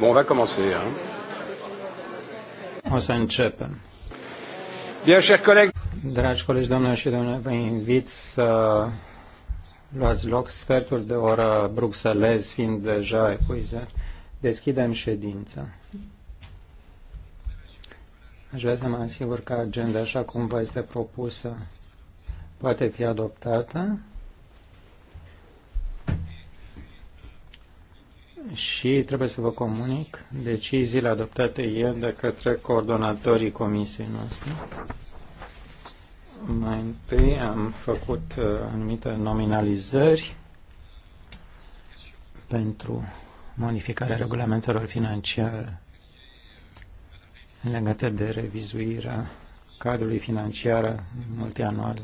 Bon, on va commencer. Hein. O să începem. Bien, chers collègues. Dragi colegi, doamne și domnule, vă invit să luați loc sfertul de oră bruxelez fiind deja epuizat. Deschidem ședința. Aș vrea să mă asigur că agenda, așa cum vă este propusă, poate fi adoptată. și trebuie să vă comunic deciziile adoptate ieri de către coordonatorii comisiei noastre. Mai întâi am făcut uh, anumite nominalizări pentru modificarea regulamentelor financiare legate de revizuirea cadrului financiar multianual,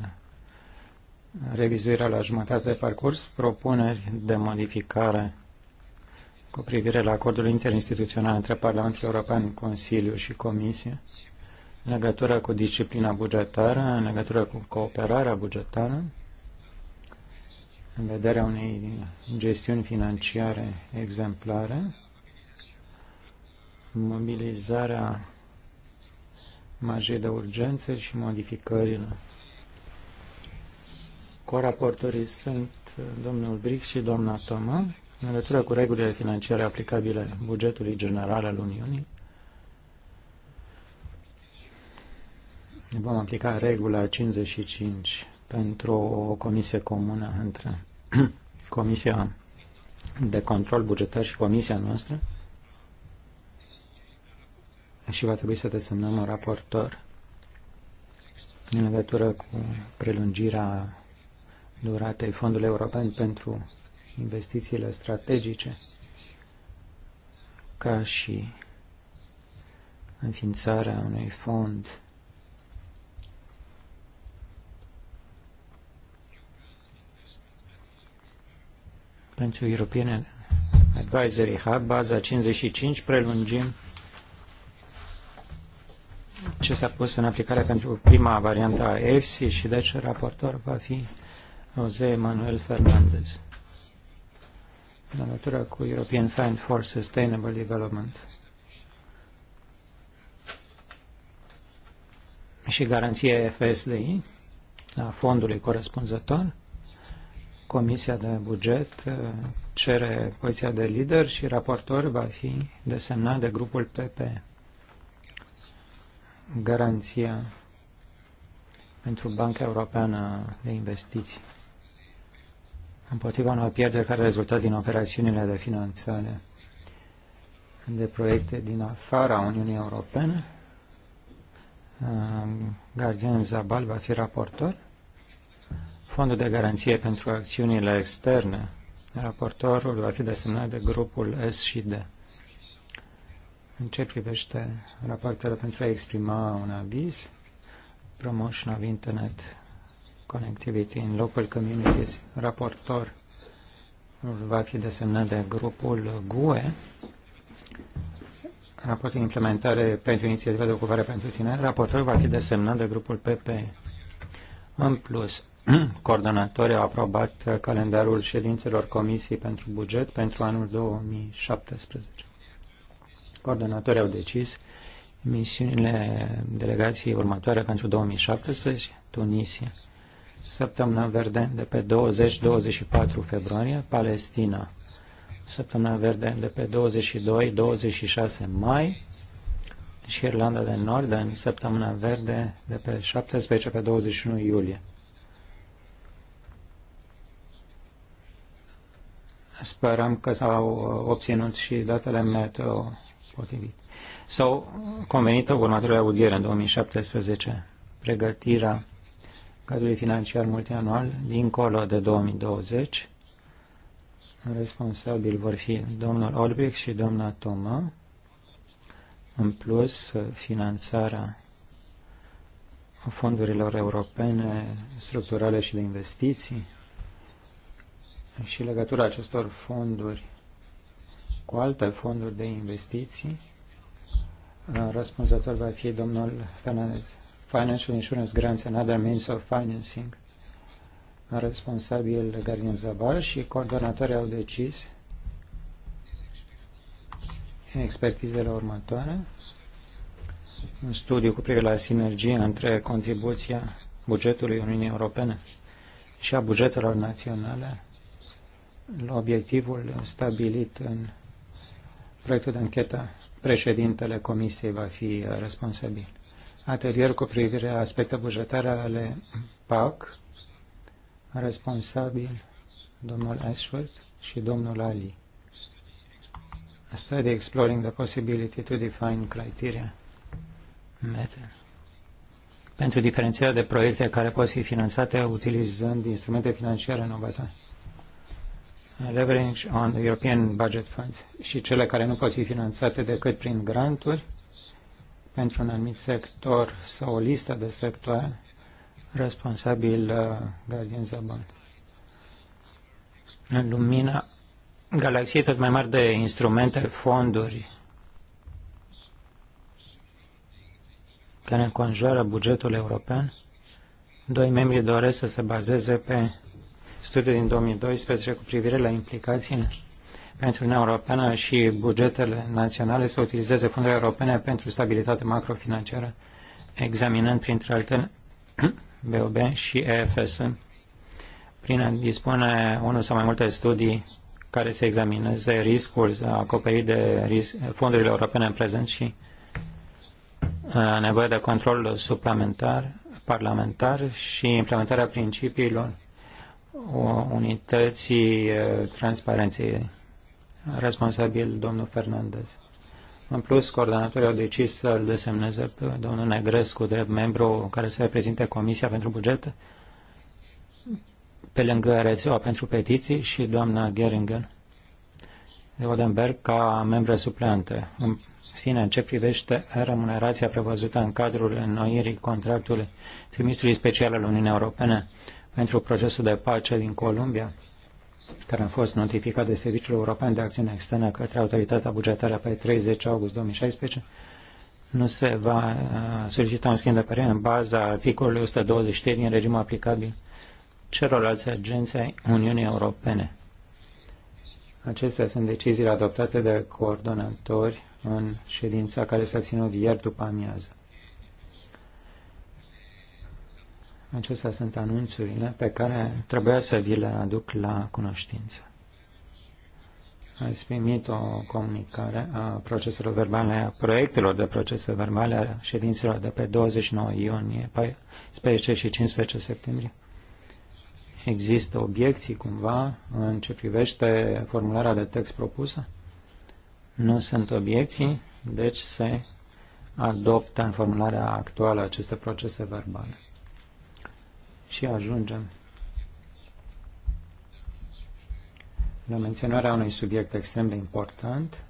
revizuirea la jumătate de parcurs, propuneri de modificare cu privire la acordul interinstituțional între Parlamentul European, Consiliu și Comisie în legătură cu disciplina bugetară, în legătură cu cooperarea bugetară, în vederea unei gestiuni financiare exemplare, mobilizarea magiei de urgențe și modificările. Coraportorii sunt domnul Bric și doamna Toma în legătură cu regulile financiare aplicabile bugetului general al Uniunii, vom aplica regula 55 pentru o comisie comună între Comisia de Control Bugetar și Comisia noastră și va trebui să desemnăm un raportor în legătură cu prelungirea duratei Fondului European pentru investițiile strategice, ca și înființarea unui fond pentru European Advisory Hub, baza 55, prelungim ce s-a pus în aplicare pentru prima variantă a EFSI și deci raportor va fi José Manuel Fernández în legătură cu European Fund for Sustainable Development și garanția FSDI a fondului corespunzător. Comisia de buget uh, cere poziția de lider și raportor va fi desemnat de grupul PP. Garanția pentru Banca Europeană de Investiții împotriva unor pierderi care rezultă din operațiunile de finanțare de proiecte din afara Uniunii Europene. Gardien Zabal va fi raportor. Fondul de garanție pentru acțiunile externe. Raportorul va fi desemnat de grupul S și D. În ce privește rapoartele pentru a exprima un aviz, Promotion of Internet Connectivity în locul Communities, raportor va fi desemnat de grupul GUE, raportul implementare pentru inițiativa de ocupare pentru tineri, Raportor va fi desemnat de grupul PP. În plus, coordonatorii au aprobat calendarul ședințelor Comisiei pentru Buget pentru anul 2017. Coordonatorii au decis misiunile delegației următoare pentru 2017, Tunisia, Săptămâna verde de pe 20-24 februarie, Palestina. Săptămâna verde de pe 22-26 mai și Irlanda de Nord în săptămâna verde de pe 17 pe 21 iulie. Sperăm că s-au uh, obținut și datele meteo potrivit. S-au convenit următoarele audiere în 2017. Pregătirea cadrului financiar multianual dincolo de 2020. Responsabil vor fi domnul Olbrich și doamna Toma. În plus, finanțarea fondurilor europene, structurale și de investiții și legătura acestor fonduri cu alte fonduri de investiții. Răspunzător va fi domnul Fernandez Financial Insurance Grants and Other Means of Financing, responsabil Garin Zabal și coordonatorii au decis în expertizele următoare un studiu cu privire la sinergie între contribuția bugetului Uniunii Europene și a bugetelor naționale la obiectivul stabilit în proiectul de anchetă, președintele Comisiei va fi responsabil atelier cu privire la aspecte bugetare ale PAC, responsabil domnul Ashworth și domnul Ali. A study exploring the possibility to define criteria method pentru diferențierea de proiecte care pot fi finanțate utilizând instrumente financiare inovatoare. Leverage on the European Budget Fund și cele care nu pot fi finanțate decât prin granturi pentru un anumit sector sau o listă de sectoare responsabil uh, Guardian Zabon. În lumina galaxiei tot mai mari de instrumente, fonduri care înconjoară bugetul european, doi membri doresc să se bazeze pe studiul din 2012 cu privire la implicațiile pentru Uniunea Europeană și bugetele naționale să utilizeze fondurile europene pentru stabilitate macrofinanciară, examinând printre altele BOB și EFS. prin a dispune unul sau mai multe studii care să examineze riscul acoperit de risc, fondurile europene în prezent și uh, nevoie de control suplimentar, parlamentar și implementarea principiilor uh, unității uh, transparenței responsabil domnul Fernandez. În plus, coordonatorii au decis să-l desemneze pe domnul Negrescu drept membru care să reprezinte Comisia pentru Buget pe lângă rețeaua pentru petiții și doamna Geringen de Odenberg ca membră supleantă. În fine, în ce privește remunerația prevăzută în cadrul înnoirii contractului trimisului special al Uniunii Europene pentru procesul de pace din Columbia, care a fost notificat de Serviciul European de Acțiune Externă către autoritatea bugetară pe 30 august 2016, nu se va uh, solicita un schimb de părere în baza articolului 123 din regimul aplicabil celorlalți agenții ai Uniunii Europene. Acestea sunt deciziile adoptate de coordonatori în ședința care s-a ținut ieri după amiază. Acestea sunt anunțurile pe care trebuia să vi le aduc la cunoștință. Ați primit o comunicare a proceselor verbale, a proiectelor de procese verbale, a ședințelor de pe 29 iunie, 14 și 15 septembrie. Există obiecții cumva în ce privește formularea de text propusă? Nu sunt obiecții, deci se adoptă în formularea actuală aceste procese verbale și ajungem la menționarea unui subiect extrem de important,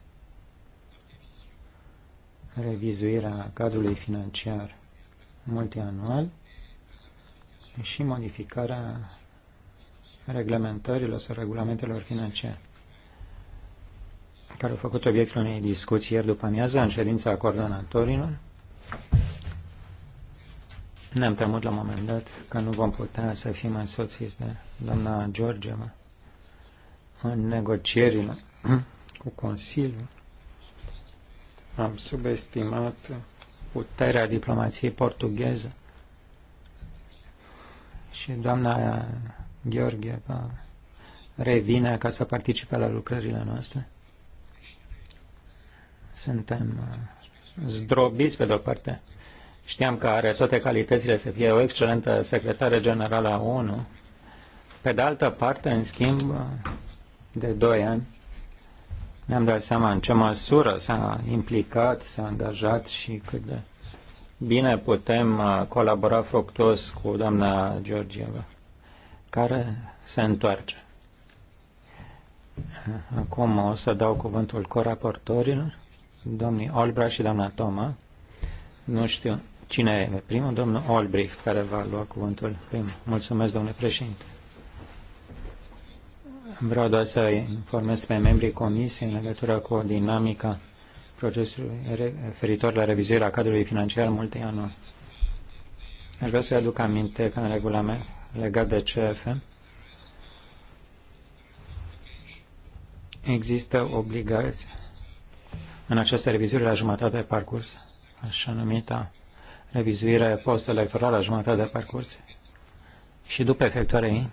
revizuirea cadrului financiar multianual și modificarea reglementărilor sau regulamentelor financiare care au făcut obiectul unei discuții ieri după amiază în ședința coordonatorilor ne-am temut la un moment dat că nu vom putea să fim însoțiți de doamna Georgeva în negocierile cu Consiliul. Am subestimat puterea diplomației portugheze și doamna Gheorgheva revine ca să participe la lucrările noastre. Suntem uh, zdrobiți pe de-o parte Știam că are toate calitățile să fie o excelentă secretară generală a ONU. Pe de altă parte, în schimb, de doi ani, ne-am dat seama în ce măsură s-a implicat, s-a angajat și cât de bine putem uh, colabora fructos cu doamna Georgieva, care se întoarce. Uh, acum o să dau cuvântul coraportorilor, domnii Olbra și doamna Toma. Nu știu Cine e primul? Domnul Olbricht, care va lua cuvântul primul. Mulțumesc, domnule președinte. Vreau doar să informez pe membrii comisiei în legătură cu dinamica procesului referitor la revizuirea cadrului financiar Multe multianual. Aș vrea să-i aduc aminte că în regulament legat de CFM există obligații în această revizuire la jumătate de parcurs, așa numita revizuire post-electorală, jumătate de parcurs și după efectuarea ei,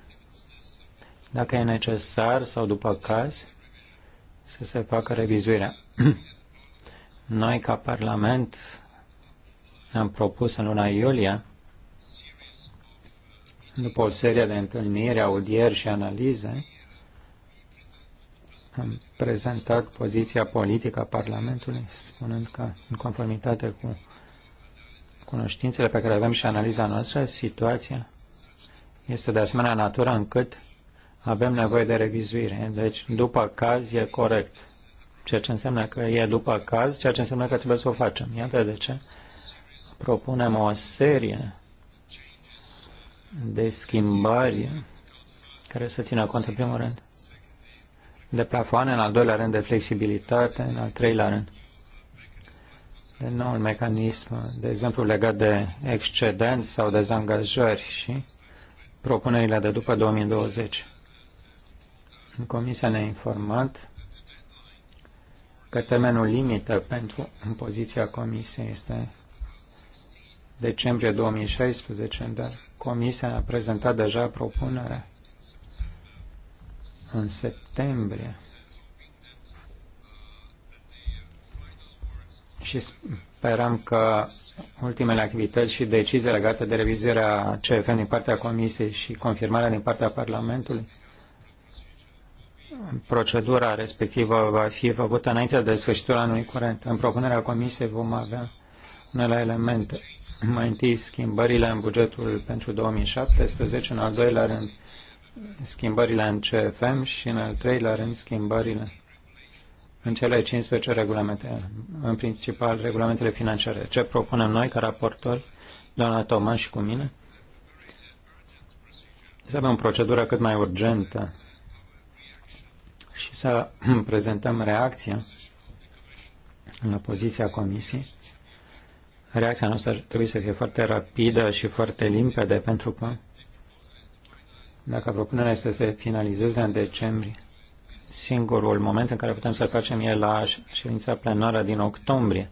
dacă e necesar sau după caz, să se facă revizuirea. Noi, ca Parlament, am propus în luna iulie, după o serie de întâlniri, audieri și analize, am prezentat poziția politică a Parlamentului, spunând că, în conformitate cu cunoștințele pe care le avem și analiza noastră, situația este de asemenea natură încât avem nevoie de revizuire. Deci, după caz, e corect. Ceea ce înseamnă că e după caz, ceea ce înseamnă că trebuie să o facem. Iată de ce propunem o serie de schimbări care să țină cont, în primul rând, de plafoane, în al doilea rând, de flexibilitate, în al treilea rând, noul mecanism, de exemplu legat de excedenți sau dezangajări și propunerile de după 2020. Comisia ne-a informat că termenul limită pentru impoziția Comisiei este decembrie 2016, dar Comisia a prezentat deja propunerea în septembrie și sperăm că ultimele activități și decizii legate de revizuirea CFN din partea Comisiei și confirmarea din partea Parlamentului, procedura respectivă va fi făcută înainte de sfârșitul anului curent. În propunerea Comisiei vom avea unele elemente. Mai întâi schimbările în bugetul pentru 2017, în al doilea rând schimbările în CFM și în al treilea rând schimbările în cele 15 regulamente, în principal regulamentele financiare. Ce propunem noi ca raportori, doamna Toma și cu mine? Să avem o procedură cât mai urgentă și să prezentăm reacția la poziția comisiei. Reacția noastră trebuie să fie foarte rapidă și foarte limpede pentru că dacă propunerea este să se finalizeze în decembrie, singurul moment în care putem să facem e la ședința plenară din octombrie,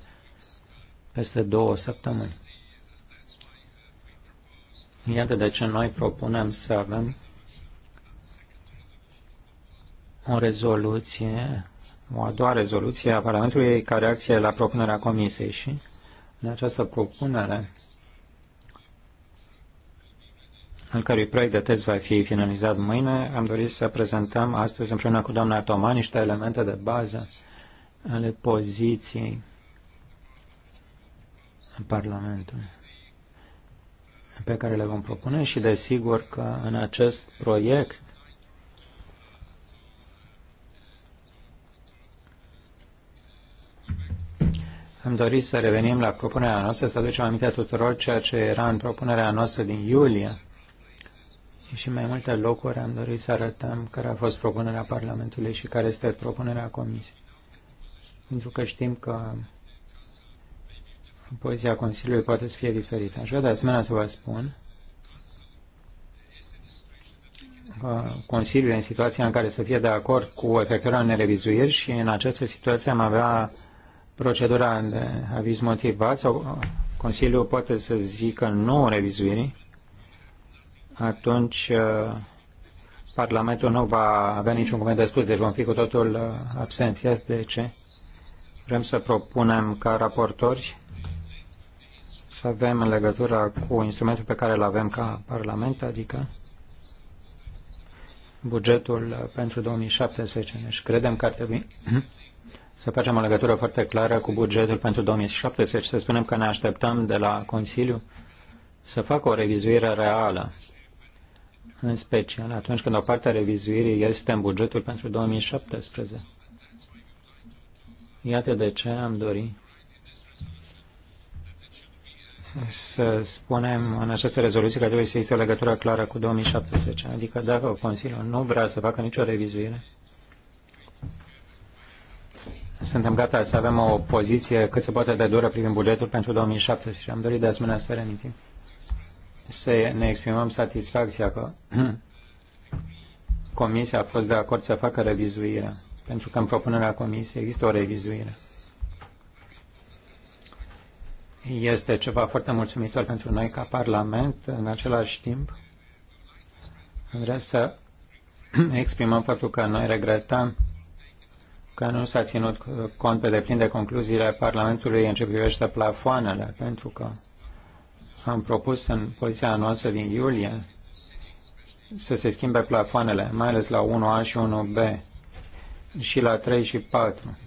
peste două săptămâni. Iată de ce noi propunem să avem o rezoluție, o a doua rezoluție a Parlamentului ca reacție la propunerea Comisiei și în această propunere al cărui proiect de test va fi finalizat mâine, am dorit să prezentăm astăzi împreună cu doamna Toma niște elemente de bază ale poziției Parlamentului pe care le vom propune și desigur că în acest proiect Am dorit să revenim la propunerea noastră, să aducem aminte tuturor ceea ce era în propunerea noastră din iulie, și mai multe locuri am dorit să arătăm care a fost propunerea Parlamentului și care este propunerea Comisiei. Pentru că știm că poziția Consiliului poate să fie diferită. Aș vrea de asemenea să vă spun că Consiliul e în situația în care să fie de acord cu efectuarea unei revizuiri și în această situație am avea procedura de aviz motivat sau Consiliul poate să zică nu revizuirii atunci uh, Parlamentul nu va avea niciun cuvânt de spus, deci vom fi cu totul uh, absențiați. De ce? Vrem să propunem ca raportori să avem în legătură cu instrumentul pe care îl avem ca Parlament, adică bugetul uh, pentru 2017. Deci credem că ar trebui să facem o legătură foarte clară cu bugetul pentru 2017 și să spunem că ne așteptăm de la Consiliu să facă o revizuire reală în special atunci când o parte a revizuirii este în bugetul pentru 2017. Iată de ce am dorit să spunem în această rezoluție că trebuie să existe o legătură clară cu 2017. Adică dacă Consiliul nu vrea să facă nicio revizuire, suntem gata să avem o poziție cât se poate de dură privind bugetul pentru 2017. Am dorit de asemenea să reamintim să ne exprimăm satisfacția că Comisia a fost de acord să facă revizuirea, pentru că în propunerea Comisiei există o revizuire. Este ceva foarte mulțumitor pentru noi ca Parlament. În același timp, vreau să exprimăm faptul că noi regretăm că nu s-a ținut cont pe deplin de concluziile Parlamentului în ce privește plafoanele, pentru că am propus în poziția noastră din iulie să se schimbe plafoanele, mai ales la 1A și 1B și la 3 și 4.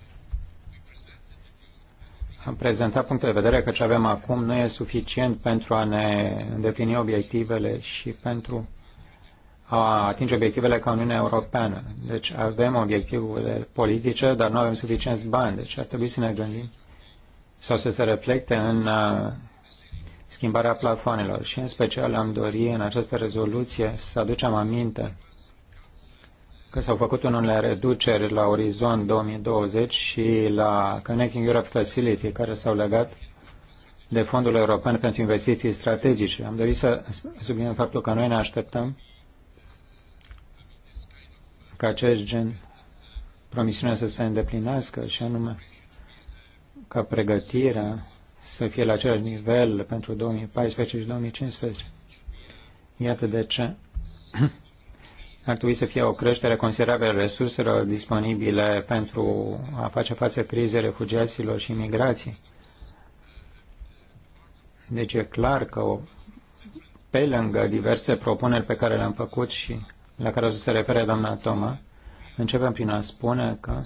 Am prezentat punctul de vedere că ce avem acum nu e suficient pentru a ne îndeplini obiectivele și pentru a atinge obiectivele ca Uniunea Europeană. Deci avem obiectivele politice, dar nu avem suficienți bani. Deci ar trebui să ne gândim sau să se reflecte în uh, schimbarea plafoanelor și în special am dori în această rezoluție să aducem aminte că s-au făcut unele reduceri la Orizont 2020 și la Connecting Europe Facility care s-au legat de Fondul European pentru Investiții Strategice. Am dorit să subliniem faptul că noi ne așteptăm ca acest gen promisiunea să se îndeplinească și anume ca pregătirea să fie la același nivel pentru 2014 și 2015. Iată de ce ar trebui să fie o creștere considerabilă a resurselor disponibile pentru a face față crize refugiaților și imigrației. Deci e clar că o, pe lângă diverse propuneri pe care le-am făcut și la care o să se refere doamna Toma, începem prin a spune că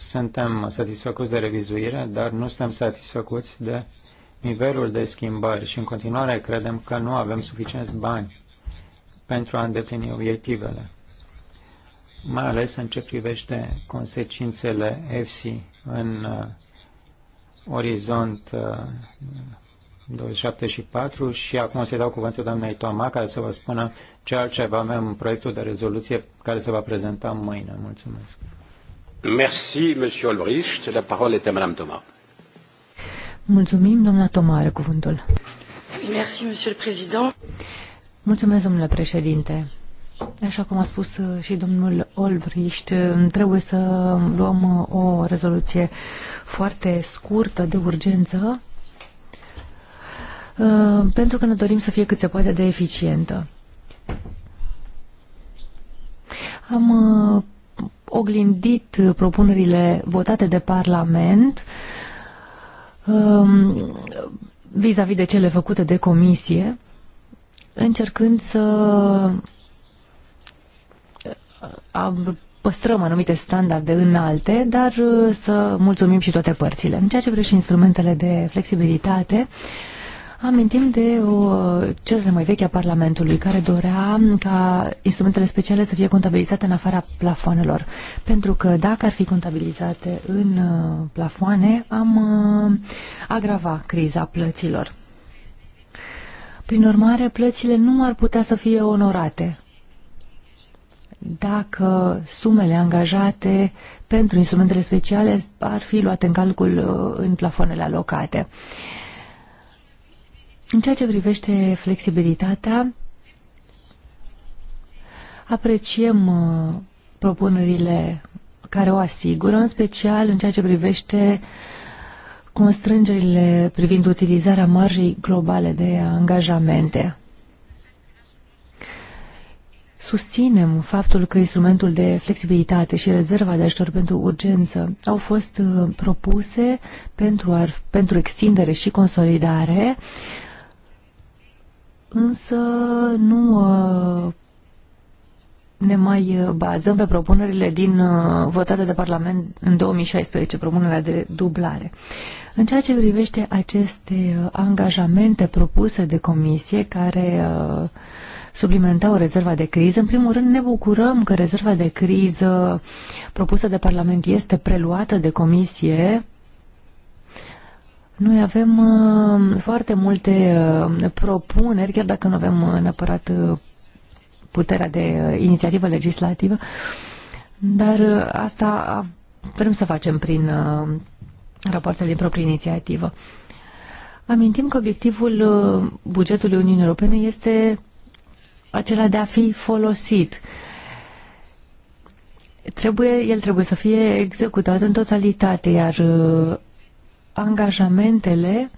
suntem satisfăcuți de revizuire, dar nu suntem satisfăcuți de nivelul de schimbări și în continuare credem că nu avem suficienți bani pentru a îndeplini obiectivele, mai ales în ce privește consecințele EFSI în uh, orizont uh, 274 și acum să-i dau cuvântul doamnei Toma care să vă spună ce altceva avem în proiectul de rezoluție care se va prezenta mâine. Mulțumesc! Merci, monsieur Olbricht. La parole est à madame Thomas. Mulțumim, doamna Toma are cuvântul. Merci, monsieur le président. Mulțumesc, domnule președinte. Așa cum a spus și domnul Olbricht, trebuie să luăm o rezoluție foarte scurtă, de urgență, uh, pentru că ne dorim să fie cât se poate de eficientă. Am uh, oglindit uh, propunerile votate de Parlament um, vis-a-vis -vis de cele făcute de comisie, încercând să uh, păstrăm anumite standarde înalte, dar uh, să mulțumim și toate părțile. În ceea ce privește instrumentele de flexibilitate, uh, Amintim de o cerere mai veche a Parlamentului care dorea ca instrumentele speciale să fie contabilizate în afara plafoanelor. Pentru că dacă ar fi contabilizate în uh, plafoane, am uh, agrava criza plăților. Prin urmare, plățile nu ar putea să fie onorate dacă sumele angajate pentru instrumentele speciale ar fi luate în calcul uh, în plafoanele alocate. Uh, în ceea ce privește flexibilitatea, apreciem uh, propunerile care o asigură, în special în ceea ce privește constrângerile privind utilizarea marjei globale de angajamente. Susținem faptul că instrumentul de flexibilitate și rezerva de ajutor pentru urgență au fost uh, propuse pentru, ar, pentru extindere și consolidare însă nu uh, ne mai uh, bazăm pe propunerile din uh, votate de Parlament în 2016, propunerea de dublare. În ceea ce privește aceste angajamente propuse de comisie care suplimentau rezerva de criză, în primul rând ne bucurăm că rezerva de criză propusă de Parlament este preluată de comisie noi avem uh, foarte multe uh, propuneri, chiar dacă nu avem uh, neapărat uh, puterea de uh, inițiativă legislativă, dar uh, asta vrem să facem prin uh, rapoartele din proprie inițiativă. Amintim că obiectivul uh, bugetului Uniunii Europene este acela de a fi folosit. Trebuie, el trebuie să fie executat în totalitate, iar uh, angajamentele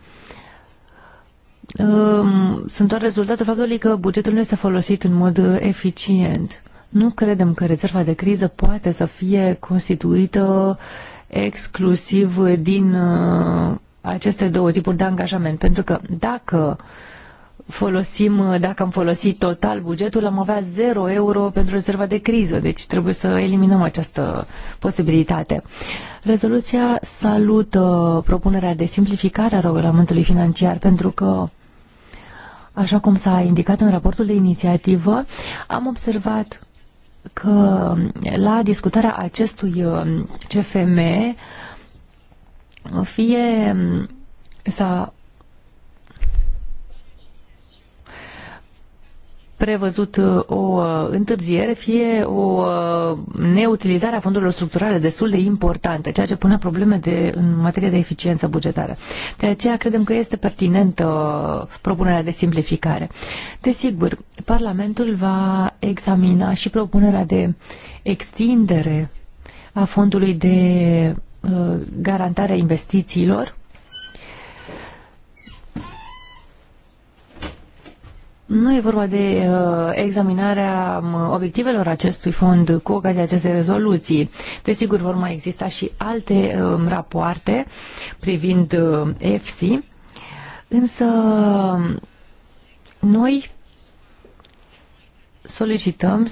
um, sunt doar rezultatul faptului că bugetul nu este folosit în mod eficient. Nu credem că rezerva de criză poate să fie constituită exclusiv din uh, aceste două tipuri de angajament, pentru că dacă uh, folosim, uh, dacă am folosit total bugetul, am avea 0 euro pentru rezerva de criză, deci trebuie să eliminăm această posibilitate. Rezoluția salută propunerea de simplificare a regulamentului financiar pentru că Așa cum s-a indicat în raportul de inițiativă, am observat că la discutarea acestui uh, CFM fie s-a prevăzut uh, o uh, întârziere, fie o uh, neutilizare a fondurilor structurale destul de importantă, ceea ce pune probleme de, în materie de eficiență bugetară. De aceea credem că este pertinentă propunerea de simplificare. Desigur, Parlamentul va examina și propunerea de extindere a fondului de garantarea investițiilor Nu e vorba de uh, examinarea um, obiectivelor acestui fond cu ocazia acestei rezoluții. Desigur, vor mai exista și alte uh, rapoarte privind uh, EFSI, însă um, noi solicităm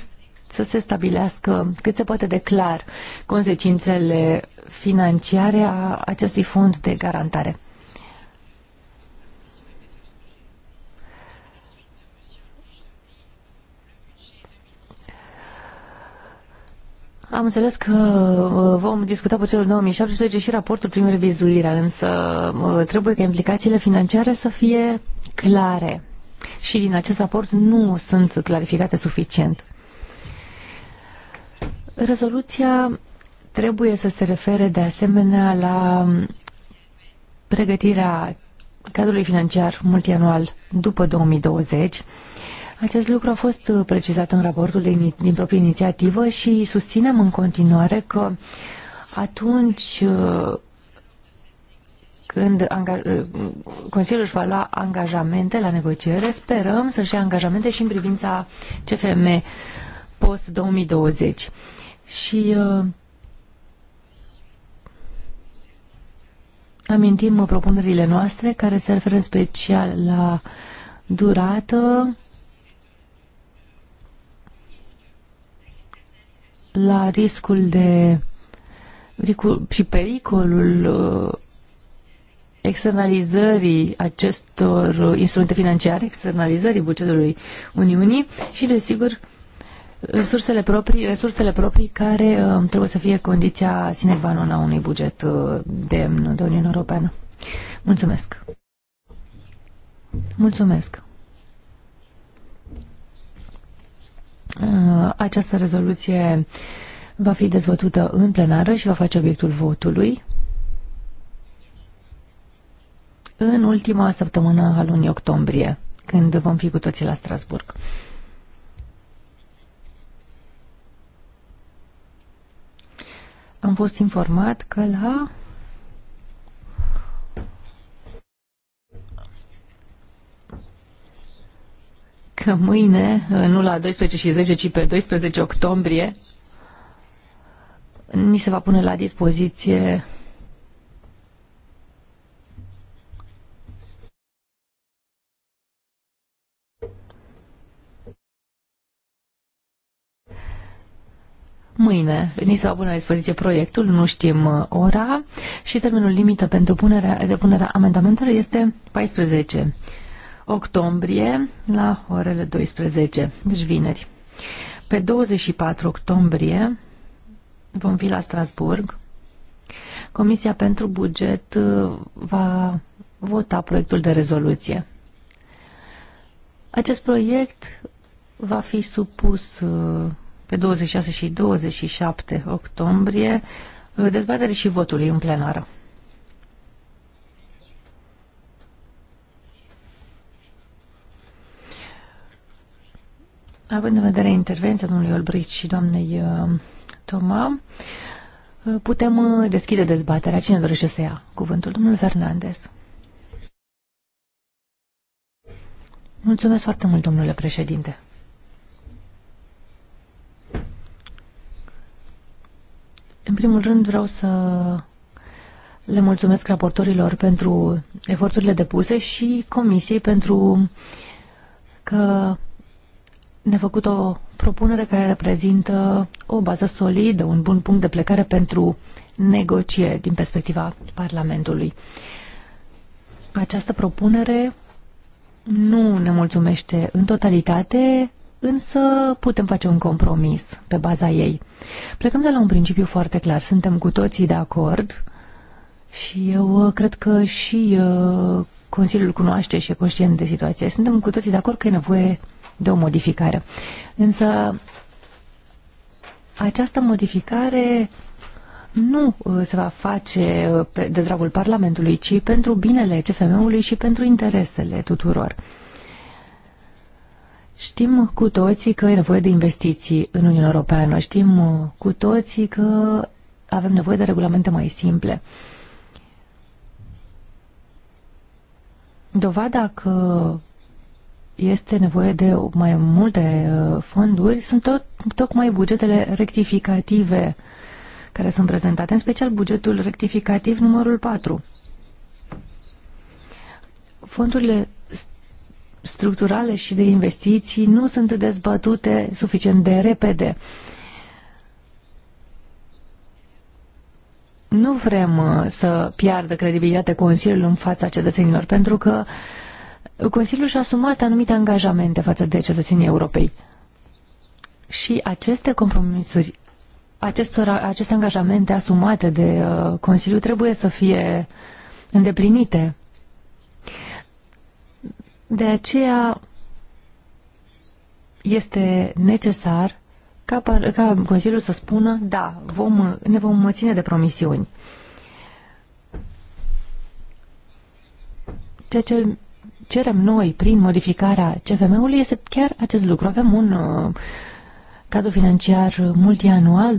să se stabilească cât se poate de clar consecințele financiare a acestui fond de garantare. Am înțeles că uh, vom discuta pe celul 2017 și raportul prin revizuirea, însă uh, trebuie ca implicațiile financiare să fie clare. Și din acest raport nu sunt clarificate suficient. Rezoluția trebuie să se refere de asemenea la pregătirea cadrului financiar multianual după 2020 acest lucru a fost uh, precizat în raportul din, din proprie inițiativă și susținem în continuare că atunci uh, când uh, Consiliul își va lua angajamente la negociere, sperăm să-și ia angajamente și în privința CFM post-2020. Și uh, amintim propunerile noastre care se referă în special la durată, la riscul de și pericolul uh, externalizării acestor uh, instrumente financiare, externalizării bugetului Uniunii și, desigur, resursele proprii, resursele proprii care uh, trebuie să fie condiția sine qua non a unui buget demn de Uniunea Europeană. Mulțumesc! Mulțumesc! Uh, această rezoluție va fi dezvătută în plenară și va face obiectul votului în ultima săptămână a lunii octombrie, când vom fi cu toții la Strasburg. Am fost informat că la că mâine, nu la 12 și 10, ci pe 12 octombrie, ni se va pune la dispoziție Mâine ni se va pune la dispoziție proiectul, nu știm uh, ora și termenul limită pentru punerea, punerea amendamentelor este 14 octombrie la orele 12, deci vineri. Pe 24 octombrie vom fi la Strasburg. Comisia pentru buget uh, va vota proiectul de rezoluție. Acest proiect va fi supus uh, pe 26 și 27 octombrie uh, dezbatere și votului în plenară. Având în vedere intervenția domnului Olbricht și doamnei uh, Toma, uh, putem uh, deschide dezbaterea. Cine dorește să ia cuvântul? Domnul Fernandez. Mulțumesc foarte mult, domnule președinte. În primul rând vreau să le mulțumesc raportorilor pentru eforturile depuse și comisiei pentru că ne-a făcut o propunere care reprezintă o bază solidă, un bun punct de plecare pentru negocieri din perspectiva Parlamentului. Această propunere nu ne mulțumește în totalitate, însă putem face un compromis pe baza ei. Plecăm de la un principiu foarte clar, suntem cu toții de acord și eu uh, cred că și uh, Consiliul cunoaște și e conștient de situație. Suntem cu toții de acord că e nevoie de o modificare. Însă această modificare nu uh, se va face uh, de dragul Parlamentului, ci pentru binele CFM-ului și pentru interesele tuturor. Știm cu toții că e nevoie de investiții în Uniunea Europeană, știm uh, cu toții că avem nevoie de regulamente mai simple. Dovada că este nevoie de mai multe uh, fonduri sunt tot, tocmai bugetele rectificative care sunt prezentate, în special bugetul rectificativ numărul 4. Fondurile structurale și de investiții nu sunt dezbătute suficient de repede. Nu vrem uh, să piardă credibilitatea Consiliului în fața cetățenilor, pentru că uh, Consiliul și-a asumat anumite angajamente față de cetățenii Europei. Și aceste compromisuri, acestor, aceste angajamente asumate de uh, Consiliu trebuie să fie îndeplinite. De aceea este necesar ca, ca Consiliul să spună da, vom, ne vom ține de promisiuni. Ceea ce cerem noi prin modificarea CFM-ului este chiar acest lucru. Avem un uh, cadru financiar multianual 2014-2020,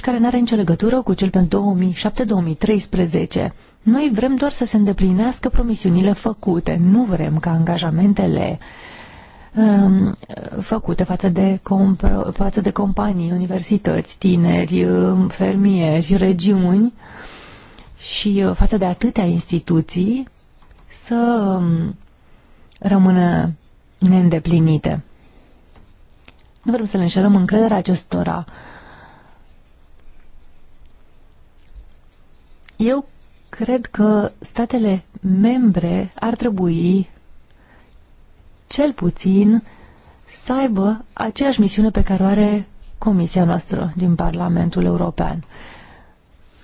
care nu are nicio legătură cu cel pentru 2007-2013. Noi vrem doar să se îndeplinească promisiunile făcute, nu vrem ca angajamentele um, făcute față de, față de companii, universități, tineri, um, fermieri, regiuni și uh, față de atâtea instituții să um, rămână neîndeplinite. Nu vrem să le înșelăm încrederea acestora. Eu cred că statele membre ar trebui cel puțin să aibă aceeași misiune pe care o are Comisia noastră din Parlamentul European.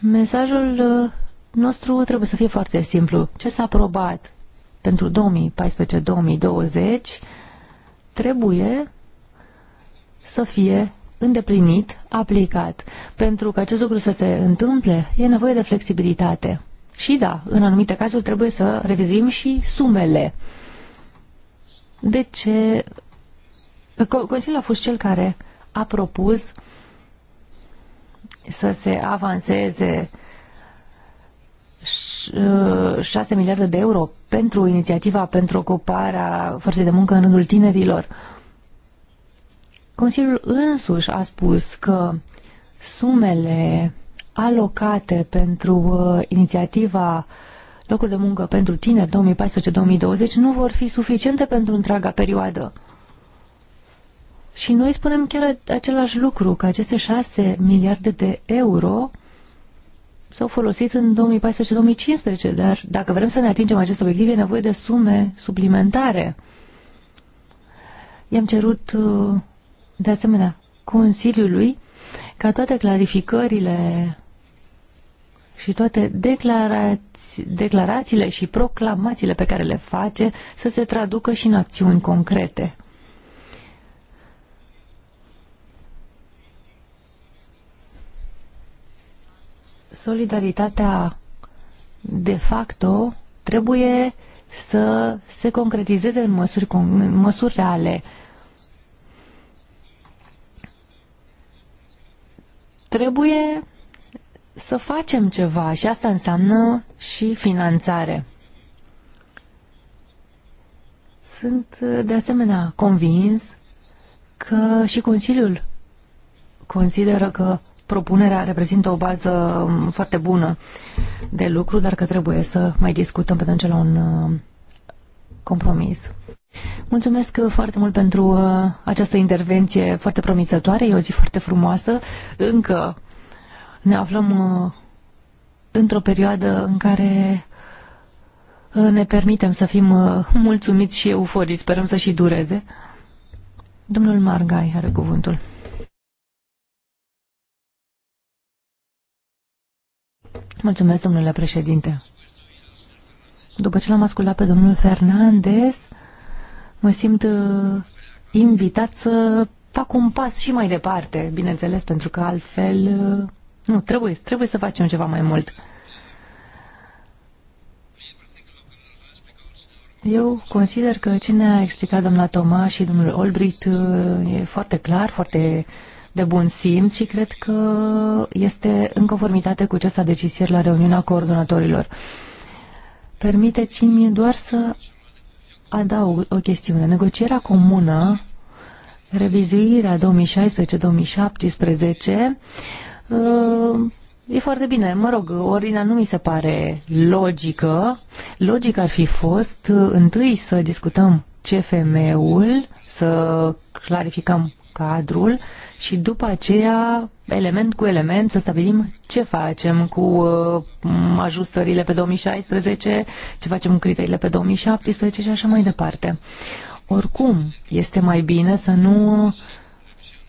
Mesajul uh, nostru trebuie să fie foarte simplu. Ce s-a aprobat pentru 2014-2020 trebuie să fie îndeplinit, aplicat. Pentru că acest lucru să se întâmple, e nevoie de flexibilitate. Și da, în anumite cazuri trebuie să revizuim și sumele. De ce? Consiliul a fost cel care a propus să se avanseze uh, 6 uh, miliarde de euro pentru inițiativa pentru ocuparea forței de muncă în rândul tinerilor. Consiliul însuși a spus că sumele alocate pentru uh, inițiativa locuri de muncă pentru tineri 2014-2020 nu vor fi suficiente pentru întreaga perioadă. Și noi spunem chiar același lucru, că aceste 6 miliarde de euro s-au folosit în 2014-2015, dar dacă vrem să ne atingem acest obiectiv, e nevoie de sume suplimentare. I-am cerut, uh, de asemenea, Consiliului ca toate clarificările și toate declarați, declarațiile și proclamațiile pe care le face să se traducă și în acțiuni concrete. solidaritatea de facto trebuie să se concretizeze în măsuri, în măsuri reale. Trebuie să facem ceva și asta înseamnă și finanțare. Sunt de asemenea convins că și Consiliul consideră că propunerea reprezintă o bază um, foarte bună de lucru, dar că trebuie să mai discutăm pentru ce la un uh, compromis. Mulțumesc uh, foarte mult pentru uh, această intervenție foarte promițătoare, e o zi foarte frumoasă. Încă ne aflăm într-o perioadă în care ne permitem să fim mulțumiți și euforii, sperăm să și dureze. Domnul Margai are cuvântul. Mulțumesc, domnule președinte. După ce l-am ascultat pe domnul Fernandez, mă simt uh, invitat să fac un pas și mai departe, bineînțeles, pentru că altfel uh, nu, trebuie, trebuie să facem ceva mai mult. Eu consider că cine a explicat domnul Toma și domnul Olbrit uh, e foarte clar, foarte uh, de bun simț și cred că este în conformitate cu ce s-a decis ieri la reuniunea coordonatorilor. Permiteți-mi doar să adaug o chestiune. Negocierea comună, revizuirea 2016-2017, uh, E foarte bine, mă rog, ordinea nu mi se pare logică. Logic ar fi fost uh, întâi să discutăm CFM-ul, să clarificăm cadrul și după aceea, element cu element, să stabilim ce facem cu uh, ajustările pe 2016, ce facem cu criteriile pe 2017 și așa mai departe. Oricum, este mai bine să nu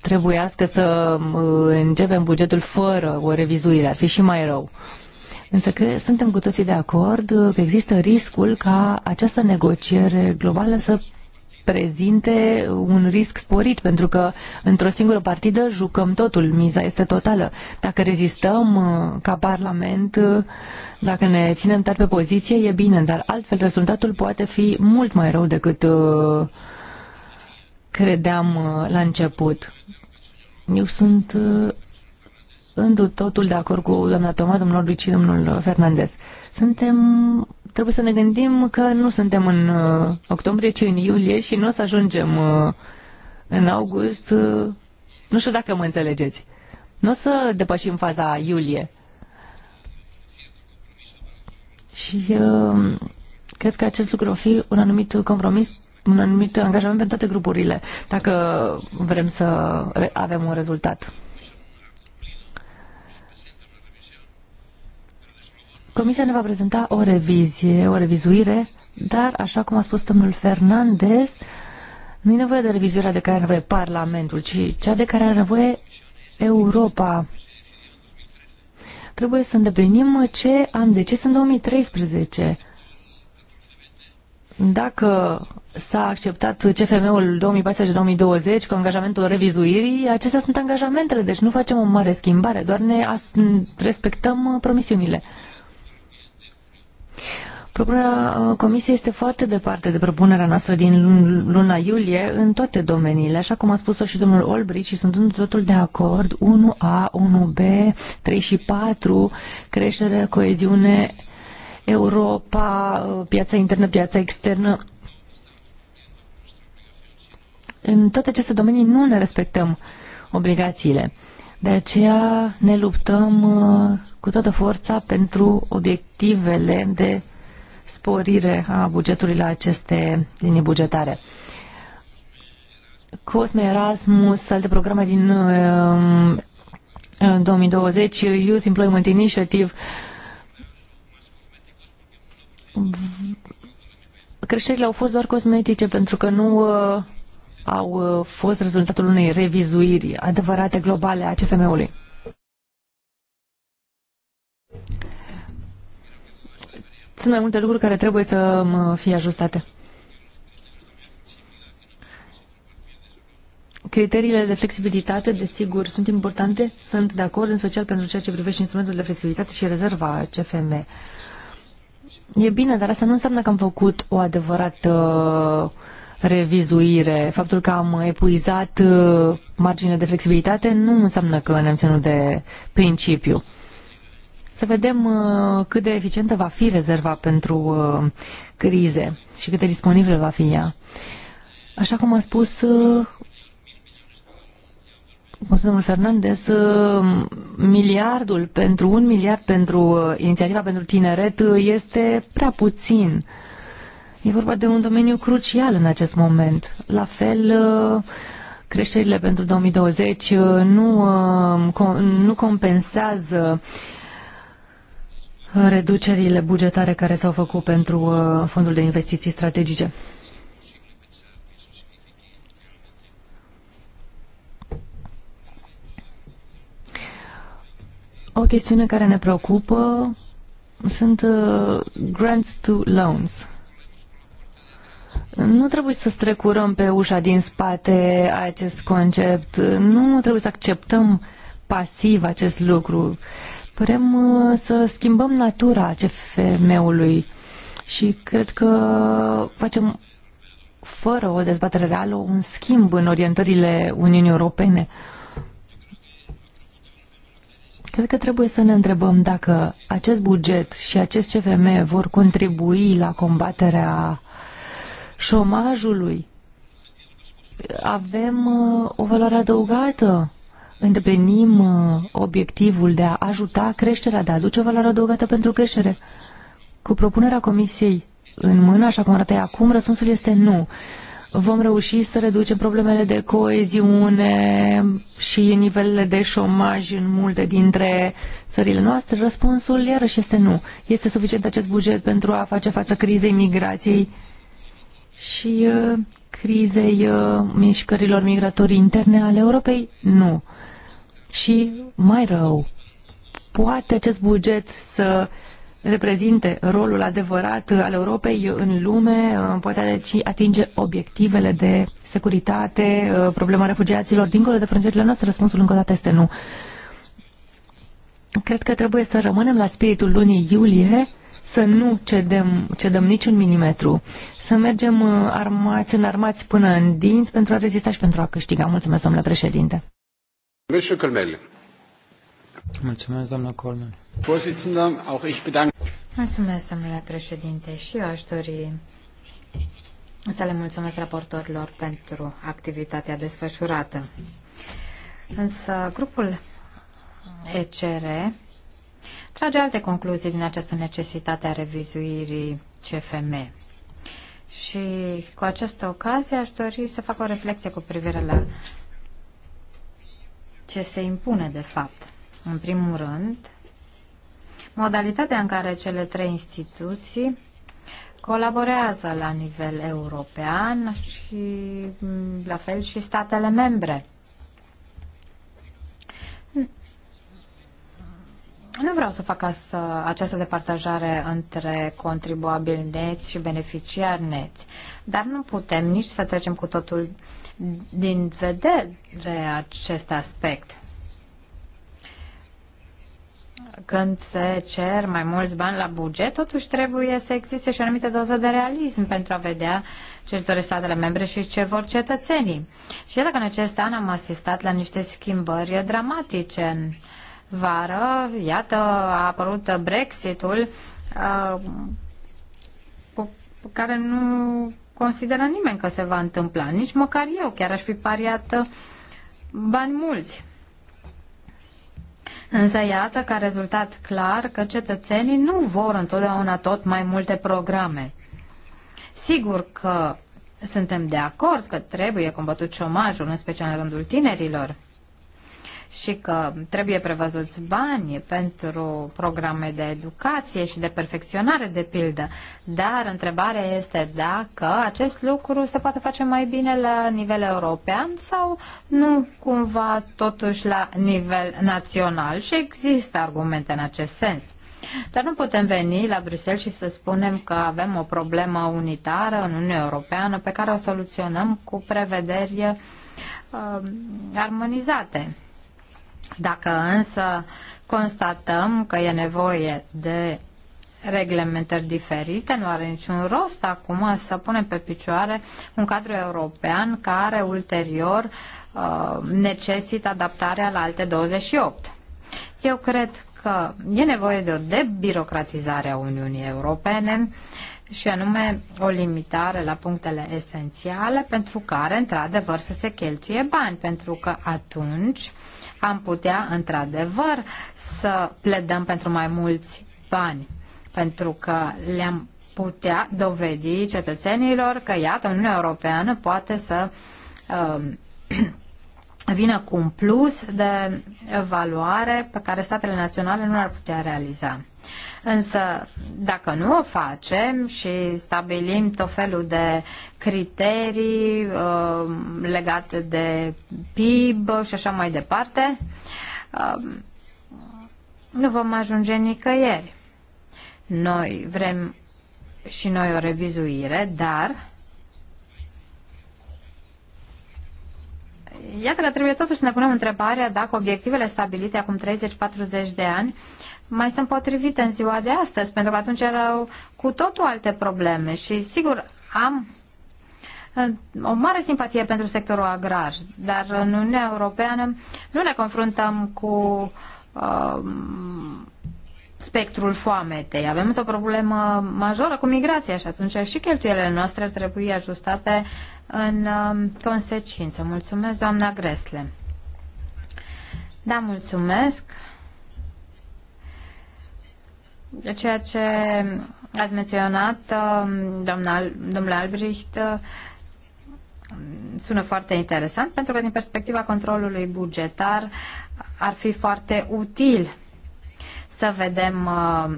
trebuiască să uh, începem bugetul fără o revizuire, ar fi și mai rău. Însă că suntem cu toții de acord uh, că există riscul ca această negociere globală să prezinte un risc sporit, pentru că într-o singură partidă jucăm totul, miza este totală. Dacă rezistăm uh, ca Parlament, uh, dacă ne ținem tari pe poziție, e bine, dar altfel rezultatul poate fi mult mai rău decât uh, credeam la început. Eu sunt întru totul de acord cu doamna Toma, domnul Luci, domnul Fernandez. Suntem Trebuie să ne gândim că nu suntem în uh, octombrie, ci în iulie și nu o să ajungem uh, în august. Uh, nu știu dacă mă înțelegeți. Nu o să depășim faza iulie. Și uh, cred că acest lucru va fi un anumit compromis, un anumit angajament pentru toate grupurile, dacă vrem să avem un rezultat. Comisia ne va prezenta o revizie, o revizuire, dar, așa cum a spus domnul Fernandez, nu e nevoie de revizuirea de care are nevoie Parlamentul, ci cea de care are nevoie Europa. Trebuie să îndeplinim ce am decis în 2013. Dacă s-a acceptat CFM-ul 2014-2020 cu angajamentul revizuirii, acestea sunt angajamentele, deci nu facem o mare schimbare, doar ne respectăm promisiunile. Propunerea uh, Comisiei este foarte departe de propunerea noastră din luna iulie în toate domeniile, așa cum a spus-o și domnul Olbrich și sunt în totul de acord 1A, 1B, 3 și 4, creștere, coeziune, Europa, uh, piața internă, piața externă. În toate aceste domenii nu ne respectăm obligațiile. De aceea ne luptăm uh, cu toată forța pentru obiectivele de sporire a bugetului la aceste linii bugetare. Cosme Erasmus, alte programe din um, în 2020, Youth Employment Initiative, creșterile au fost doar cosmetice pentru că nu uh, au uh, fost rezultatul unei revizuiri adevărate globale a CFM-ului. Sunt mai multe lucruri care trebuie să fie ajustate. Criteriile de flexibilitate, desigur, sunt importante, sunt de acord, în special pentru ceea ce privește instrumentul de flexibilitate și rezerva CFM. E bine, dar asta nu înseamnă că am făcut o adevărată uh, revizuire. Faptul că am epuizat uh, marginea de flexibilitate nu înseamnă că ne-am ținut de principiu. Să vedem uh, cât de eficientă va fi rezerva pentru uh, crize și cât de disponibilă va fi ea. Așa cum a spus uh, Domnul Fernandez, miliardul pentru un miliard pentru inițiativa pentru tineret este prea puțin. E vorba de un domeniu crucial în acest moment. La fel, creșterile pentru 2020 nu, nu compensează uh, reducerile bugetare care s-au făcut pentru uh, fondul de investiții strategice. O chestiune care ne preocupă sunt uh, grants to loans. Nu trebuie să strecurăm pe ușa din spate acest concept. Nu trebuie să acceptăm pasiv acest lucru. Uh, Vrem uh, să schimbăm natura CFM-ului și cred că facem fără o dezbatere reală un schimb în orientările Uniunii Europene. Cred că trebuie să ne întrebăm dacă acest buget și acest CFM vor contribui la combaterea șomajului. Avem uh, o valoare adăugată îndeplinim uh, obiectivul de a ajuta creșterea, de a aduce valoare adăugată pentru creștere. Cu propunerea Comisiei în mână, așa cum arată acum, răspunsul este nu. Vom reuși să reducem problemele de coeziune și nivelele de șomaj în multe dintre țările noastre? Răspunsul iarăși este nu. Este suficient acest buget pentru a face față crizei migrației? și uh, crizei uh, mișcărilor migratorii interne ale Europei? Nu. Și mai rău, poate acest buget să reprezinte rolul adevărat al Europei în lume, uh, poate atinge obiectivele de securitate, problema refugiaților dincolo de frontierele noastre? Răspunsul încă o dată este nu. Cred că trebuie să rămânem la spiritul lunii iulie să nu cedem, cedăm niciun milimetru, să mergem uh, armați, înarmați până în dinți pentru a rezista și pentru a câștiga. Mulțumesc, domnule președinte. Mulțumesc, doamna Colmel. Mulțumesc, domnule președinte, și eu aș dori să le mulțumesc raportorilor pentru activitatea desfășurată. Însă grupul ECR trage alte concluzii din această necesitate a revizuirii CFM. Și cu această ocazie aș dori să fac o reflexie cu privire la ce se impune de fapt. În primul rând, modalitatea în care cele trei instituții colaborează la nivel european și la fel și statele membre. Nu vreau să fac asta, această departajare între contribuabili neți și beneficiari neți, dar nu putem nici să trecem cu totul din vedere acest aspect. Când se cer mai mulți bani la buget, totuși trebuie să existe și o anumită doză de realism pentru a vedea ce își doresc statele membre și ce vor cetățenii. Și iată că în acest an am asistat la niște schimbări dramatice în uh, vară, iată, a apărut Brexitul, pe uh, care nu consideră nimeni că se va întâmpla, nici măcar eu, chiar aș fi pariat uh, bani mulți. Însă iată ca rezultat clar că cetățenii nu vor întotdeauna tot mai multe programe. Sigur că suntem de acord că trebuie combătut șomajul, în special în rândul tinerilor, și că trebuie prevăzuți bani pentru programe de educație și de perfecționare, de pildă. Dar întrebarea este dacă acest lucru se poate face mai bine la nivel european sau nu cumva totuși la nivel național. Și există argumente în acest sens. Dar nu putem veni la Bruxelles și să spunem că avem o problemă unitară în Uniunea Europeană pe care o soluționăm cu prevederi uh, armonizate. Dacă însă constatăm că e nevoie de reglementări diferite, nu are niciun rost acum să punem pe picioare un cadru european care ulterior uh, necesită adaptarea la alte 28. Eu cred că e nevoie de o debirocratizare a Uniunii Europene. Uh, și anume o limitare la punctele esențiale pentru care, într-adevăr, să se cheltuie bani, pentru că atunci am putea, într-adevăr, să pledăm pentru mai mulți bani, pentru că le-am putea dovedi cetățenilor că, iată, Uniunea Europeană poate să uh, vină cu un plus de valoare pe care statele naționale nu ar putea realiza. Însă, dacă nu o facem și stabilim tot felul de criterii uh, legate de PIB și așa mai departe, uh, nu vom ajunge nicăieri. Noi vrem și noi o revizuire, dar iată că trebuie totuși să ne punem întrebarea dacă obiectivele stabilite acum 30-40 de ani mai sunt potrivite în ziua de astăzi, pentru că atunci erau cu totul alte probleme și sigur am o mare simpatie pentru sectorul agrar, dar în Uniunea Europeană nu ne confruntăm cu uh, spectrul foametei. Avem o problemă majoră cu migrația și atunci și cheltuielile noastre trebuie ajustate în um, consecință. Mulțumesc, doamna Gresle. Da, mulțumesc. Ceea ce ați menționat, um, doamna, domnule Albrecht, uh, sună foarte interesant, pentru că din perspectiva controlului bugetar ar fi foarte util să vedem uh,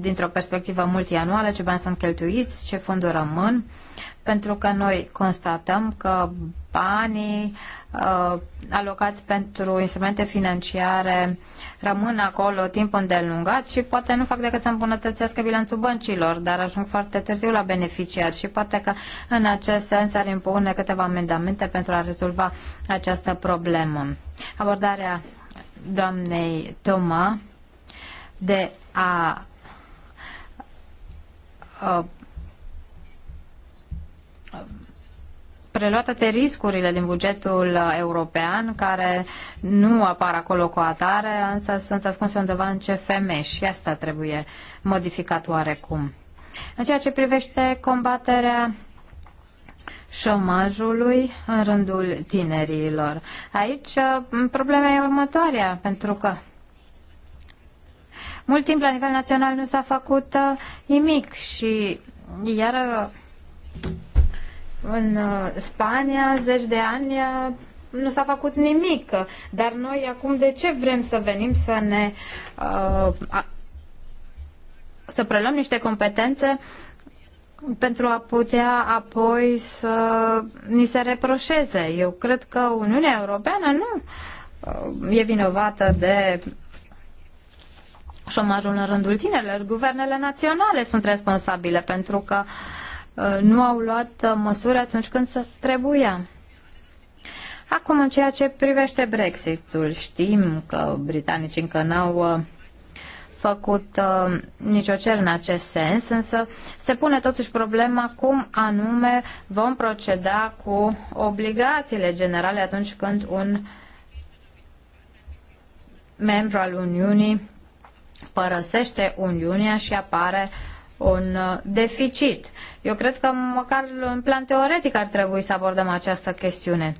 dintr-o perspectivă multianuală ce bani sunt cheltuiți, ce fonduri rămân, pentru că noi constatăm că banii uh, alocați pentru instrumente financiare rămân acolo timp îndelungat și poate nu fac decât să îmbunătățească bilanțul băncilor, dar ajung foarte târziu la beneficiari și poate că în acest sens ar impune câteva amendamente pentru a rezolva această problemă. Abordarea doamnei Toma de a uh, preluat toate riscurile din bugetul european, care nu apar acolo cu atare, însă sunt ascunse undeva în CFM și asta trebuie modificat oarecum. În ceea ce privește combaterea șomajului în rândul tinerilor. Aici problema e următoarea, pentru că mult timp la nivel național nu s-a făcut uh, nimic și iar în uh, Spania, zeci de ani, uh, nu s-a făcut nimic. Dar noi acum de ce vrem să venim să ne uh, să preluăm niște competențe pentru a putea apoi să ni se reproșeze. Eu cred că Uniunea Europeană nu e vinovată de șomajul în rândul tinerilor. Guvernele naționale sunt responsabile pentru că uh, Uh, nu au luat uh, măsuri atunci când trebuia. Acum, în ceea ce privește Brexitul, știm că britanicii încă n-au uh, făcut uh, nicio cer în acest sens, însă se pune totuși problema cum anume vom proceda cu obligațiile generale atunci când un membru al Uniunii părăsește Uniunea și apare uh, un uh, deficit. Eu cred că măcar în plan teoretic ar trebui să abordăm această chestiune.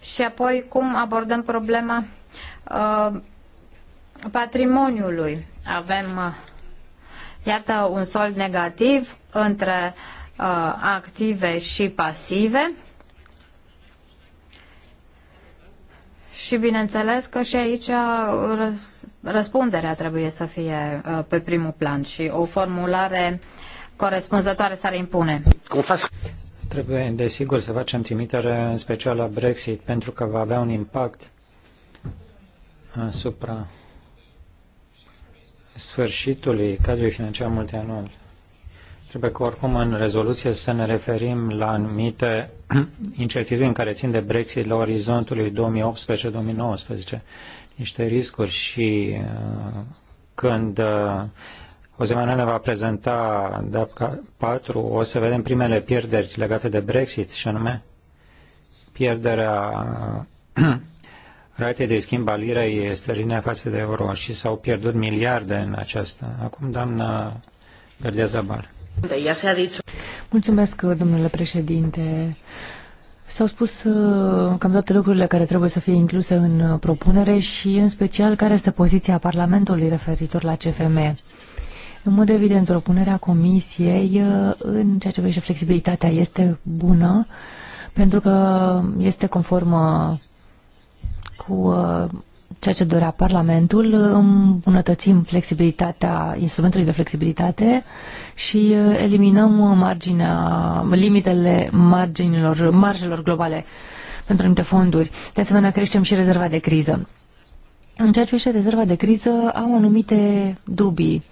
Și apoi cum abordăm problema uh, patrimoniului. Avem, uh, iată, un sold negativ între uh, active și pasive. Și bineînțeles că și aici uh, răspunderea trebuie să fie uh, pe primul plan și o formulare corespunzătoare s-ar impune. Trebuie, desigur, să facem trimitere în special la Brexit, pentru că va avea un impact asupra sfârșitului cadrului financiar multianual. Trebuie că oricum în rezoluție să ne referim la anumite incertitudini care țin de Brexit la orizontului 2018-2019 niște riscuri și uh, când uh, o Manuel ne va prezenta DAP 4, o să vedem primele pierderi legate de Brexit și anume pierderea uh, ratei de schimb al lirei sterline față de euro și s-au pierdut miliarde în aceasta. Acum, doamna Gardea Zabar. Mulțumesc, domnule președinte. S-au spus uh, cam toate lucrurile care trebuie să fie incluse în uh, propunere și în special care este poziția Parlamentului referitor la CFM. În mod evident, propunerea Comisiei uh, în ceea ce privește flexibilitatea este bună pentru că este conformă cu ceea ce dorea Parlamentul, uh, îmbunătățim flexibilitatea, instrumentului de flexibilitate și uh, eliminăm marginea, limitele marginilor, marjelor globale pentru anumite fonduri. De asemenea, creștem și rezerva de criză. În ceea ce privește rezerva de criză, am anumite dubii.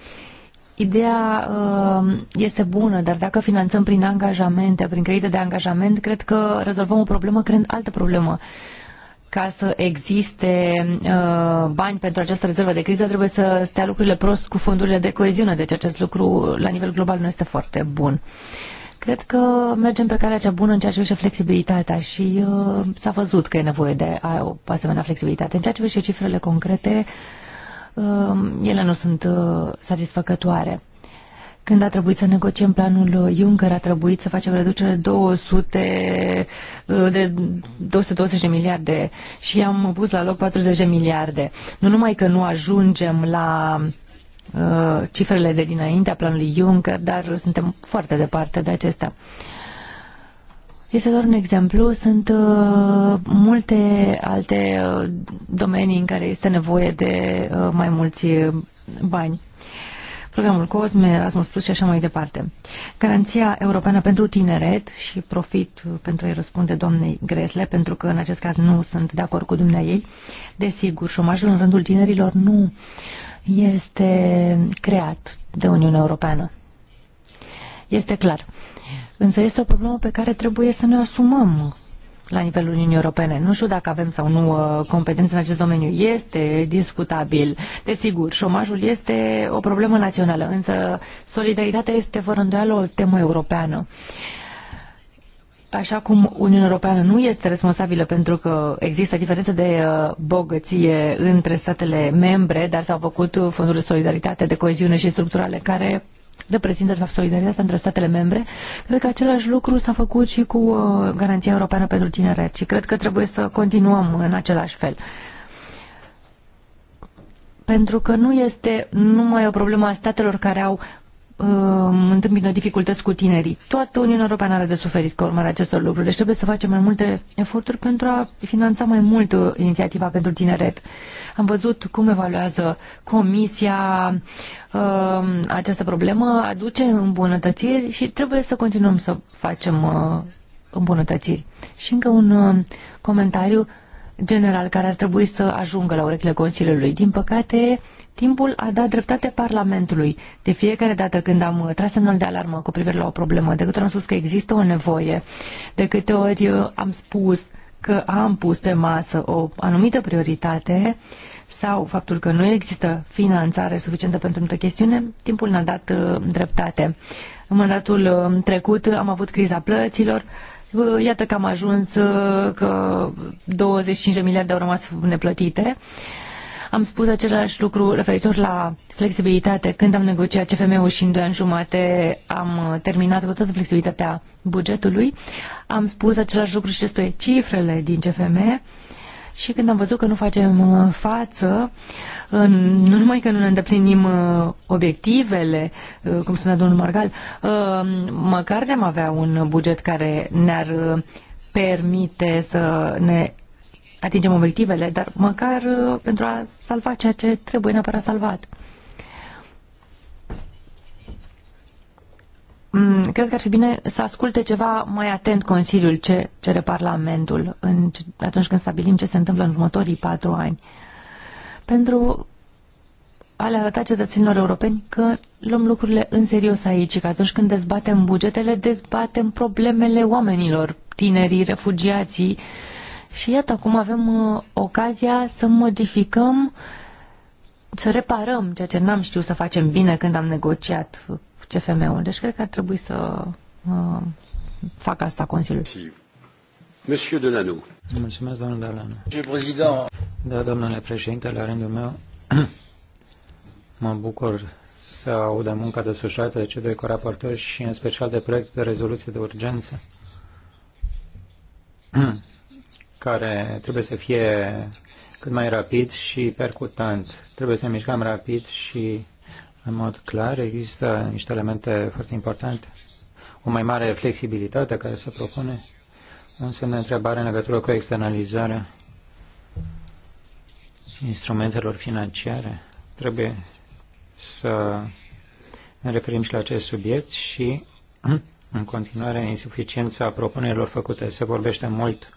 Ideea uh, este bună, dar dacă finanțăm prin angajamente, prin credite de angajament, cred că rezolvăm o problemă creând altă problemă ca să existe uh, bani pentru această rezervă de criză, trebuie să stea lucrurile prost cu fondurile de coeziune. Deci acest lucru la nivel global nu este foarte bun. Cred că mergem pe calea cea bună în ceea ce privește flexibilitatea și uh, s-a văzut că e nevoie de a, o asemenea flexibilitate. În ceea ce privește cifrele concrete, uh, ele nu sunt uh, satisfăcătoare. Când a trebuit să negociem planul Juncker, a trebuit să facem reducere 200, de 220 uh, de miliarde și am pus la loc 40 de miliarde. Nu numai că nu ajungem la uh, cifrele de dinaintea planului Juncker, dar suntem foarte departe de acestea. Este doar un exemplu. Sunt uh, multe alte uh, domenii în care este nevoie de uh, mai mulți bani programul COSME, Erasmus Plus și așa mai departe. Garanția Europeană pentru Tineret și profit pentru a-i răspunde doamnei Gresle, pentru că în acest caz nu sunt de acord cu dumnea ei. Desigur, șomajul în rândul tinerilor nu este creat de Uniunea Europeană. Este clar. Însă este o problemă pe care trebuie să ne asumăm la nivelul Uniunii Europene. Nu știu dacă avem sau nu uh, competențe în acest domeniu. Este discutabil. Desigur, șomajul este o problemă națională, însă solidaritatea este fără îndoială o temă europeană. Așa cum Uniunea Europeană nu este responsabilă pentru că există diferențe de uh, bogăție între statele membre, dar s-au făcut fonduri de solidaritate, de coeziune și structurale care reprezintă, de fapt, solidaritatea între statele membre. Cred că același lucru s-a făcut și cu uh, Garanția Europeană pentru Tineret și cred că trebuie să continuăm în același fel. Pentru că nu este numai o problemă a statelor care au Um, întâmpină dificultăți cu tinerii. Toată Uniunea Europeană are de suferit ca urmare acestor lucruri, deci trebuie să facem mai multe eforturi pentru a finanța mai mult uh, inițiativa pentru tineret. Am văzut cum evaluează Comisia uh, această problemă, aduce îmbunătățiri și trebuie să continuăm să facem uh, îmbunătățiri. Și încă un uh, comentariu general care ar trebui să ajungă la urechile Consiliului. Din păcate, timpul a dat dreptate Parlamentului. De fiecare dată când am tras semnul de alarmă cu privire la o problemă, de câte ori am spus că există o nevoie, de câte ori uh, am spus că am pus pe masă o anumită prioritate sau faptul că nu există finanțare suficientă pentru anumită chestiune, timpul ne-a dat uh, dreptate. În mandatul uh, trecut am avut criza plăților, Uh, iată că am ajuns uh, că 25 de miliarde au rămas neplătite. Am spus același lucru referitor la flexibilitate. Când am negociat CFM-ul și în 2 ani jumate am uh, terminat cu toată flexibilitatea bugetului, am spus același lucru și despre cifrele din CFM și când am văzut că nu facem uh, față, uh, nu numai că nu ne îndeplinim uh, obiectivele, cum spunea domnul Margal, măcar de-am avea un buget care ne-ar permite să ne atingem obiectivele, dar măcar pentru a salva ceea ce trebuie neapărat salvat. Mm, cred că ar fi bine să asculte ceva mai atent Consiliul ce cere Parlamentul în, atunci când stabilim ce se întâmplă în următorii patru ani. Pentru a le arăta cetățenilor europeni că luăm lucrurile în serios aici că atunci când dezbatem bugetele, dezbatem problemele oamenilor, tinerii, refugiații. Și iată, acum avem uh, ocazia să modificăm, să reparăm ceea ce n-am știut să facem bine când am negociat CFM-ul. Deci cred că ar trebui să uh, fac asta Consiliul. Monsieur Delano. Mulțumesc, domnule Delano. Monsieur Da, domnule președinte, la rândul meu mă bucur să aud de munca desfășurată de cei doi coraportori și în special de proiect de rezoluție de urgență care trebuie să fie cât mai rapid și percutant. Trebuie să ne mișcăm rapid și în mod clar, există niște elemente foarte importante. O mai mare flexibilitate care se propune, un semn de întrebare în legătură cu externalizarea instrumentelor financiare. Trebuie să ne referim și la acest subiect și, în continuare, insuficiența propunerilor făcute. Se vorbește mult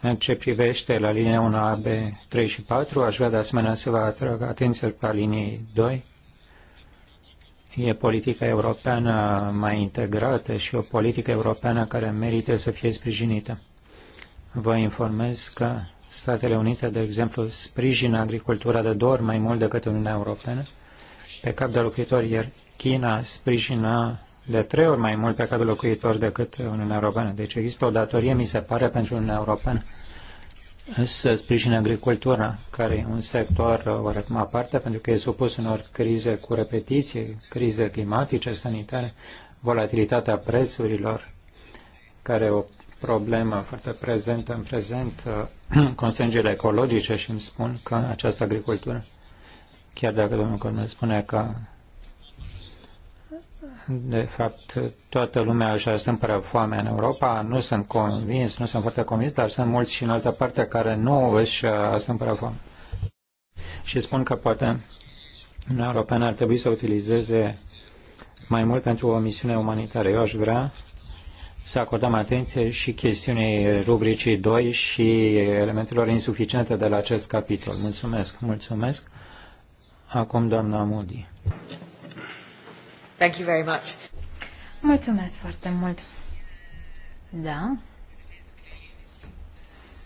în ce privește la linia 1 AB 3 și 4, aș vrea de asemenea să vă atrag atenția pe liniei 2, fie politica europeană mai integrată și o politică europeană care merită să fie sprijinită. Vă informez că Statele Unite, de exemplu, sprijină agricultura de dor mai mult decât Uniunea Europeană pe cap de locuitor, iar China sprijină de trei ori mai mult pe cap de locuitor decât Uniunea Europeană. Deci există o datorie, mi se pare, pentru Uniunea Europeană să sprijine agricultura, care e un sector uh, oarecum aparte, pentru că e supus unor crize cu repetiție, crize climatice, sanitare, volatilitatea prețurilor, care e o problemă foarte prezentă în prezent, uh, constrângerile ecologice și îmi spun că această agricultură, chiar dacă domnul Cornel spune că de fapt, toată lumea își astâmpără foame în Europa. Nu sunt convins, nu sunt foarte convins, dar sunt mulți și în altă parte care nu își astâmpără foame. Și spun că poate Uniunea Europeană ar trebui să utilizeze mai mult pentru o misiune umanitară. Eu aș vrea să acordăm atenție și chestiunii rubricii 2 și elementelor insuficiente de la acest capitol. Mulțumesc, mulțumesc. Acum doamna Moody. Thank you very much. Mulțumesc foarte mult. Da.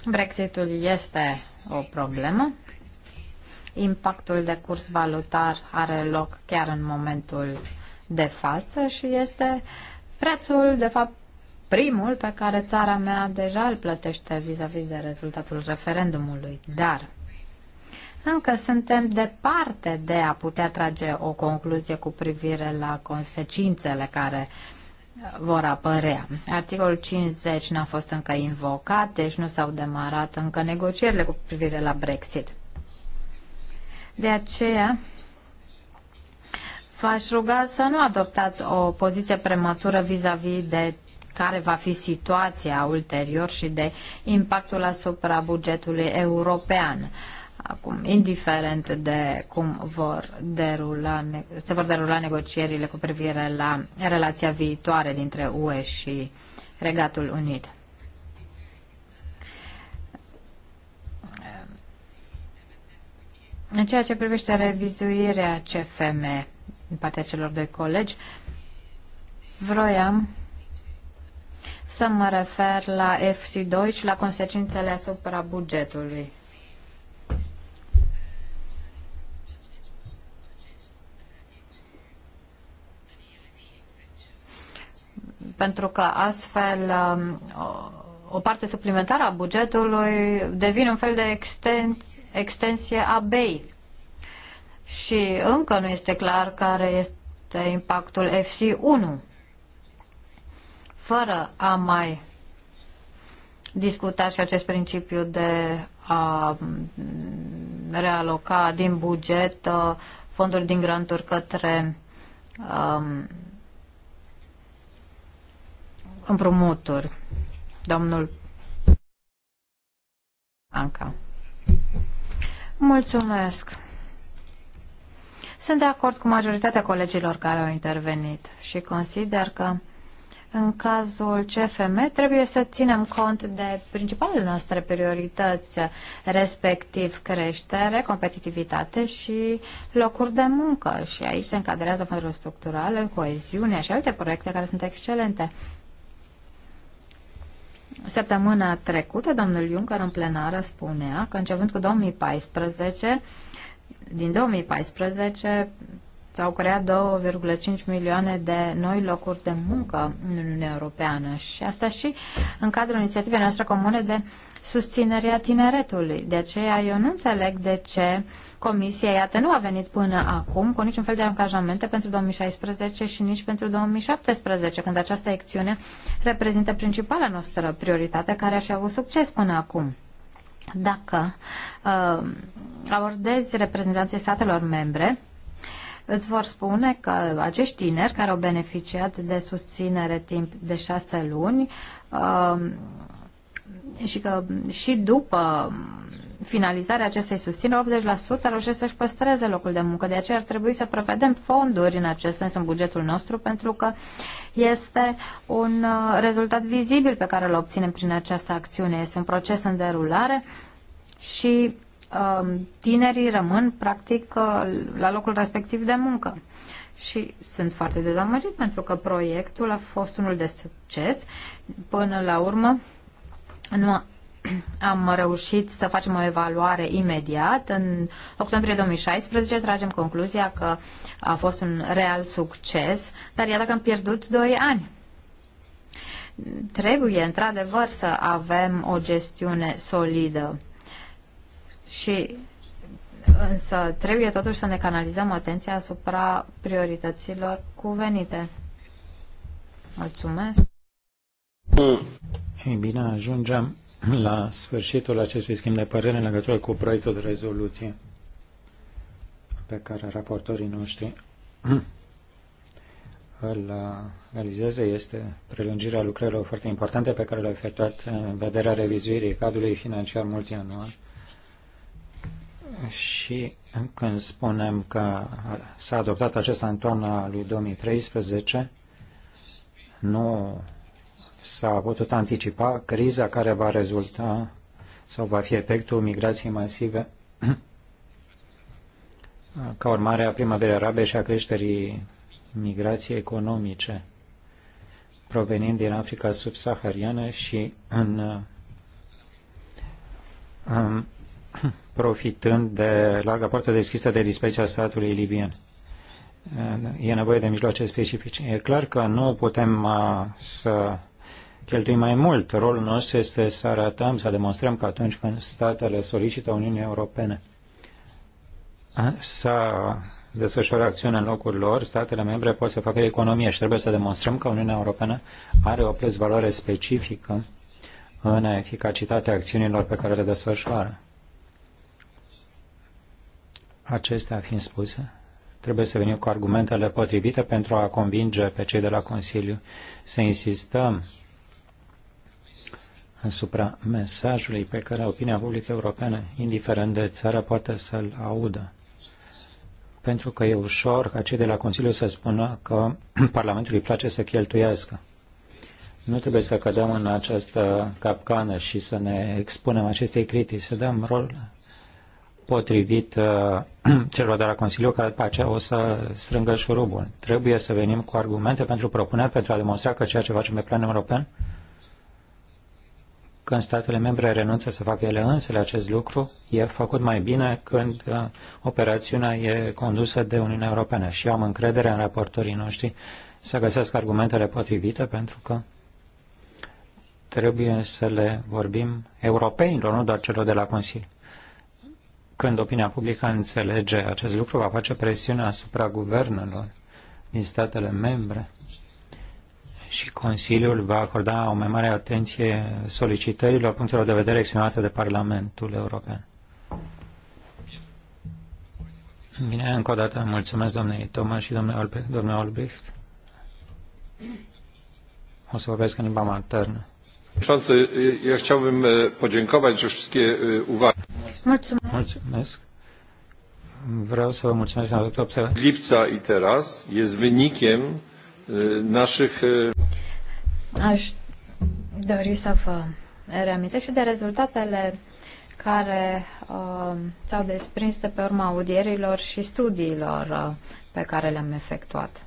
Brexitul este o problemă. Impactul de curs valutar are loc chiar în momentul de față și este prețul, de fapt, primul pe care țara mea deja îl plătește vis-a-vis -vis de rezultatul referendumului. Dar încă suntem departe de a putea trage o concluzie cu privire la consecințele care uh, vor apărea. Articolul 50 n-a fost încă invocat, deci nu s-au demarat încă negocierile cu privire la Brexit. De aceea, v-aș ruga să nu adoptați o poziție prematură vis-a-vis -vis de care va fi situația ulterior și de impactul asupra bugetului european. Uh, acum, indiferent de cum vor derula, se vor derula negocierile cu privire la relația viitoare dintre UE și Regatul Unit. În ceea ce privește revizuirea CFM din partea celor doi colegi, vroiam să mă refer la FC2 și la consecințele asupra bugetului. pentru că astfel um, o parte suplimentară a bugetului devine un fel de exten extensie a BEI. Și încă nu este clar care este impactul FC1. Fără a mai discuta și acest principiu de a realoca din buget uh, fonduri din granturi către um, promotor, Domnul Anca. Mulțumesc. Sunt de acord cu majoritatea colegilor care au intervenit și consider că în cazul CFM trebuie să ținem cont de principalele noastre priorități, respectiv creștere, competitivitate și locuri de muncă. Și aici se încadrează fondurile structurale, coeziunea și alte proiecte care sunt excelente. Săptămâna trecută, domnul Juncker în plenară spunea că începând cu 2014, din 2014, S-au creat 2,5 milioane de noi locuri de muncă în Uniunea Europeană și asta și în cadrul inițiativei noastre comune de susținere a tineretului. De aceea eu nu înțeleg de ce Comisia, iată, nu a venit până acum cu niciun fel de angajamente pentru 2016 și nici pentru 2017, când această acțiune reprezintă principala noastră prioritate care a și avut succes până acum. Dacă uh, abordezi reprezentanții statelor membre, îți vor spune că acești tineri care au beneficiat de susținere timp de șase luni um, și că și după finalizarea acestei susținere, 80% reușesc să-și păstreze locul de muncă. De aceea ar trebui să prevedem fonduri în acest sens în bugetul nostru, pentru că este un uh, rezultat vizibil pe care îl obținem prin această acțiune. Este un proces în derulare și Um, tinerii rămân practic uh, la locul respectiv de muncă. Și sunt foarte dezamăgit pentru că proiectul a fost unul de succes. Până la urmă nu am reușit să facem o evaluare imediat. În octombrie 2016 tragem concluzia că a fost un real succes, dar iată că am pierdut 2 ani trebuie într-adevăr să avem o gestiune solidă și însă trebuie totuși să ne canalizăm atenția asupra priorităților cuvenite. Mulțumesc. Ei bine, ajungem la sfârșitul acestui schimb de părere în legătură cu proiectul de rezoluție pe care raportorii noștri îl realizează este prelungirea lucrărilor foarte importante pe care le-au efectuat în vederea revizuirii cadrului financiar multianual și când spunem că s-a adoptat acesta în toamna lui 2013, nu s-a putut anticipa criza care va rezulta sau va fi efectul migrației masive ca urmare a primăverii arabe și a creșterii migrației economice provenind din Africa subsahariană și în, în profitând de larga poartă deschisă de dispeția statului libian. E nevoie de mijloace specifice. E clar că nu putem uh, să cheltuim mai mult. Rolul nostru este să arătăm, să demonstrăm că atunci când statele solicită Uniunii Europene uh, să desfășoare acțiune în locul lor, statele membre pot să facă economie și trebuie să demonstrăm că Uniunea Europeană are o plus valoare specifică în eficacitatea acțiunilor pe care le desfășoară. Acestea fiind spuse, trebuie să venim cu argumentele potrivite pentru a convinge pe cei de la Consiliu să insistăm asupra mesajului pe care opinia publică europeană, indiferent de țară, poate să-l audă. Pentru că e ușor ca cei de la Consiliu să spună că Parlamentului place să cheltuiască. Nu trebuie să cădem în această capcană și să ne expunem acestei critici, să dăm rol potrivit uh, celor de la Consiliu, care după aceea o să strângă șurubul. Trebuie să venim cu argumente pentru propuneri, pentru a demonstra că ceea ce facem pe plan european, când statele membre renunță să facă ele însele acest lucru, e făcut mai bine când uh, operațiunea e condusă de Uniunea Europeană. Și eu am încredere în raportorii noștri să găsească argumentele potrivite, pentru că trebuie să le vorbim europenilor, nu doar celor de la Consiliu când opinia publică înțelege acest lucru, va face presiune asupra guvernelor din statele membre și Consiliul va acorda o mai mare atenție solicitărilor punctelor de vedere exprimate de Parlamentul European. Bine, încă o dată mulțumesc domnului Toma și domnului Albrecht. O să vorbesc în limba maternă. Przewodniczący, chciałbym podziękować za wszystkie uwagi. Mulțumesc. Mulțumesc. Vreau să vă mulțumesc pentru toate observațiile. Lipsa i teraz jest wynikiem naszych... Aș dori să vă reamintesc și de rezultatele care uh, s-au desprins de pe urma audierilor și studiilor uh, pe care le-am efectuat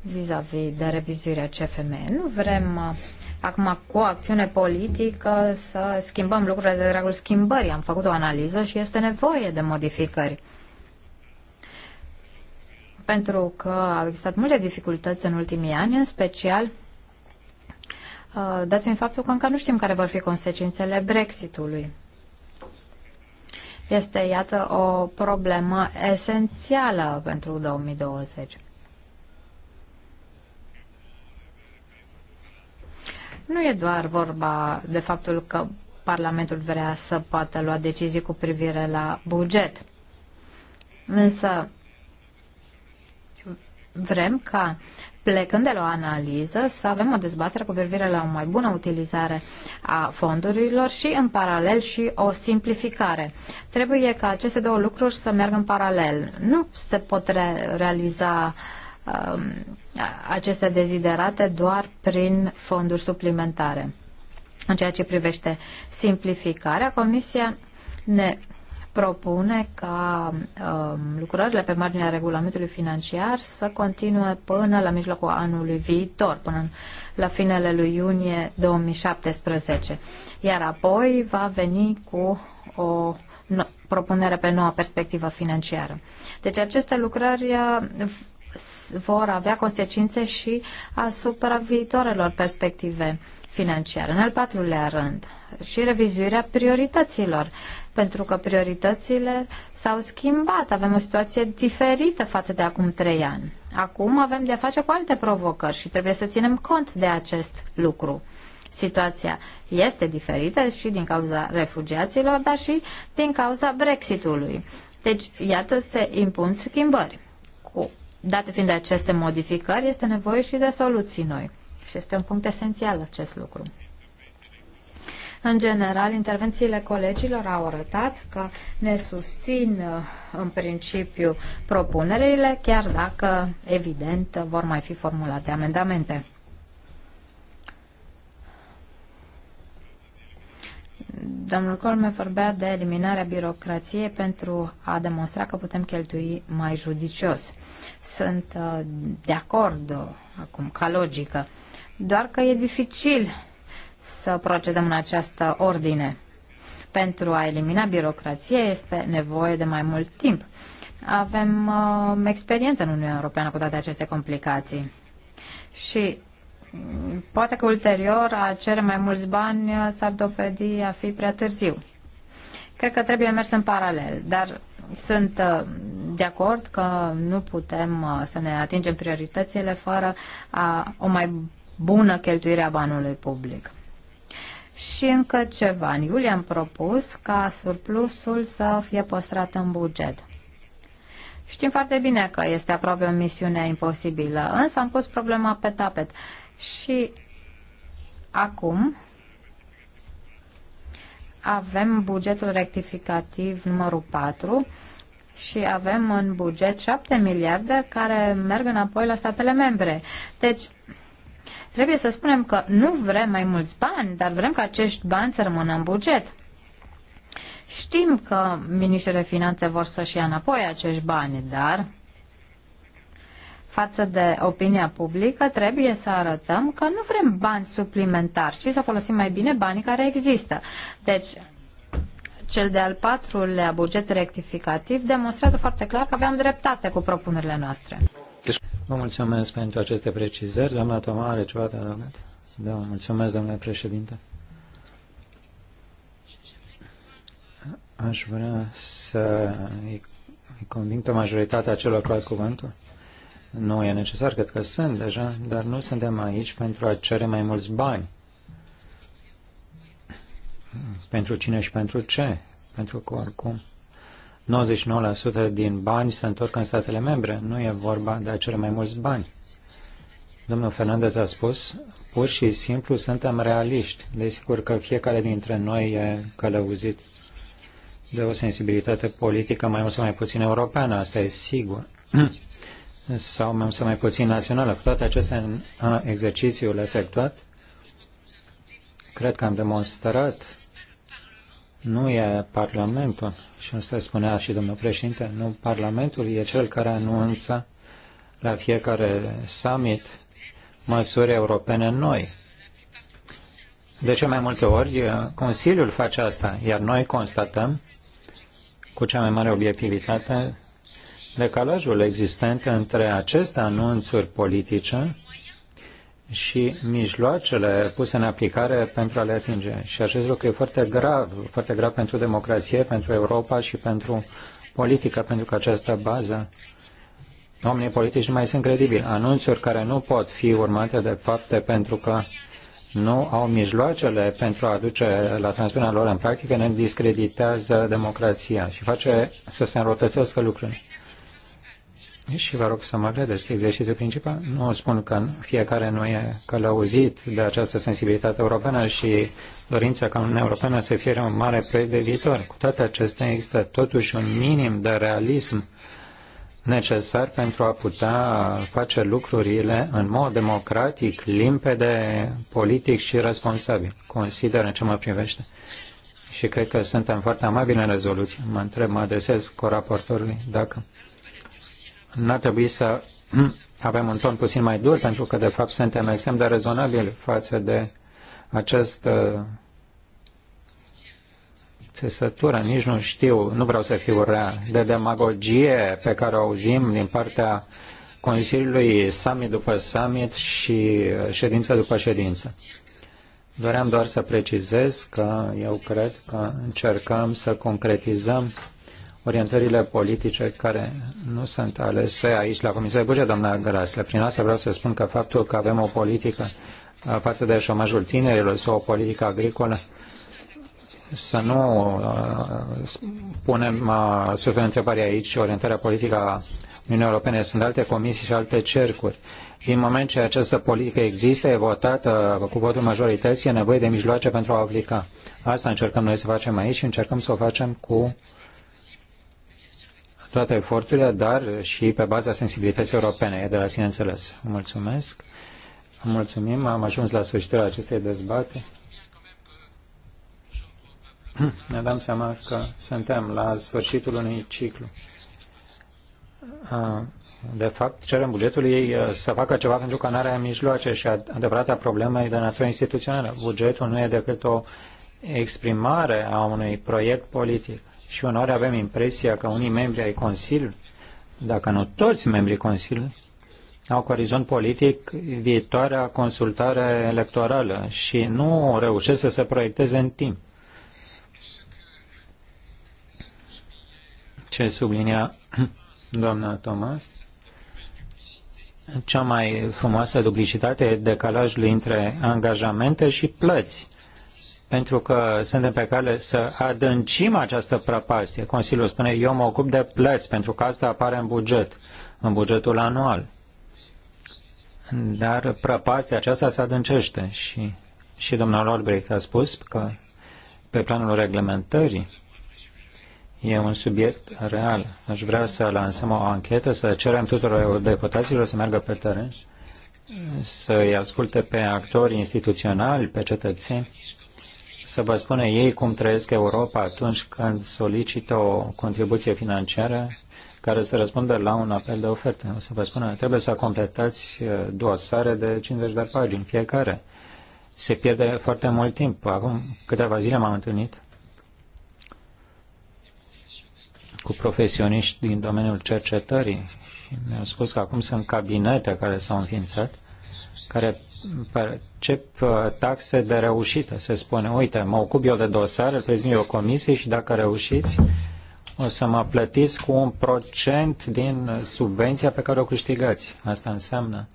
vis-a-vis -vis de revizuirea CFM. Nu vrem uh, acum cu o acțiune politică să schimbăm lucrurile de dragul schimbării. Am făcut o analiză și este nevoie de modificări. Pentru că au existat multe dificultăți în ultimii ani, în special uh, dați fiind faptul că încă nu știm care vor fi consecințele Brexitului. Este, iată, o problemă esențială pentru 2020. Nu e doar vorba de faptul că Parlamentul vrea să poată lua decizii cu privire la buget. Însă vrem ca, plecând de la o analiză, să avem o dezbatere cu privire la o mai bună utilizare a fondurilor și, în paralel, și o simplificare. Trebuie ca aceste două lucruri să meargă în paralel. Nu se pot re- realiza uh, Um, aceste deziderate doar prin fonduri suplimentare. În ceea ce privește simplificarea, Comisia ne propune ca um, lucrările pe marginea regulamentului financiar să continue până la mijlocul anului viitor, până la finele lui iunie 2017. Iar apoi va veni cu o propunere pe noua perspectivă financiară. Deci aceste lucrări uh, vor avea consecințe și asupra viitoarelor perspective financiare. În al patrulea rând, și revizuirea priorităților, pentru că prioritățile s-au schimbat, avem o situație diferită față de acum trei ani. Acum avem de-a face cu alte provocări și trebuie să ținem cont de acest lucru. Situația este diferită și din cauza refugiaților, dar și din cauza Brexitului. Deci, iată, se impun schimbări date fiind aceste modificări, este nevoie și de soluții noi. Și este un punct esențial acest lucru. În general, intervențiile colegilor au arătat că ne susțin uh, în principiu propunerile, chiar dacă, evident, vor mai fi formulate amendamente. Domnul Colme vorbea de eliminarea birocrației pentru a demonstra că putem cheltui mai judicios. Sunt uh, de acord uh, acum ca logică, doar că e dificil să procedăm în această ordine. Pentru a elimina birocrație este nevoie de mai mult timp. Avem uh, experiență în Uniunea Europeană cu toate aceste complicații. Și poate că ulterior a cere mai mulți bani s-ar dovedi a fi prea târziu. Cred că trebuie mers în paralel, dar sunt uh, de acord că nu putem uh, să ne atingem prioritățile fără a, o mai bună cheltuire a banului public. Și încă ceva. În iulie am propus ca surplusul să fie păstrat în buget. Știm foarte bine că este aproape o misiune imposibilă, însă am pus problema pe tapet. Și acum avem bugetul rectificativ numărul 4 și avem în buget 7 miliarde care merg înapoi la statele membre. Deci, trebuie să spunem că nu vrem mai mulți bani, dar vrem ca acești bani să rămână în buget. Știm că ministrii finanțe vor să-și ia înapoi acești bani, dar față de opinia publică, trebuie să arătăm că nu vrem bani suplimentari, ci să folosim mai bine banii care există. Deci, cel de-al patrulea buget rectificativ demonstrează foarte clar că aveam dreptate cu propunerile noastre. Vă mulțumesc pentru aceste precizări. Doamna Toma are ceva de adăugat? Da, mulțumesc, domnule președinte. Aș vrea să îi conving pe majoritatea celor cu cuvântul nu e necesar, cred că sunt deja, dar nu suntem aici pentru a cere mai mulți bani. Pentru cine și pentru ce? Pentru că oricum 99% din bani se întorc în statele membre. Nu e vorba de a cere mai mulți bani. Domnul Fernandez a spus, pur și simplu suntem realiști. Desigur că fiecare dintre noi e călăuzit de o sensibilitate politică mai mult sau mai puțin europeană, asta e sigur. sau mai mult sau mai puțin națională. Cu toate acestea, în exercițiul efectuat, cred că am demonstrat nu e Parlamentul, și asta spunea și domnul președinte, nu Parlamentul e cel care anunță la fiecare summit măsuri europene noi. De ce mai multe ori Consiliul face asta, iar noi constatăm cu cea mai mare obiectivitate decalajul existent între aceste anunțuri politice și mijloacele puse în aplicare pentru a le atinge. Și acest lucru e foarte grav, foarte grav pentru democrație, pentru Europa și pentru politică, pentru că această bază oamenii politici nu mai sunt credibili. Anunțuri care nu pot fi urmate de fapte pentru că nu au mijloacele pentru a aduce la transpunerea lor în practică, ne discreditează democrația și face să se înrotățească lucrurile și vă rog să mă credeți că exercițiul principal, nu spun că fiecare nu e călăuzit de această sensibilitate europeană și dorința ca Uniunea Europeană să fie un mare proiect de viitor. Cu toate acestea există totuși un minim de realism necesar pentru a putea face lucrurile în mod democratic, limpede, politic și responsabil. Consider în ce mă privește și cred că suntem foarte amabili în rezoluție. Mă întreb, mă adresez cu raportorului dacă n-ar trebui să avem un ton puțin mai dur, pentru că, de fapt, suntem extrem de rezonabili față de acest țesătură, nici nu știu, nu vreau să fiu rea, de demagogie pe care o auzim din partea Consiliului summit după summit și ședință după ședință. Doream doar să precizez că eu cred că încercăm să concretizăm orientările politice care nu sunt alese aici la Comisia de Buget, doamna Grasle. Prin asta vreau să spun că faptul că avem o politică uh, față de șomajul tinerilor sau o politică agricolă, să nu uh, punem uh, sub întrebare aici orientarea politică a Uniunii Europene. Sunt alte comisii și alte cercuri. Din moment ce această politică există, e votată cu votul majorității, e nevoie de mijloace pentru a aplica. Asta încercăm noi să facem aici și încercăm să o facem cu uh, toate eforturile, dar și pe baza sensibilității europene. E de la sine înțeles. Mulțumesc. Mulțumim. Am ajuns la sfârșitul acestei dezbate. Ne dăm seama că suntem la sfârșitul unui ciclu. De fapt, cerem bugetul ei uh, să facă ceva pentru că nu are mijloace și adevărata problemă e de natură instituțională. Bugetul nu e decât o exprimare a unui proiect politic și uneori avem impresia că unii membri ai Consiliului, dacă nu toți membrii Consiliului, au cu orizont politic viitoarea consultare electorală și nu reușesc să se proiecteze în timp. Ce sublinia doamna Thomas? Cea mai frumoasă duplicitate e decalajul între angajamente și plăți pentru că suntem pe cale să adâncim această prăpastie. Consiliul spune, eu mă ocup de plăți, pentru că asta apare în buget, în bugetul anual. Dar prăpastia aceasta se adâncește și, și domnul Albrecht a spus că pe planul reglementării e un subiect real. Aș vrea să lansăm o anchetă, să cerem tuturor deputaților să meargă pe teren, să-i asculte pe actori instituționali, pe cetățeni, să vă spună ei cum trăiesc Europa atunci când solicită o contribuție financiară care să răspundă la un apel de ofertă. O să vă spună, trebuie să completați uh, dosare de 50 de pagini fiecare. Se pierde foarte mult timp. Acum câteva zile m-am întâlnit cu profesioniști din domeniul cercetării mi-au spus că acum sunt cabinete care s-au înființat, care percep uh, taxe de reușită, se spune. Uite, mă ocup eu de dosare, prezint eu comisie și dacă reușiți, o să mă plătiți cu un procent din subvenția pe care o câștigați. Asta înseamnă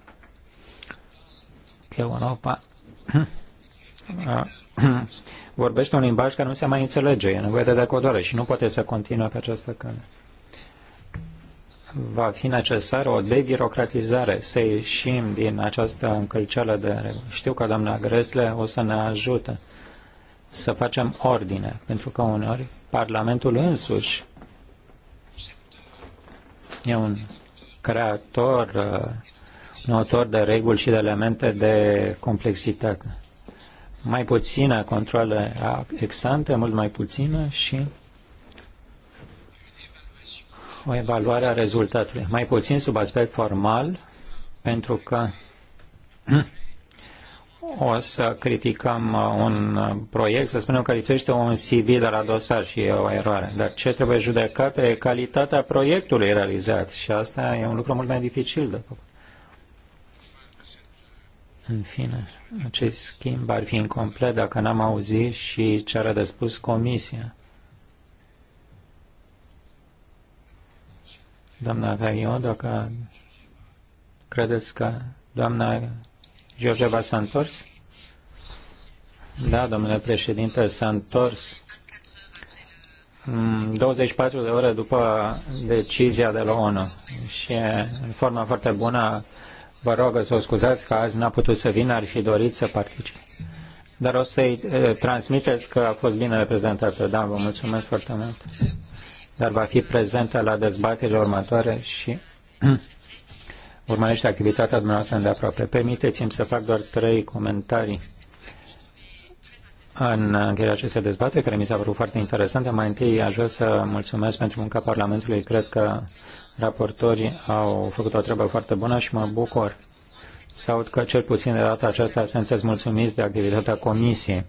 că Europa vorbește un limbaj care nu se mai înțelege, e nevoie de decodare și nu poate să continue pe această cale va fi necesară o debirocratizare, să ieșim din această încălceală de reguli. Știu că doamna Gresle o să ne ajute să facem ordine, pentru că uneori Parlamentul însuși e un creator, un uh, autor de reguli și de elemente de complexitate. Mai puține controle exante mult mai puține și o evaluare a rezultatului, mai puțin sub aspect formal, pentru că o să criticăm un proiect, să spunem că lipsește un CV de la dosar și e o eroare. Dar ce trebuie judecat e calitatea proiectului realizat și asta e un lucru mult mai dificil de făcut. În fine, acest schimb ar fi incomplet dacă n-am auzit și ce are de spus comisia. doamna Gaio, dacă credeți că doamna Georgeva s-a întors? Da, domnule președinte, s-a întors 24 mm, de ore după decizia de la ONU și în forma foarte bună vă rog să o scuzați că azi n-a putut să vină, ar fi dorit să participe. Dar o să-i eh, transmiteți că a fost bine reprezentată. Da, vă mulțumesc foarte mult dar va fi prezentă la dezbaterile următoare și urmărește activitatea dumneavoastră aproape. Permiteți-mi să fac doar trei comentarii în încheierea acestei dezbateri, care mi s-a părut foarte interesantă. Mai întâi aș vrea să mulțumesc pentru munca Parlamentului. Cred că raportorii au făcut o treabă foarte bună și mă bucur să aud că cel puțin de data aceasta sunteți mulțumiți de activitatea Comisiei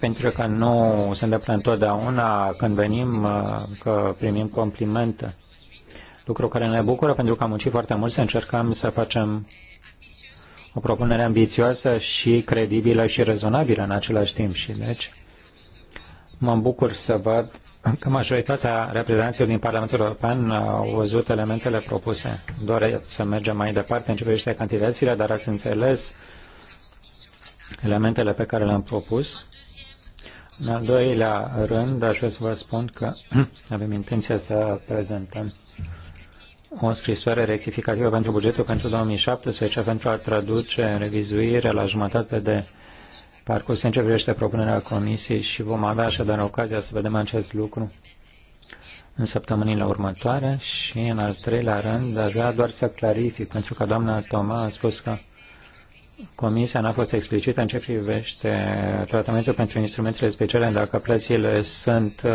pentru că nu se întâmplă întotdeauna când venim uh, că primim complimente. Lucru care ne bucură pentru că am muncit foarte mult să încercăm să facem o propunere ambițioasă și credibilă și rezonabilă în același timp. Și deci mă bucur să văd că majoritatea reprezentanților din Parlamentul European au văzut elementele propuse. Doresc să mergem mai departe în ce privește cantitățile, dar ați înțeles elementele pe care le-am propus în al doilea rând, aș vrea să vă spun că avem intenția să prezentăm o scrisoare rectificativă pentru bugetul pentru 2017 pentru a traduce în revizuire la jumătate de parcurs în ce privește propunerea comisiei și vom avea așadar ocazia să vedem acest lucru în săptămânile următoare și în al treilea rând aș vrea doar să clarific pentru că doamna Toma a spus că Comisia n-a fost explicită în ce privește tratamentul pentru instrumentele speciale, dacă plățile sunt uh,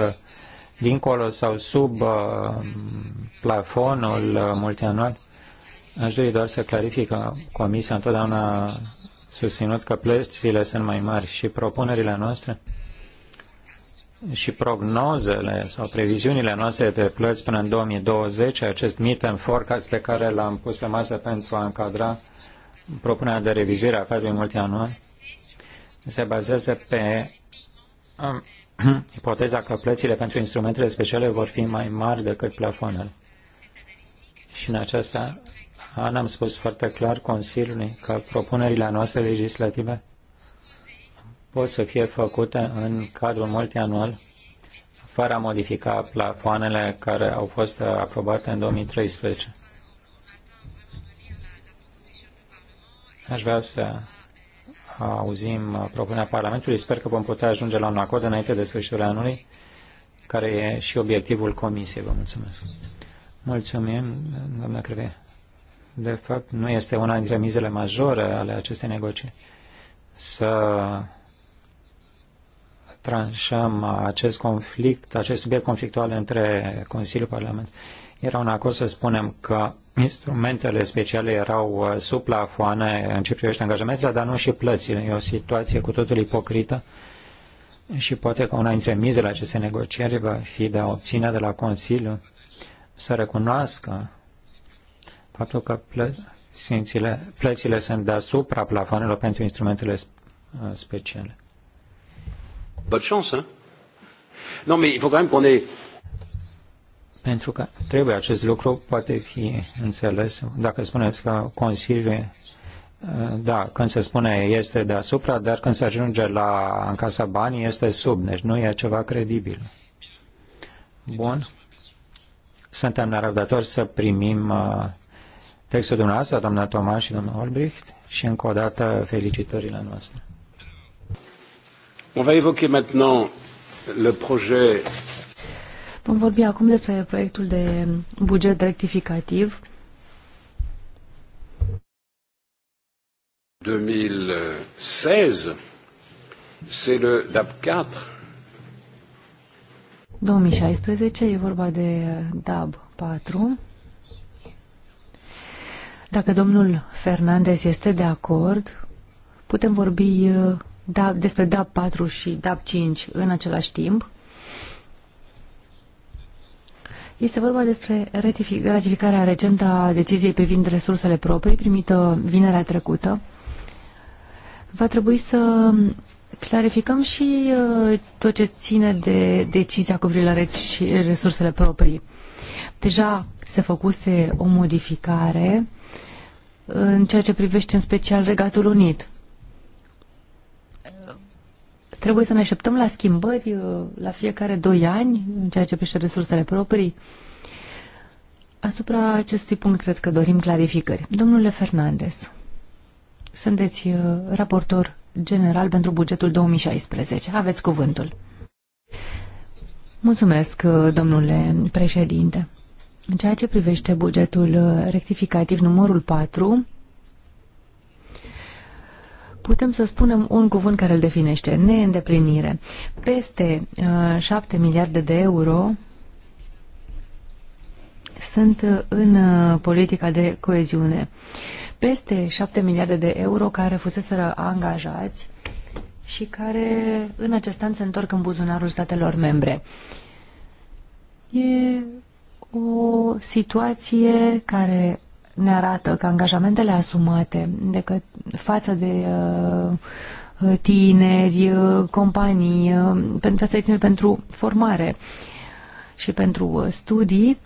dincolo sau sub uh, plafonul uh, multianual. Aș dori doar să clarific că Comisia întotdeauna a susținut că plățile sunt mai mari și propunerile noastre și prognozele sau previziunile noastre de plăți până în 2020, acest meet and forecast pe care l-am pus pe masă pentru a încadra propunerea de revizuire a cadrului multianual se bazează pe um, ipoteza că plățile pentru instrumentele speciale vor fi mai mari decât plafonul. Și în aceasta an am spus foarte clar Consiliului că propunerile noastre legislative pot să fie făcute în cadrul multianual fără a modifica plafoanele care au fost aprobate în 2013. Aș vrea să auzim propunerea Parlamentului. Sper că vom putea ajunge la un acord înainte de sfârșitul anului, care e și obiectivul Comisiei. Vă mulțumesc. Mulțumim, doamna Creve. De fapt, nu este una dintre mizele majore ale acestei negocii să tranșăm acest conflict, acest subiect conflictual între Consiliul Parlamentului. Era un acord să spunem că instrumentele speciale erau uh, sub plafoane în ce privește angajamentele, dar nu și plățile. E o situație cu totul ipocrită și poate că una dintre mizele acestei negocieri va fi de a obține de la Consiliu să recunoască faptul că plățile, plățile sunt deasupra plafonelor pentru instrumentele uh, speciale. Bonne chance, hein? Non, mais il faut quand même qu'on ait pentru că trebuie acest lucru, poate fi înțeles, dacă spuneți că Consiliul, eh, da, când se spune este deasupra, dar când se ajunge la casa banii este sub, deci nu e ceva credibil. Bun. Suntem nerăbdători să primim eh, textul dumneavoastră, doamna Tomaș și domnul Olbricht, și încă o dată felicitările noastre. On va évoquer maintenant le projet Vom vorbi acum despre proiectul de buget rectificativ. 2016, c'est le DAP 4. 2016 e vorba de DAB 4. Dacă domnul Fernandez este de acord, putem vorbi uh, despre DAB 4 și DAB 5 în același timp. Este vorba despre ratificarea recentă a deciziei privind resursele proprii primită vinerea trecută. Va trebui să clarificăm și uh, tot ce ține de decizia cu privire la resursele proprii. Deja se făcuse o modificare în ceea ce privește în special Regatul Unit. Trebuie să ne așteptăm la schimbări uh, la fiecare doi ani în ceea ce privește resursele proprii. Asupra acestui punct cred că dorim clarificări. Domnule Fernandez, sunteți uh, raportor general pentru bugetul 2016. Aveți cuvântul. Mulțumesc, uh, domnule președinte. În ceea ce privește bugetul rectificativ numărul 4, putem să spunem un cuvânt care îl definește, neîndeplinire. Peste uh, 7 miliarde de euro sunt uh, în uh, politica de coeziune. Peste 7 miliarde de euro care fuseseră angajați și care în acest an se întorc în buzunarul statelor membre. E o situație care ne arată că angajamentele asumate de că, față de uh, tineri, uh, companii, uh, pentru față de pentru formare și pentru uh, studii,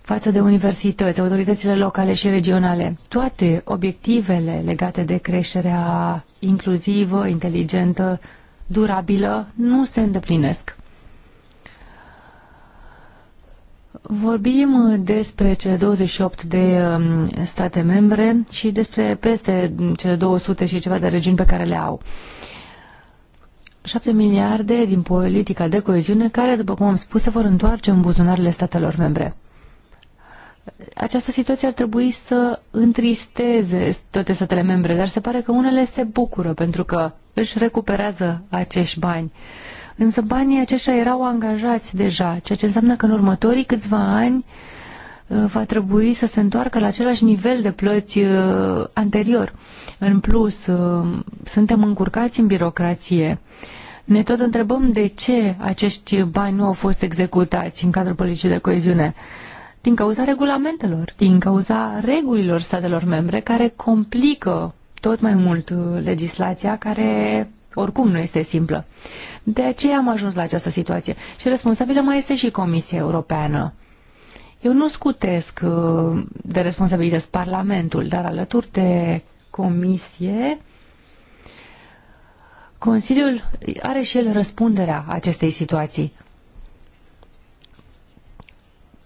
față de universități, autoritățile locale și regionale. Toate obiectivele legate de creșterea inclusivă, inteligentă, durabilă, nu se îndeplinesc. Vorbim uh, despre cele 28 de um, state membre și despre peste um, cele 200 și ceva de regiuni pe care le au. 7 miliarde din politica de coeziune care, după cum am spus, se vor întoarce în buzunarele statelor membre. Această situație ar trebui să întristeze toate statele membre, dar se pare că unele se bucură pentru că își recuperează acești bani. Uh, Însă banii aceștia erau angajați deja, ceea ce înseamnă că în următorii câțiva ani uh, va trebui să se întoarcă la același nivel de plăți uh, anterior. În plus, uh, suntem încurcați în birocrație. Ne tot întrebăm de ce acești bani nu au fost executați în cadrul politicii de coeziune. Din cauza regulamentelor, din cauza regulilor statelor membre care complică tot mai mult legislația care oricum nu este simplă. De aceea am ajuns la această situație. Și responsabilă mai este și Comisia Europeană. Eu nu scutesc uh, de responsabilități Parlamentul, dar alături de Comisie, Consiliul are și el răspunderea acestei situații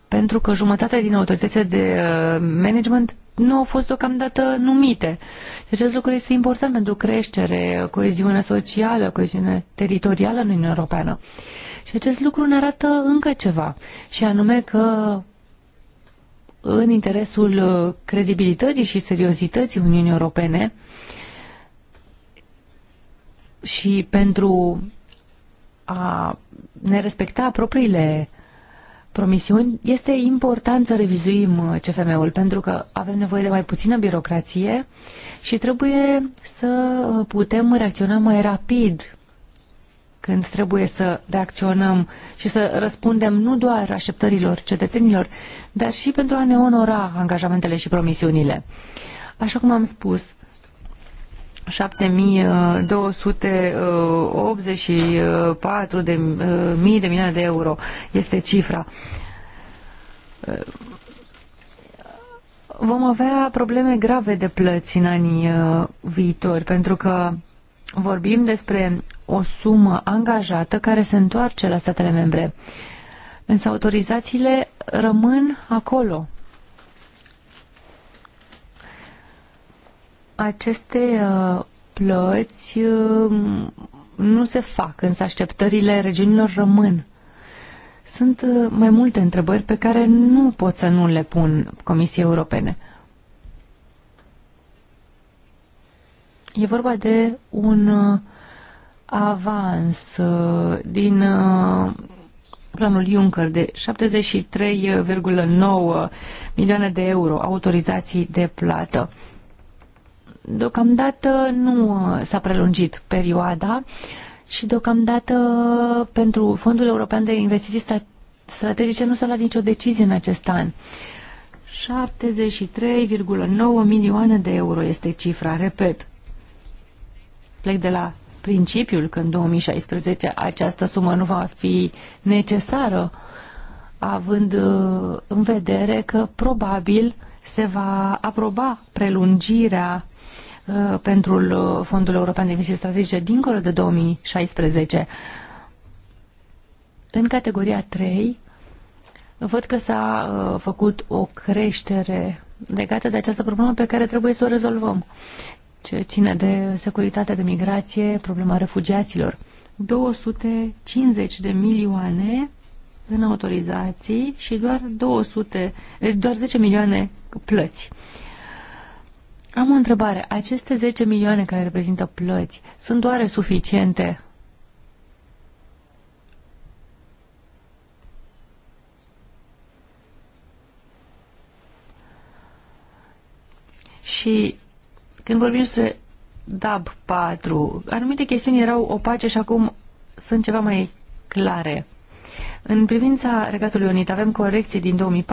pentru că jumătate din autoritățile de uh, management nu au fost deocamdată numite. Și acest lucru este important pentru creștere, coeziune socială, coeziune teritorială în Uniunea Europeană. Și acest lucru ne arată încă ceva, și anume că în interesul uh, credibilității și seriozității Uniunii Europene și pentru a ne respecta propriile promisiuni, este important să revizuim uh, CFM-ul pentru că avem nevoie de mai puțină birocrație și trebuie să uh, putem reacționa mai rapid când trebuie să reacționăm și să răspundem nu doar așteptărilor cetățenilor, dar și pentru a ne onora angajamentele și promisiunile. Așa cum am spus, 7284 uh, uh, uh, de mii de milioane de euro este cifra. Vom avea probleme grave de plăți în anii viitori, pentru că vorbim despre o sumă angajată care se întoarce la statele membre. Însă autorizațiile rămân acolo, aceste uh, plăți uh, nu se fac, însă așteptările regiunilor rămân. Sunt uh, mai multe întrebări pe care nu pot să nu le pun Comisiei Europene. E vorba de un avans din planul Juncker de 73,9 milioane de euro autorizații de plată. Deocamdată nu uh, s-a prelungit perioada și deocamdată uh, pentru Fondul European de Investiții Strategice nu s-a luat nicio decizie în acest an. 73,9 milioane de euro este cifra, repet. Plec de la principiul că în 2016 această sumă nu va fi necesară, având uh, în vedere că probabil se va aproba prelungirea Uh, pentru uh, Fondul European de Investiții Strategice dincolo de 2016. În categoria 3, văd că s-a uh, făcut o creștere legată de această problemă pe care trebuie să o rezolvăm. Ce ține de securitatea de migrație, problema refugiaților. 250 de milioane în autorizații și doar, 200, deci doar 10 milioane plăți. Am o întrebare. Aceste 10 milioane care reprezintă plăți sunt doar suficiente Și când vorbim despre DAB 4, anumite chestiuni erau opace și acum sunt ceva mai clare. În privința Regatului Unit avem corecții din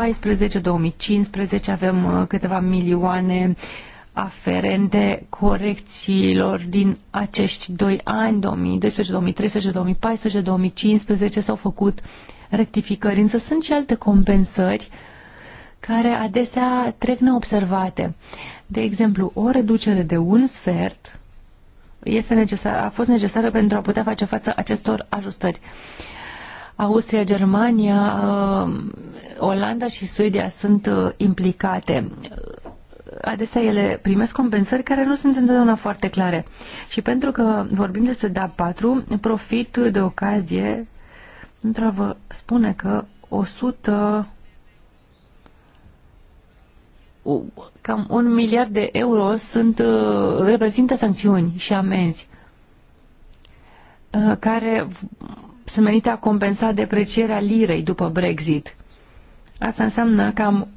2014-2015, avem uh, câteva milioane uh, aferente corecțiilor din acești doi ani, 2012, 2013, 2014, 2015, s-au făcut rectificări, însă sunt și alte compensări care adesea trec neobservate. De exemplu, o reducere de un sfert este necesar, a fost necesară pentru a putea face față acestor ajustări. Austria, Germania, uh, Olanda și Suedia sunt uh, implicate adesea ele primesc compensări care nu sunt întotdeauna foarte clare. Și pentru că vorbim despre DA4, profit de ocazie într vă spune că 100 cam un miliard de euro sunt, uh, reprezintă sancțiuni și amenzi uh, care sunt menite a compensa deprecierea lirei după Brexit. Asta înseamnă cam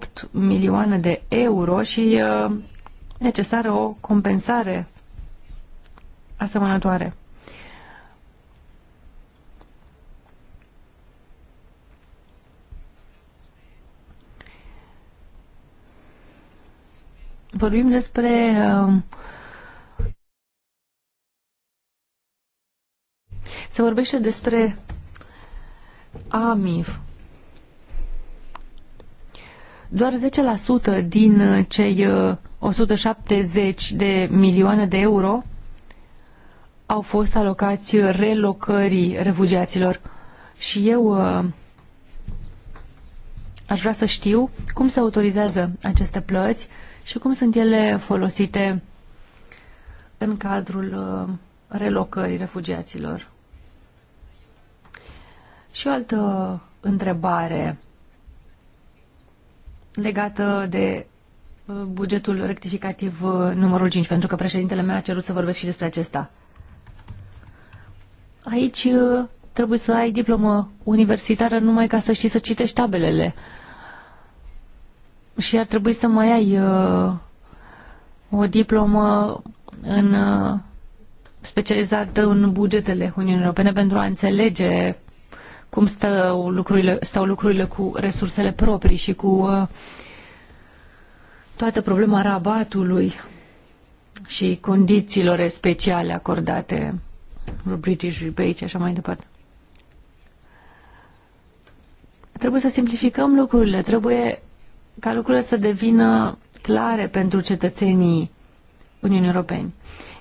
1,8 milioane de euro și uh, necesară o compensare asemănătoare. Vorbim despre uh, se vorbește despre AMIF doar 10% din uh, cei 170 uh, de milioane de euro au fost alocați relocării refugiaților. Și eu uh, aș vrea să știu cum se autorizează aceste plăți și cum sunt ele folosite în cadrul relocării refugiaților. Și o altă întrebare legată de uh, bugetul rectificativ uh, numărul 5, pentru că președintele meu a cerut să vorbesc și despre acesta. Aici uh, trebuie să ai diplomă universitară numai ca să știi să citești tabelele. Și ar trebui să mai ai uh, o diplomă în uh, specializată în bugetele Uniunii Europene pentru a înțelege cum stau lucrurile, stau lucrurile cu resursele proprii și cu uh, toată problema rabatului și condițiilor speciale acordate British Rebate și așa mai departe. Trebuie să simplificăm lucrurile, trebuie ca lucrurile să devină clare pentru cetățenii Uniunii Europene.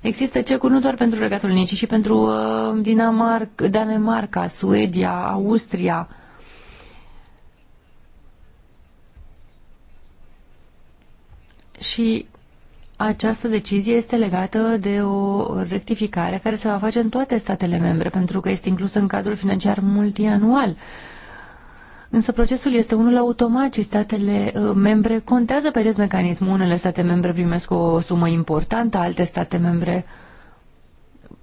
Există cercuri nu doar pentru Regatul Unic ci și pentru uh, Dinamarca, Danemarca, Suedia, Austria. Și această decizie este legată de o rectificare care se va face în toate statele membre, pentru că este inclusă în cadrul financiar multianual. Uh, Însă procesul este unul automat și statele uh, membre contează pe acest mecanism. Unele state membre primesc o sumă importantă, alte state membre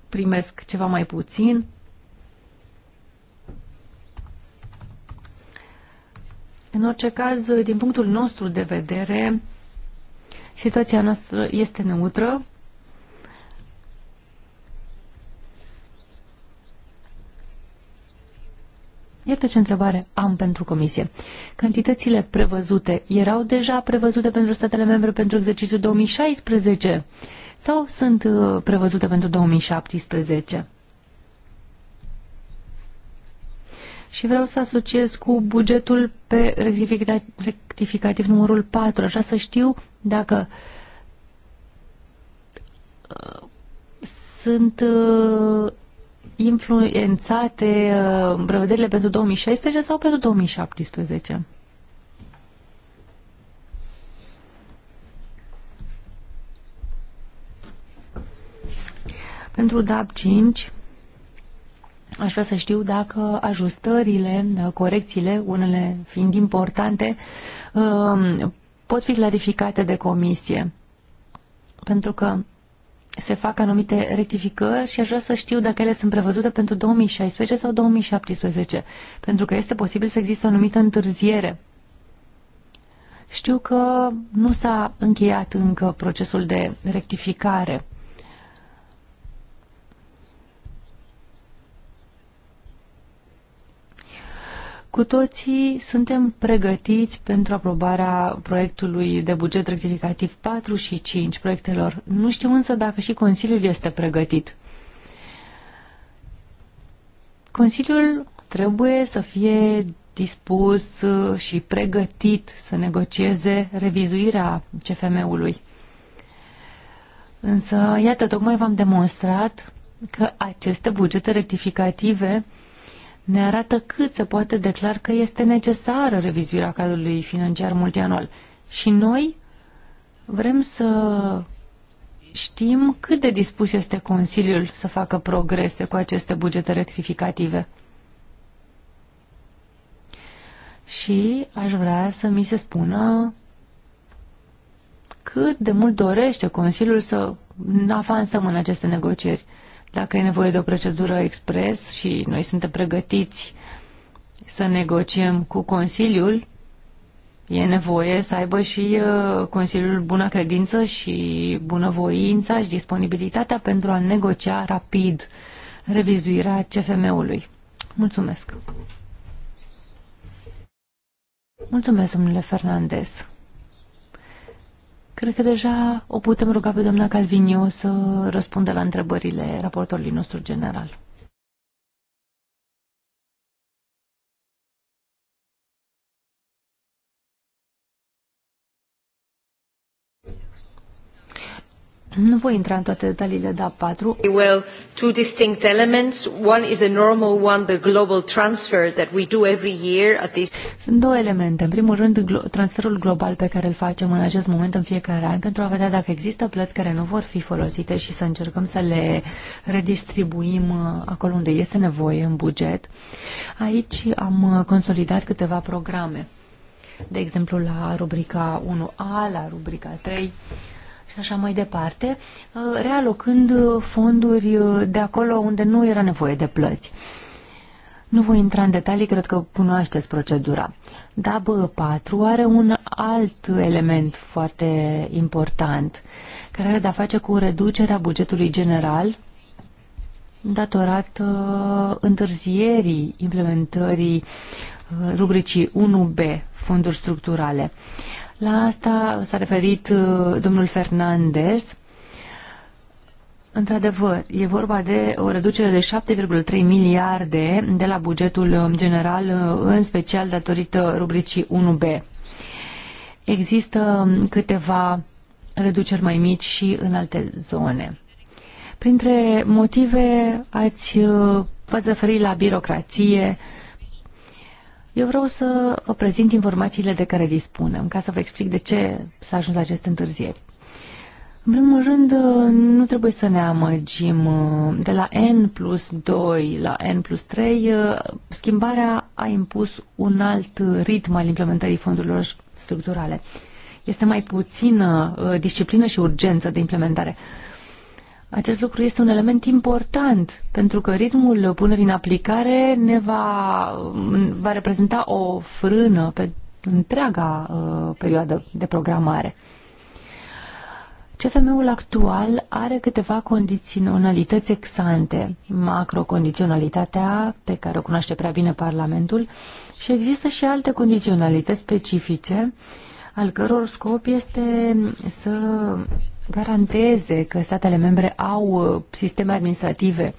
primesc ceva mai puțin. În orice caz, din punctul nostru de vedere, situația noastră este neutră. Iată ce întrebare am pentru Comisie. Cantitățile prevăzute erau deja prevăzute pentru statele membre pentru exercițiul 2016 sau sunt uh, prevăzute pentru 2017? și vreau să asociez cu bugetul pe rectificativ numărul 4, așa să știu dacă uh, sunt uh, influențate uh, prevederile pentru 2016 sau pentru 2017? Pentru DAP 5 aș vrea să știu dacă ajustările, uh, corecțiile, unele fiind importante, uh, pot fi clarificate de comisie. Pentru că se fac anumite rectificări și aș vrea să știu dacă ele sunt prevăzute pentru 2016 sau 2017, pentru că este posibil să existe o anumită întârziere. Știu că nu s-a încheiat încă procesul de rectificare Cu toții suntem pregătiți pentru aprobarea proiectului de buget rectificativ 4 și 5 proiectelor. Nu știu însă dacă și Consiliul este pregătit. Consiliul trebuie să fie dispus și pregătit să negocieze revizuirea CFM-ului. Însă, iată, tocmai v-am demonstrat că aceste bugete rectificative ne arată cât se poate declar că este necesară revizuirea cadrului financiar multianual. Și noi vrem să știm cât de dispus este Consiliul să facă progrese cu aceste bugete rectificative. Și aș vrea să mi se spună cât de mult dorește Consiliul să avansăm în aceste negocieri. Dacă e nevoie de o procedură expres și noi suntem pregătiți să negociem cu Consiliul, e nevoie să aibă și uh, Consiliul bună credință și bunăvoința și disponibilitatea pentru a negocia rapid revizuirea CFM-ului. Mulțumesc! Mulțumesc, domnule Fernandez! Cred că deja o putem ruga pe doamna Calvinio să răspundă la întrebările raportorului nostru general. Nu voi intra în toate detaliile dar, patru. Well, two distinct elements. One is a normal one, the global transfer that we do every year at this. Sunt două elemente. În primul rând, transferul global pe care îl facem în acest moment în fiecare an pentru a vedea dacă există plăți care nu vor fi folosite și să încercăm să le redistribuim uh, acolo unde este nevoie în buget. Aici am uh, consolidat câteva programe. De exemplu, la rubrica 1A, la rubrica 3 și așa mai departe, uh, realocând uh, fonduri uh, de acolo unde nu era nevoie de plăți. Nu voi intra în detalii, cred că cunoașteți procedura. DAB 4 are un alt element foarte important, care are de-a face cu reducerea bugetului general datorat uh, întârzierii implementării uh, rubricii 1B, fonduri structurale. Uh, la asta s-a referit uh, domnul Fernandez. Într-adevăr, e vorba de o reducere de 7,3 miliarde de la bugetul uh, general, uh, în special datorită rubricii 1B. Există um, câteva reduceri mai mici și în alte zone. Printre motive ați v-ați referit la birocrație, eu vreau să vă prezint informațiile de care dispunem, ca să vă explic de ce s-a ajuns la aceste întârzieri. În primul rând, nu trebuie să ne amăgim. De la N plus 2 la N plus 3, schimbarea a impus un alt ritm al implementării fondurilor structurale. Este mai puțină uh, disciplină și urgență de implementare. Acest lucru este un element important pentru că ritmul punerii în aplicare ne va, va reprezenta o frână pe întreaga uh, perioadă de programare. CFM-ul actual are câteva condiționalități exante, macrocondiționalitatea pe care o cunoaște prea bine Parlamentul și există și alte condiționalități specifice al căror scop este să garanteze că statele membre au uh, sisteme administrative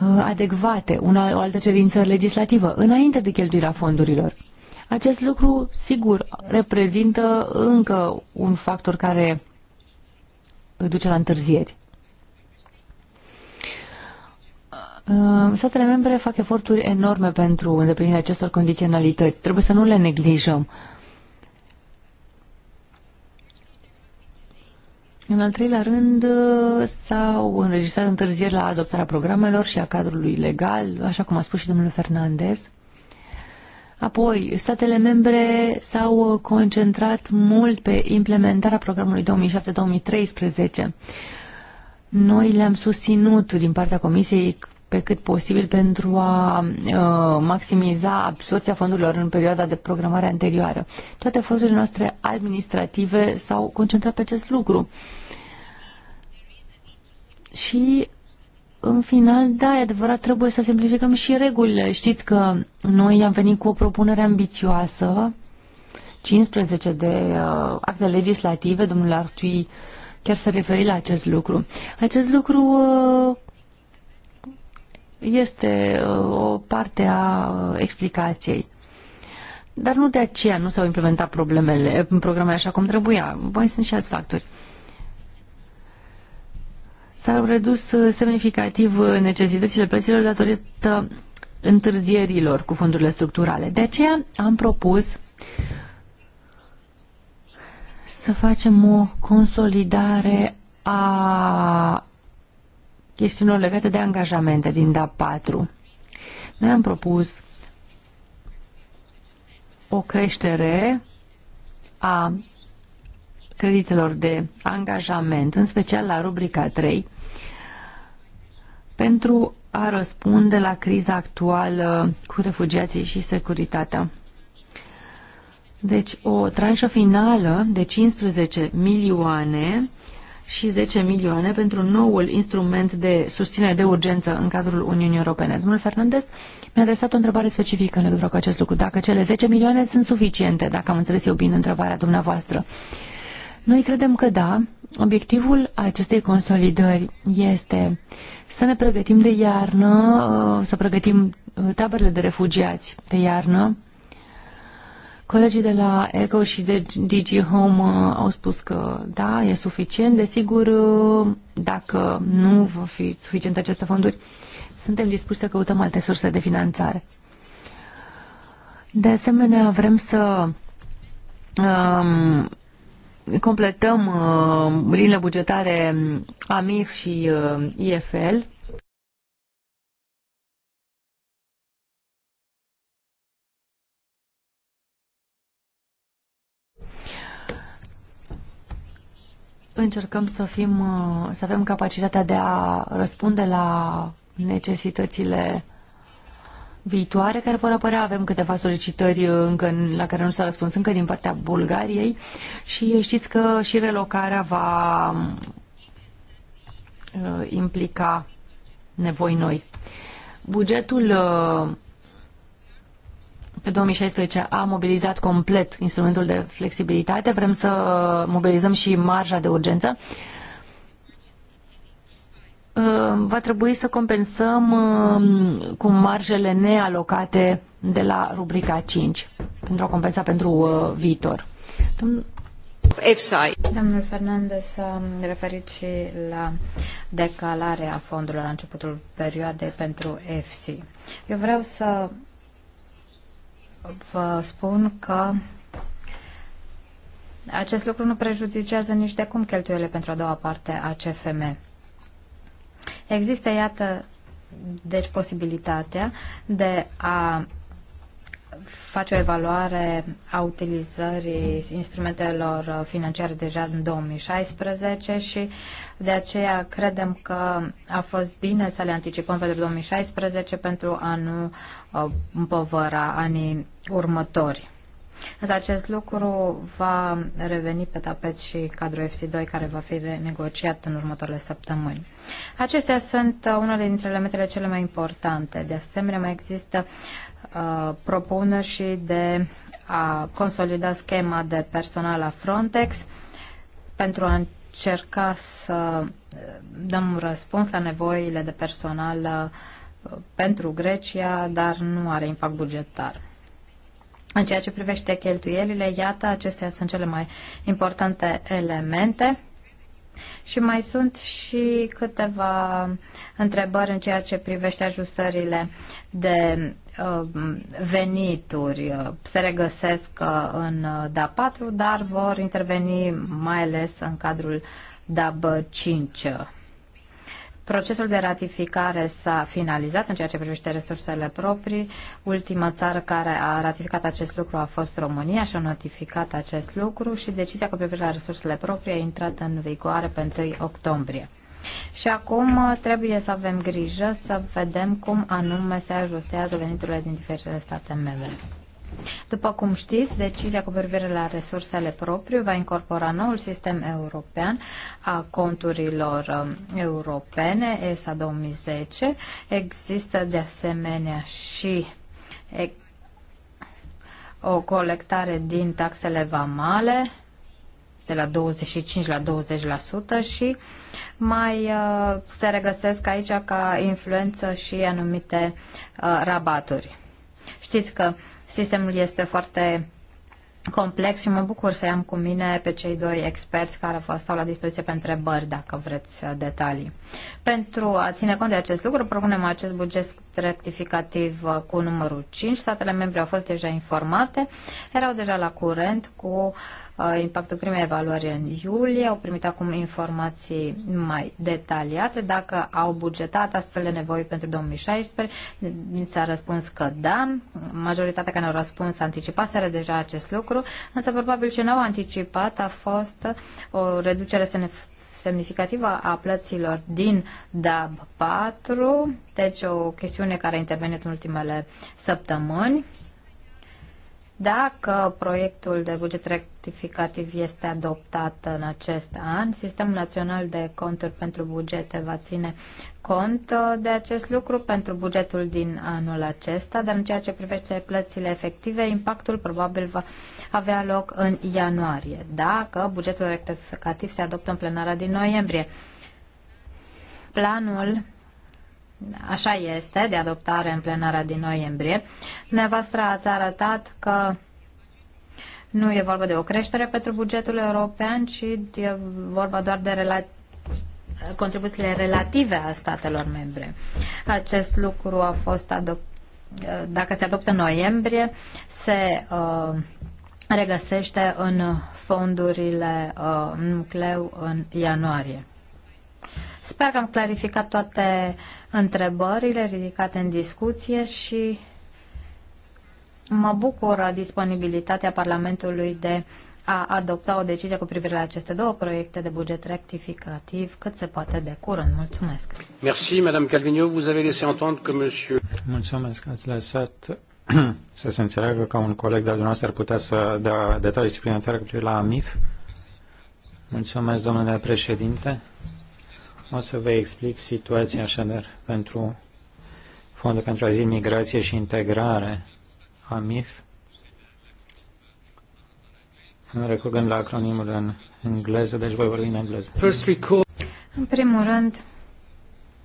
uh, adecvate, una, o altă cerință legislativă, înainte de cheltuirea fondurilor. Acest lucru, sigur, reprezintă încă un factor care uh, duce la întârzieri. Statele membre fac eforturi enorme pentru îndeplinirea acestor condiționalități. Trebuie să nu le neglijăm. În al treilea rând, uh, s-au înregistrat întârzieri la adoptarea programelor și a cadrului legal, așa cum a spus și domnul Fernandez. Apoi, statele membre s-au uh, concentrat mult pe implementarea programului 2007-2013. Noi le-am susținut din partea Comisiei pe cât posibil pentru a uh, maximiza absorția fondurilor în perioada de programare anterioară. Toate forțele noastre administrative s-au concentrat pe acest lucru. Uh, și, în final, da, e adevărat, trebuie să simplificăm și regulile. Știți că noi am venit cu o propunere ambițioasă, 15 de uh, acte legislative, domnul Artui chiar să referi la acest lucru. Acest lucru uh, este uh, o parte a uh, explicației. Dar nu de aceea nu s-au implementat problemele, în programe așa cum trebuia. Mai sunt și alți factori. S-au redus uh, semnificativ uh, necesitățile plăților datorită întârzierilor cu fondurile structurale. De aceea am propus să facem o consolidare a chestiunilor legate de angajamente din DA 4. Noi am propus o creștere a creditelor de angajament, în special la rubrica 3, pentru a răspunde la criza actuală cu refugiații și securitatea. Deci o tranșă finală de 15 milioane și 10 milioane pentru noul instrument de susținere de urgență în cadrul Uniunii Europene. Domnul Fernandez mi-a adresat o întrebare specifică în legătură cu acest lucru. Dacă cele 10 milioane sunt suficiente, dacă am înțeles eu bine întrebarea dumneavoastră. Noi credem că da, obiectivul acestei consolidări este uh, să ne pregătim de iarnă, uh, să pregătim uh, taberele de refugiați de iarnă. Colegii de la ECO și de DG Home uh, au spus că da, e suficient. Desigur, dacă nu vor fi suficiente aceste fonduri, suntem dispuși să căutăm alte surse de finanțare. De asemenea, vrem să um, completăm uh, liniile bugetare AMIF și uh, IFL. Încercăm să, fim, uh, să avem capacitatea de a răspunde la necesitățile viitoare care vor apărea. Avem câteva solicitări uh, încă la care nu s-a răspuns încă din partea Bulgariei și uh, știți că și relocarea va um, uh, implica nevoi noi. Bugetul pe 2016 a mobilizat complet instrumentul de flexibilitate. Vrem să mobilizăm și marja de urgență. Ehm, va trebui să compensăm ehm, cu marjele nealocate de la rubrica 5 pentru a compensa pentru uh, viitor. Domn... EFSAI. Domnul Fernandez a referit și la decalarea fondurilor la începutul perioadei pentru EFSI. Eu vreau să vă spun că acest lucru nu prejudicează nici de cum cheltuielile pentru a doua parte a CFM. Există, iată, deci posibilitatea de a face o evaluare a utilizării instrumentelor financiare deja în 2016 și de aceea credem că a fost bine să le anticipăm pentru 2016 pentru a nu uh, împovăra anii următori. Însă acest lucru va reveni pe tapet și cadrul FC2 care va fi negociat în următoarele săptămâni. Acestea sunt uh, unele dintre elementele cele mai importante. De asemenea, mai există uh, propuneri și de a consolida schema de personal la Frontex pentru a încerca să uh, dăm un răspuns la nevoile de personal uh, pentru Grecia, dar nu are impact bugetar. În ceea ce privește cheltuielile, iată, acestea sunt cele mai importante elemente. Și mai sunt și câteva întrebări în ceea ce privește ajustările de um, venituri. Se regăsesc uh, în uh, DA 4, dar vor interveni mai ales în cadrul DAB 5. Procesul de ratificare s-a finalizat în ceea ce privește resursele proprii. Ultima țară care a ratificat acest lucru a fost România și a notificat acest lucru și decizia cu privire la resursele proprii a intrat în vigoare pe 1 octombrie. Și acum uh, trebuie să avem grijă să vedem cum anume se ajustează veniturile din diferite state membre. După cum știți, decizia cu privire la resursele proprii va incorpora noul sistem european a conturilor um, europene, ESA 2010. Există de asemenea și o colectare din taxele vamale de la 25 la 20% și mai uh, se regăsesc aici ca influență și anumite uh, rabaturi. Știți că Sistemul este foarte complex și mă bucur să am cu mine pe cei doi experți care vă stau la dispoziție pe întrebări, dacă vreți uh, detalii. Pentru a ține cont de acest lucru, propunem acest buget rectificativ uh, cu numărul 5. Statele membre au fost deja informate, erau deja la curent cu Uh, impactul primei evaluări în iulie, au primit acum informații mai detaliate dacă au bugetat astfel de nevoi pentru 2016. Mi s-a răspuns că da, majoritatea care ne-au răspuns anticipaseră deja acest lucru, însă probabil ce n-au anticipat a fost o reducere semnificativă a plăților din DAB 4, deci o chestiune care a intervenit în ultimele săptămâni dacă proiectul de buget rectificativ este adoptat în acest an, Sistemul Național de Conturi pentru Bugete va ține cont uh, de acest lucru pentru bugetul din anul acesta, dar în ceea ce privește plățile efective, impactul probabil va avea loc în ianuarie, dacă bugetul rectificativ se adoptă în plenara din noiembrie. Planul așa este, de adoptare în plenara din noiembrie. Dumneavoastră ați arătat că nu e vorba de o creștere pentru bugetul european, ci e vorba doar de relații contribuțiile relative a statelor membre. Acest lucru a fost adoptat dacă se adoptă în noiembrie, se uh, regăsește în fondurile uh, nucleu în ianuarie. Sper că am clarificat toate întrebările ridicate în discuție și mă bucură disponibilitatea Parlamentului de a adopta o decizie cu privire la aceste două proiecte de buget rectificativ cât se poate de curând. Mulțumesc. Merci, Madame Calvino. Vous avez laissé entendre que monsieur... Mulțumesc. Ați lăsat să se înțeleagă că un coleg de-al dumneavoastră ar putea să dea detalii suplimentare cu privire la AMIF. Mulțumesc, domnule președinte. O să vă explic situația așadar pentru Fondul pentru Azil, Migrație și Integrare, AMIF, recurgând la acronimul în engleză, deci voi vorbi în engleză. În primul rând,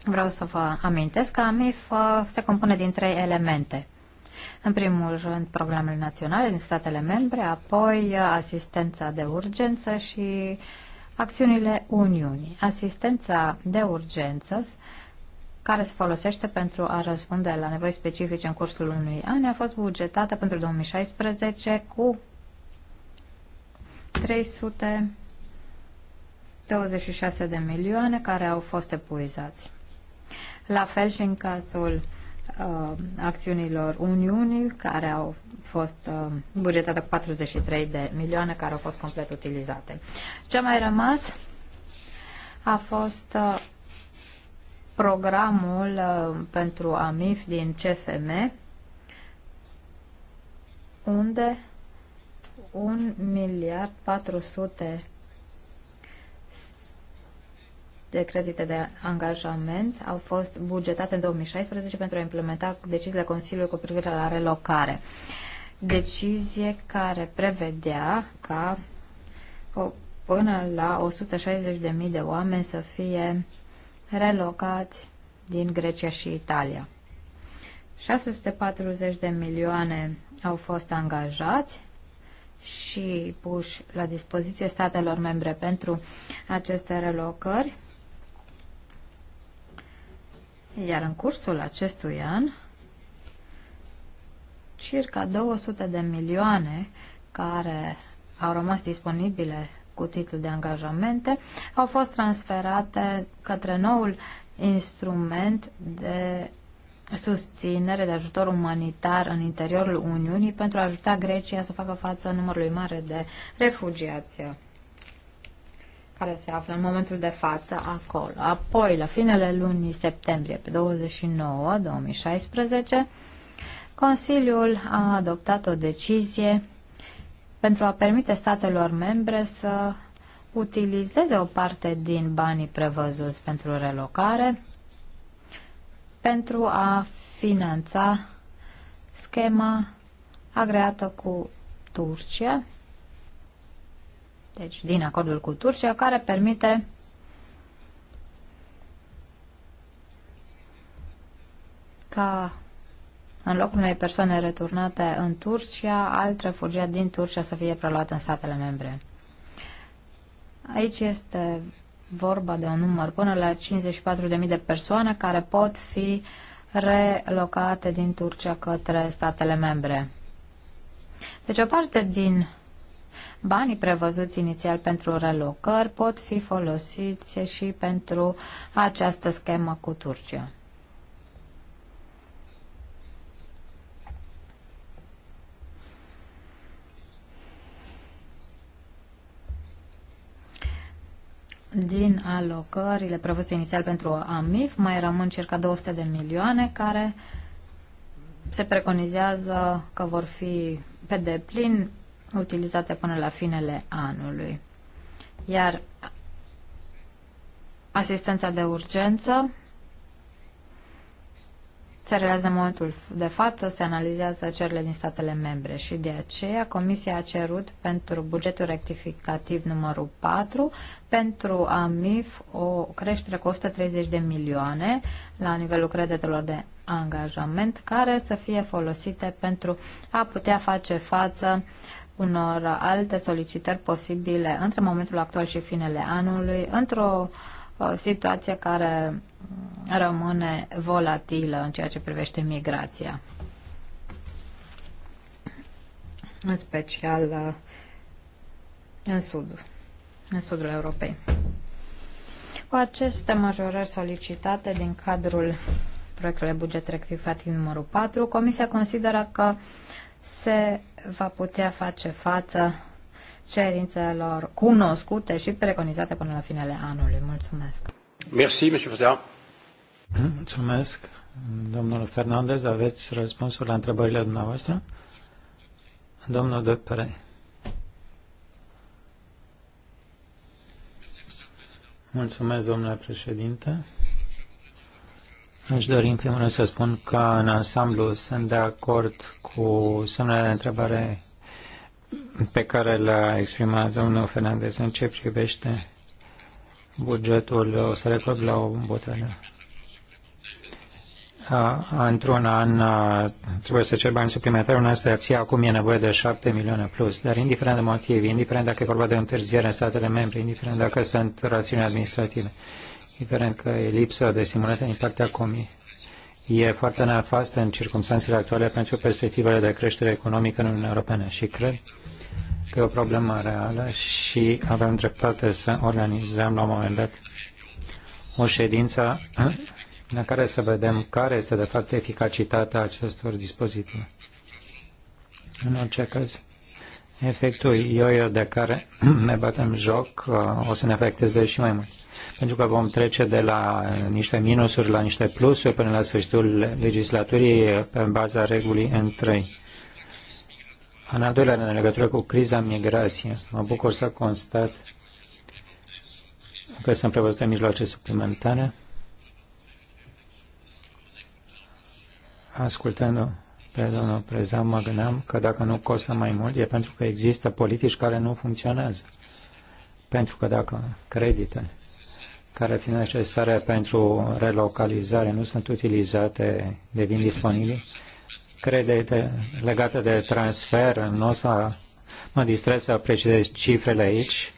vreau să vă amintesc că AMIF uh, se compune din trei elemente. În primul rând, programele naționale din statele membre, apoi uh, asistența de urgență și uh, acțiunile Uniunii, asistența de urgență care se folosește pentru a răspunde la nevoi specifice în cursul unui an, a fost bugetată pentru 2016 cu 326 de milioane care au fost epuizați. La fel și în cazul Uh, acțiunilor Uniunii, care au fost uh, bugetate cu 43 de milioane, care au fost complet utilizate. Ce a mai rămas a fost uh, programul pentru AMIF din CFM, unde 1 miliard 400 de credite de angajament au fost bugetate în 2016 pentru a implementa deciziile Consiliului cu privire la relocare. Decizie care prevedea ca până la 160.000 de oameni să fie relocați din Grecia și Italia. 640 de milioane au fost angajați și puși la dispoziție statelor membre pentru aceste relocări iar în cursul acestui an, circa 200 de milioane care au rămas disponibile cu titlul de angajamente au fost transferate către noul instrument de susținere de ajutor umanitar în interiorul Uniunii pentru a ajuta Grecia să facă față numărului mare de refugiați care se află în momentul de față acolo. Apoi, la finele lunii septembrie, pe 29 2016, Consiliul a adoptat o decizie pentru a permite statelor membre să utilizeze o parte din banii prevăzuți pentru relocare pentru a finanța schema agreată cu Turcia deci din acordul cu Turcia, care permite ca în locul unei persoane returnate în Turcia, alt refugiat din Turcia să fie preluat în statele membre. Aici este vorba de un număr până la 54.000 de persoane care pot fi relocate din Turcia către statele membre. Deci o parte din Banii prevăzuți inițial pentru relocări pot fi folosiți și pentru această schemă cu Turcia. Din alocările prevăzute inițial pentru AMIF mai rămân circa 200 de milioane care se preconizează că vor fi pe deplin utilizate până la finele anului. Iar asistența de urgență se realizează în momentul de față, se analizează cererile din statele membre și de aceea Comisia a cerut pentru bugetul rectificativ numărul 4 pentru AMIF o creștere cu 130 de milioane la nivelul creditelor de angajament care să fie folosite pentru a putea face față unor alte solicitări posibile între momentul actual și finele anului, într-o uh, situație care uh, rămâne volatilă în ceea ce privește migrația. În special uh, în sud, în sudul Europei. Cu aceste majorări solicitate din cadrul proiectului buget rectificativ numărul 4, Comisia consideră că se va putea face față cerințelor cunoscute și preconizate până la finele anului. Mulțumesc! Merci, monsieur Mulțumesc, domnul Fernandez. Aveți răspunsul la întrebările dumneavoastră? Domnul Depre. Mulțumesc, domnule președinte. Aș dori în primul rând să spun că în ansamblu sunt de acord cu semnele de întrebare pe care le-a exprimat domnul Fernandez în ce privește bugetul, o să recurg la o botare. Într-un an trebuie să cer bani suplimentari, un an de acum e nevoie de 7 milioane plus, dar indiferent de motiv, indiferent dacă e vorba de întârziere în statele membre, indiferent dacă sunt rațiuni administrative, indiferent că e lipsă de simulare în partea comii. e foarte nefastă în circunstanțele actuale pentru perspectivele de creștere economică în Uniunea Europeană și cred că e o problemă reală și avem dreptate să organizăm la un moment dat o ședință în care să vedem care este de fapt eficacitatea acestor dispozitive. În orice caz, Efectul yo-yo de care ne batem joc uh, o să ne afecteze și mai mult. Pentru că vom trece de la niște minusuri la niște plusuri până la sfârșitul legislaturii uh, pe baza regulii în 3. În al doilea rând, în legătură cu criza migrației, mă bucur să constat că sunt prevăzute mijloace suplimentare. Ascultând spre domnul Preza mă gândeam că dacă nu costă mai mult, e pentru că există politici care nu funcționează. Pentru că dacă creditele care fi necesare pentru relocalizare nu sunt utilizate, devin disponibile, credite legate de transfer, nu o să mă distrez să precizez cifrele aici,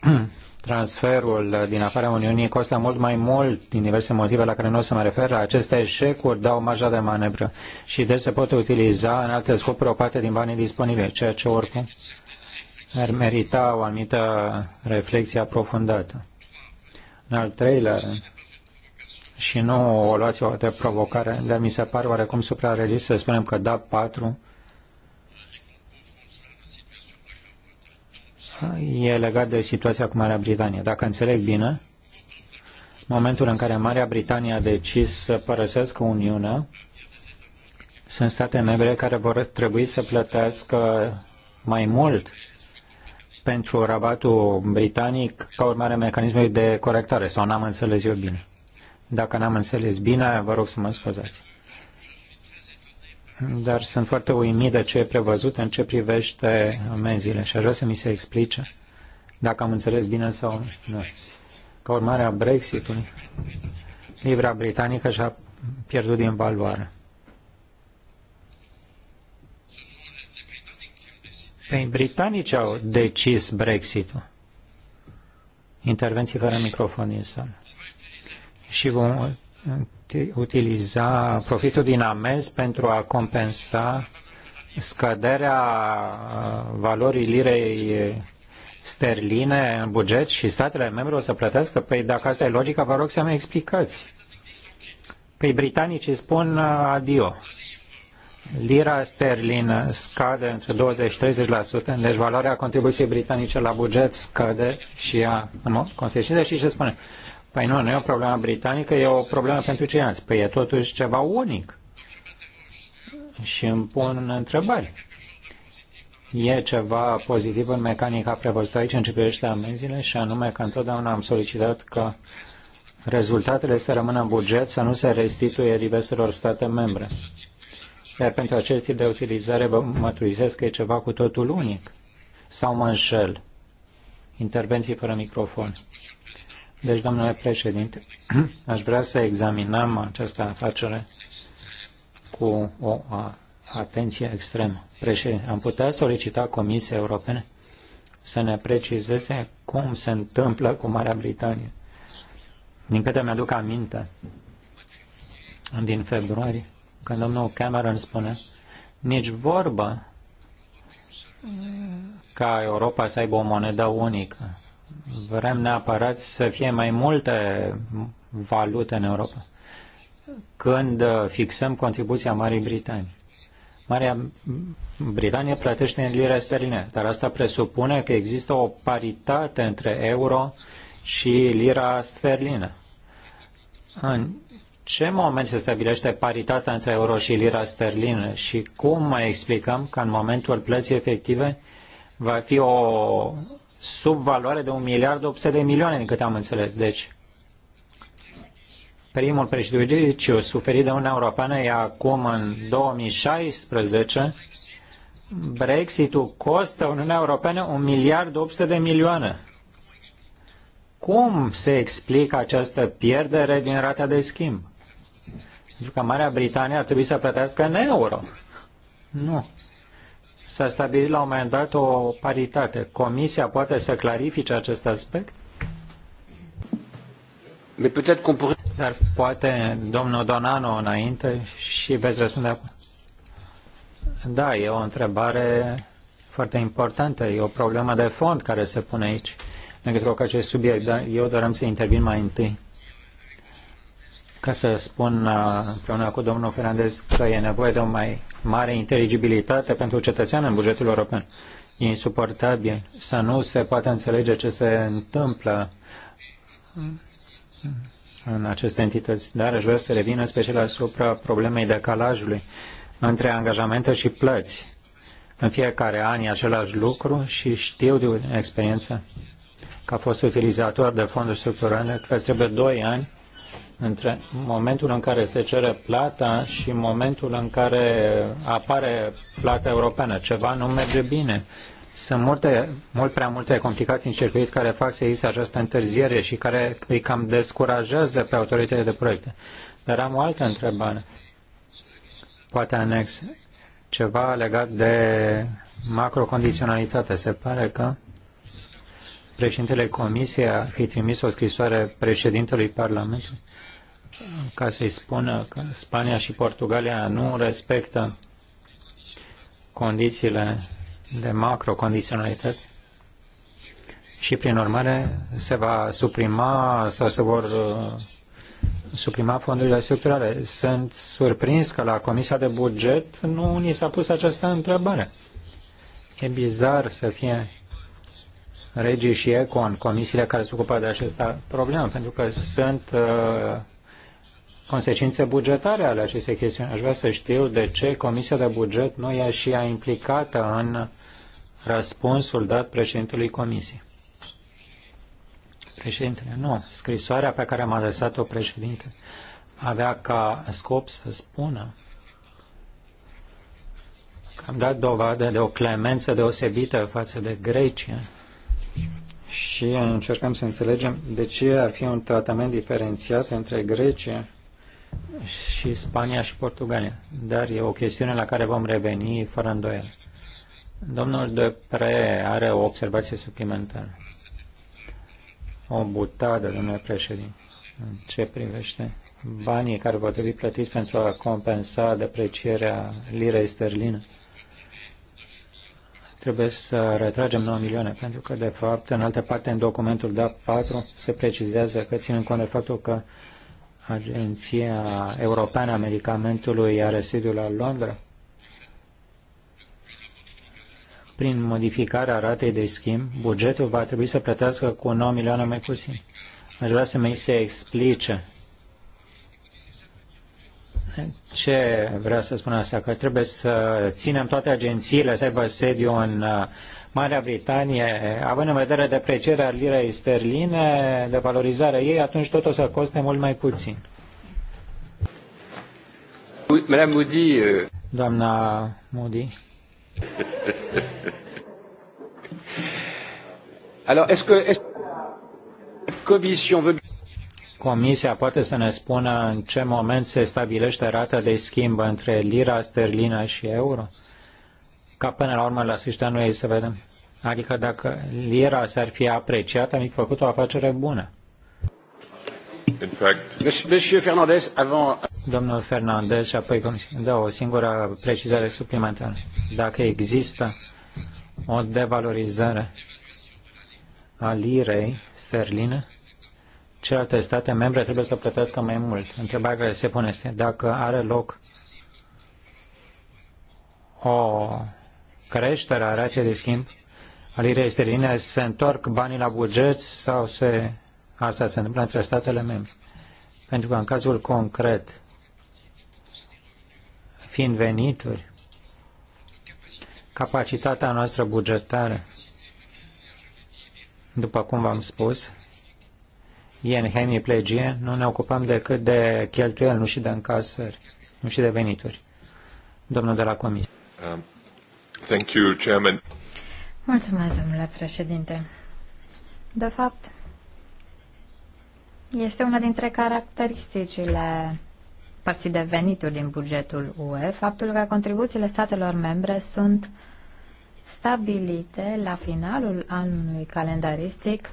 transferul din afara Uniunii costă mult mai mult din diverse motive la care nu o să mă refer. Aceste eșecuri dau marja de manevră și deci se pot utiliza în alte scopuri o parte din banii disponibili, ceea ce oricum ar merita o anumită reflexie aprofundată. În al treilea rând, și nu o luați o de provocare, dar mi se pare oarecum suprarealist să spunem că DAP 4 e legat de situația cu Marea Britanie. Dacă înțeleg bine, momentul în care Marea Britanie a decis să părăsească Uniunea, sunt state membre care vor trebui să plătească mai mult pentru rabatul britanic ca urmare a mecanismului de corectare, sau n-am înțeles eu bine. Dacă n-am înțeles bine, vă rog să mă scuzați dar sunt foarte uimit de ce e prevăzut în ce privește amenziile și aș vrea să mi se explice dacă am înțeles bine sau nu. Ca urmare a Brexitului, livra britanică și-a pierdut din valoare. Păi britanici au decis Brexit-ul. Intervenții fără microfon din sală. Și vom utiliza profitul din amenzi pentru a compensa scăderea uh, valorii lirei sterline în buget și statele membre o să plătească? Păi dacă asta e logica, vă rog să-mi explicați. Păi britanicii spun uh, adio. Lira sterlină scade între 20 și 30%, deci valoarea contribuției britanice la buget scade și ea în consecință și ce spune? Păi nu, nu e o problemă britanică, e o problemă pentru ceilalți. Păi e totuși ceva unic. Și îmi pun întrebări. E ceva pozitiv în mecanica prevăzută aici în ce privește amenziile și anume că întotdeauna am solicitat că rezultatele să rămână în buget, să nu se restituie diverselor state membre. Iar pentru acest tip de utilizare vă măturisesc că e ceva cu totul unic. Sau mă înșel. Intervenții fără microfon. Deci, domnule președinte, aș vrea să examinăm această afacere cu o atenție extremă. Președinte, am putea solicita Comisiei Europene să ne precizeze cum se întâmplă cu Marea Britanie. Din câte mi-aduc aminte, din februarie, când domnul Cameron spune, nici vorbă ca Europa să aibă o monedă unică vrem neapărat să fie mai multe valute în Europa când uh, fixăm contribuția Marii Britanii. Marea Britanie plătește în lire sterline, dar asta presupune că există o paritate între euro și lira sterlină. În ce moment se stabilește paritatea între euro și lira sterlină și cum mai explicăm că în momentul plății efective va fi o sub valoare de 1 miliard 800 de milioane, din câte am înțeles. Deci, primul prejudiciu suferit de Uniunea Europeană e acum în 2016. Brexitul costă Uniunea Europeană 1 miliard 800 de milioane. Cum se explică această pierdere din rata de schimb? Pentru că Marea Britanie ar trebui să plătească în euro. Nu. S-a stabilit la un moment dat o paritate. Comisia poate să clarifice acest aspect? Dar poate domnul Donano înainte și veți răspunde. Da, e o întrebare foarte importantă. E o problemă de fond care se pune aici în legătură cu acest subiect, dar eu doream să intervin mai întâi ca să spun uh, împreună cu domnul Fernandez că e nevoie de o mai mare inteligibilitate pentru cetățean în bugetul european. E insuportabil să nu se poate înțelege ce se întâmplă în aceste entități. Dar aș vrea să revin în special asupra problemei decalajului între angajamente și plăți. În fiecare an e același lucru și știu de experiență că a fost utilizator de fonduri structurale, că trebuie doi ani între momentul în care se cere plata și momentul în care apare plata europeană. Ceva nu merge bine. Sunt multe, mult prea multe complicații în circuit care fac să există această întârziere și care îi cam descurajează pe autoritățile de proiecte. Dar am o altă întrebare. Poate anex ceva legat de macrocondiționalitate. Se pare că președintele Comisiei a fi trimis o scrisoare președintelui Parlamentului ca să-i spună că Spania și Portugalia nu respectă condițiile de macrocondiționalitate și, prin urmare, se va suprima sau se vor uh, suprima fondurile structurale. Sunt surprins că la Comisia de Buget nu ni s-a pus această întrebare. E bizar să fie regii și în comisiile care se ocupă de această problemă, pentru că sunt uh, consecințe bugetare ale acestei chestiuni. Aș vrea să știu de ce Comisia de Buget nu e și ea implicată în răspunsul dat președintelui Comisiei. Președintele, nu. Scrisoarea pe care am adresat-o președinte avea ca scop să spună că am dat dovadă de o clemență deosebită față de Grecia și încercăm să înțelegem de ce ar fi un tratament diferențiat între Grecia și Spania și Portugalia, dar e o chestiune la care vom reveni fără îndoială. Domnul de pre are o observație suplimentară. O butadă, domnule președinte, în ce privește banii care vor trebui plătiți pentru a compensa deprecierea lirei sterline. Trebuie să retragem 9 milioane, pentru că, de fapt, în altă parte, în documentul DAP 4 se precizează că, ținând cont de faptul că Agenția Europeană a Medicamentului are sediul la Londra. Prin modificarea ratei de schimb, bugetul va trebui să plătească cu 9 milioane mai puțin. Aș vrea să mi se explice ce vrea să spun asta, că trebuie să ținem toate agențiile să aibă sediu în uh, Marea Britanie, având în vedere deprecierea lirei sterline, de valorizarea ei, atunci tot o să coste mult mai puțin. Madame Moody. Euh. Doamna Moody. Alors, est-ce que, est Commission veut... Comisia poate să ne spună în ce moment se stabilește rata de schimb între lira sterlină și euro? ca până la urmă la sfârșitul anului să vedem. Adică dacă lira s-ar fi apreciat, am fi făcut o afacere bună. In fact... Monsieur Fernandez, avant... Domnul Fernandez și apoi da, o singură precizare suplimentară. Dacă există o devalorizare a lirei sterline, celelalte state membre trebuie să plătească mai mult. Întrebarea care se pune este dacă are loc o creșterea ratei de schimb al sterline, se întorc banii la buget sau se... asta se întâmplă între statele membre. Pentru că în cazul concret, fiind venituri, capacitatea noastră bugetară, după cum v-am spus, e în hemiplegie, nu ne ocupăm decât de cheltuieli, nu și de încasări, nu și de venituri. Domnul de la comisie. Um. Thank you, Chairman. Mulțumesc, domnule președinte. De fapt, este una dintre caracteristicile părții de venituri din bugetul UE, faptul că contribuțiile statelor membre sunt stabilite la finalul anului calendaristic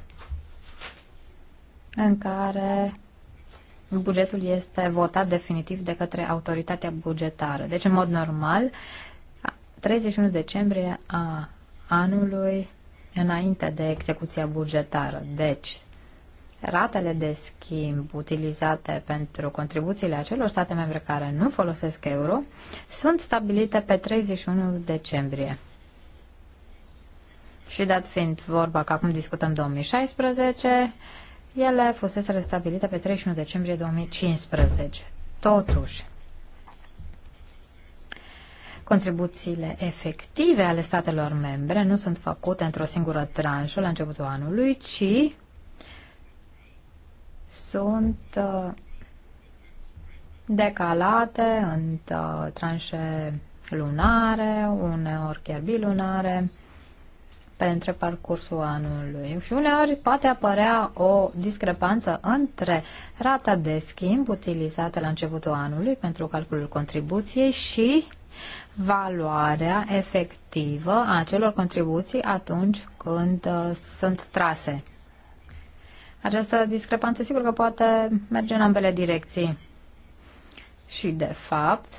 în care bugetul este votat definitiv de către autoritatea bugetară. Deci, în mod normal, 31 decembrie a anului înainte de execuția bugetară. Deci, ratele de schimb utilizate pentru contribuțiile acelor state membre care nu folosesc euro sunt stabilite pe 31 decembrie. Și dat fiind vorba că acum discutăm 2016, ele fusese restabilite pe 31 decembrie 2015. Totuși, Contribuțiile efective ale statelor membre nu sunt făcute într-o singură tranșă la începutul anului, ci sunt uh, decalate în uh, tranșe lunare, uneori chiar bilunare, pentru parcursul anului. Și uneori poate apărea o discrepanță între rata de schimb utilizată la începutul anului pentru calculul contribuției și valoarea efectivă a acelor contribuții atunci când uh, sunt trase. Această discrepanță sigur că poate merge în ambele direcții. Și de fapt,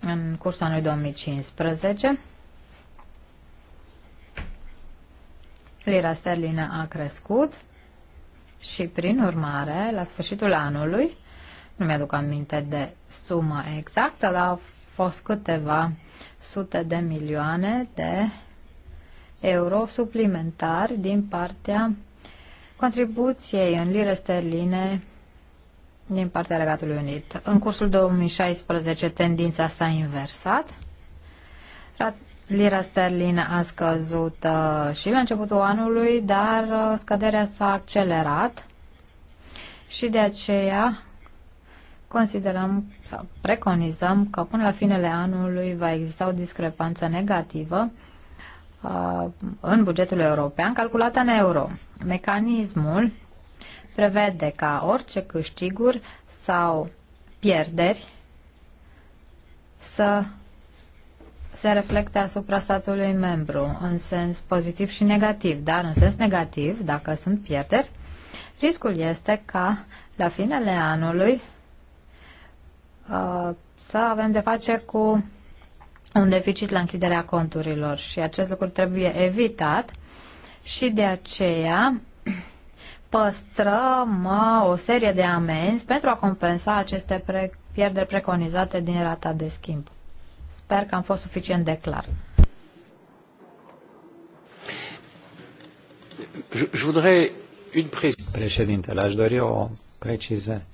în cursul anului 2015, lira sterlină a crescut și prin urmare, la sfârșitul anului, nu mi-aduc aminte de suma exactă, dar fost câteva sute de milioane de euro suplimentari din partea contribuției în lire sterline din partea Regatului Unit. În cursul 2016 tendința s-a inversat. Lira sterlină a scăzut uh, și la începutul anului, dar uh, scăderea s-a accelerat și de aceea considerăm sau preconizăm că până la finele anului va exista o discrepanță negativă uh, în bugetul european calculată în euro. Mecanismul prevede ca orice câștiguri sau pierderi să se reflecte asupra statului membru în sens pozitiv și negativ, dar în sens negativ, dacă sunt pierderi, riscul este ca la finele anului Uh, să avem de face cu un deficit la închiderea conturilor și acest lucru trebuie evitat și de aceea păstrăm uh, o serie de amenzi pentru a compensa aceste pre- pierderi preconizate din rata de schimb. Sper că am fost suficient de clar. Președintele, aș dori o precizare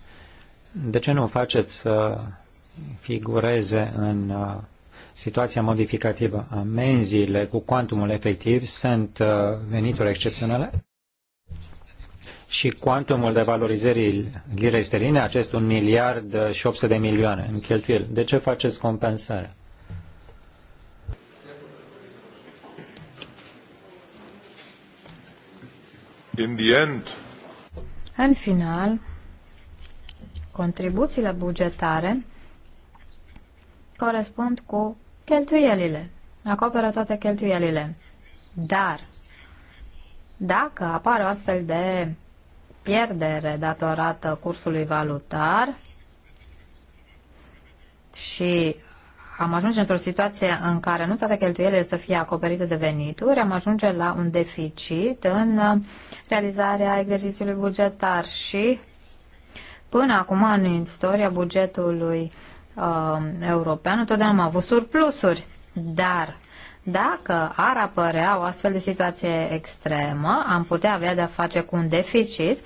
de ce nu faceți să figureze în uh, situația modificativă? Amenziile cu cuantumul efectiv sunt uh, venituri excepționale? și cuantumul de valorizării lirei sterline, acest 1 miliard și 800 de milioane în cheltuieli. De ce faceți compensarea? In the end. În final, Contribuțiile bugetare corespund cu cheltuielile, acoperă toate cheltuielile. Dar, dacă apare o astfel de pierdere datorată cursului valutar și am ajunge într-o situație în care nu toate cheltuielile să fie acoperite de venituri, am ajunge la un deficit în realizarea exercițiului bugetar și Până acum, în istoria bugetului uh, european, întotdeauna am avut surplusuri, dar dacă ar apărea o astfel de situație extremă, am putea avea de-a face cu un deficit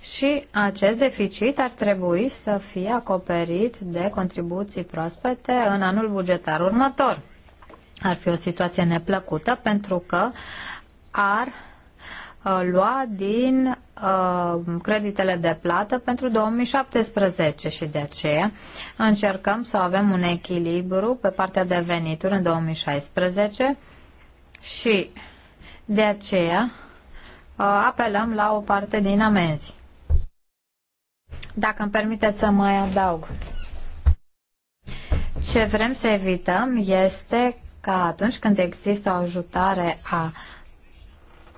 și acest deficit ar trebui să fie acoperit de contribuții proaspete în anul bugetar următor. Ar fi o situație neplăcută pentru că ar Uh, lua din uh, creditele de plată pentru 2017 și de aceea încercăm să avem un echilibru pe partea de venituri în 2016 și de aceea uh, apelăm la o parte din amenzi. Dacă îmi permiteți să mai adaug. Ce vrem să evităm este ca atunci când există o ajutare a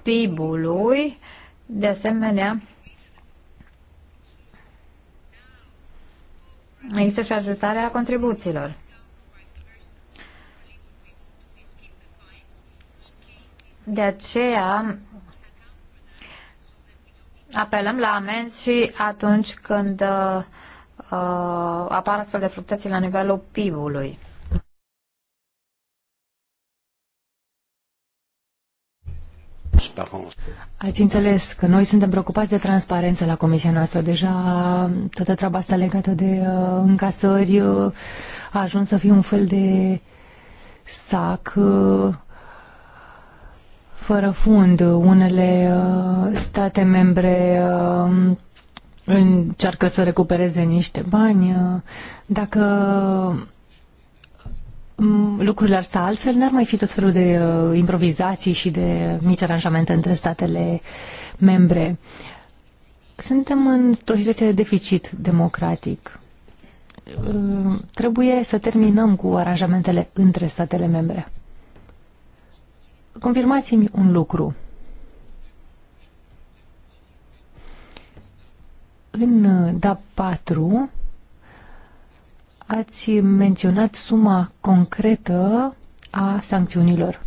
PIB-ului. De asemenea, există și ajutarea contribuțiilor. De aceea apelăm la amenzi și atunci când uh, apar astfel de fluctuații la nivelul PIB-ului. Ați înțeles că noi suntem preocupați de transparență la comisia noastră. Deja toată treaba asta legată de uh, încasări uh, a ajuns să fie un fel de sac uh, fără fund. Unele uh, state membre uh, încearcă să recupereze niște bani. Uh, dacă Mm, lucrurile ar sta altfel, n-ar mai fi tot felul de uh, improvizații și de mici aranjamente între statele membre. Suntem într-o situație de deficit democratic. Uh, trebuie să terminăm cu aranjamentele între statele membre. Confirmați-mi un lucru. În uh, DAP 4 ați menționat suma concretă a sancțiunilor.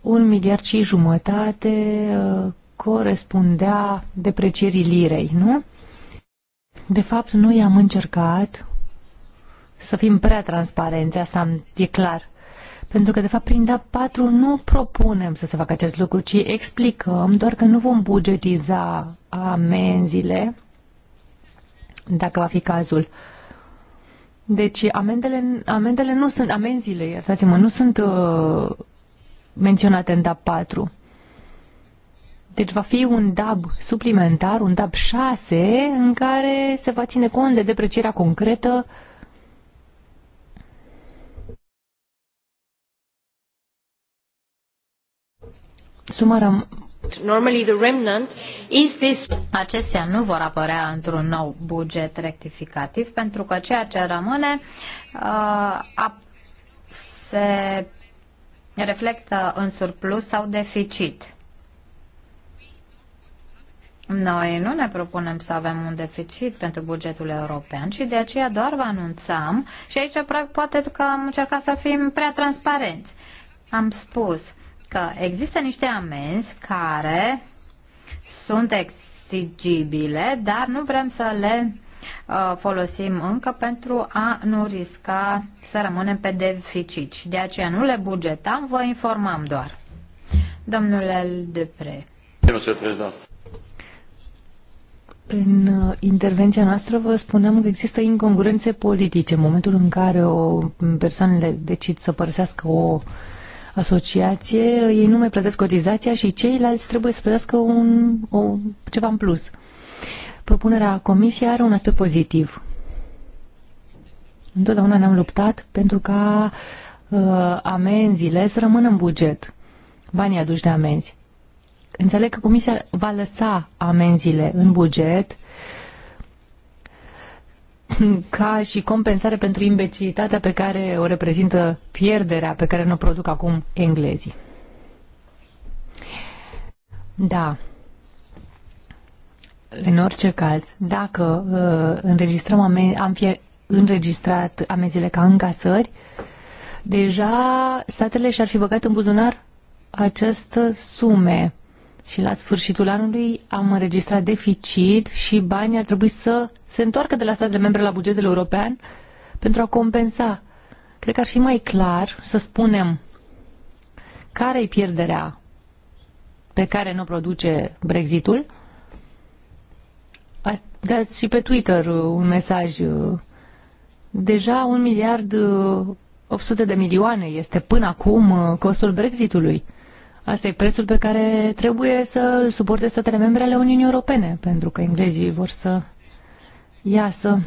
Un miliard și jumătate uh, corespundea deprecierii lirei, nu? De fapt, noi am încercat să fim prea transparenți, asta e clar. Pentru că, de fapt, prin DAP 4 nu propunem să se facă acest lucru, ci explicăm doar că nu vom bugetiza amenziile, dacă va fi cazul. Deci amendele, amendele nu sunt, amenziile, iertați-mă, nu sunt uh, menționate în DAB 4. Deci va fi un DAB suplimentar, un DAB 6, în care se va ține cont de deprecierea concretă suma Acestea nu vor apărea într-un nou buget rectificativ pentru că ceea ce rămâne uh, a, se reflectă în surplus sau deficit. Noi nu ne propunem să avem un deficit pentru bugetul european și de aceea doar vă anunțam și aici poate că am încercat să fim prea transparenți. Am spus că există niște amenzi care sunt exigibile, dar nu vrem să le uh, folosim încă pentru a nu risca să rămânem pe deficit. De aceea nu le bugetam, vă informăm doar. Domnule Depre. În uh, intervenția noastră vă spunem că există incongruențe politice. În momentul în care o persoanele decid să părăsească o uh, asociație, ei nu mai plătesc cotizația și ceilalți trebuie să plătească un, o, ceva în plus. Propunerea comisiei are un aspect pozitiv. Întotdeauna ne-am luptat pentru ca uh, amenziile să rămână în buget, banii aduși de amenzi. Înțeleg că comisia va lăsa amenziile în buget uh, ca și compensare pentru imbecilitatea pe care o reprezintă pierderea pe care ne produc acum englezii. Da. În orice caz, dacă uh, înregistrăm amen- am fi înregistrat amenziile ca încasări, deja statele și-ar fi băgat în buzunar aceste sume și la sfârșitul anului am înregistrat deficit și banii ar trebui să se întoarcă de la statele membre la bugetul european pentru a compensa. Cred că ar fi mai clar să spunem care e pierderea pe care nu produce Brexitul. Dați dat și pe Twitter un mesaj. Deja un miliard 800 uh, de milioane este până acum uh, costul Brexitului. ului Asta e prețul pe care trebuie să îl suporte statele membre ale Uniunii Europene, pentru că englezii vor să iasă.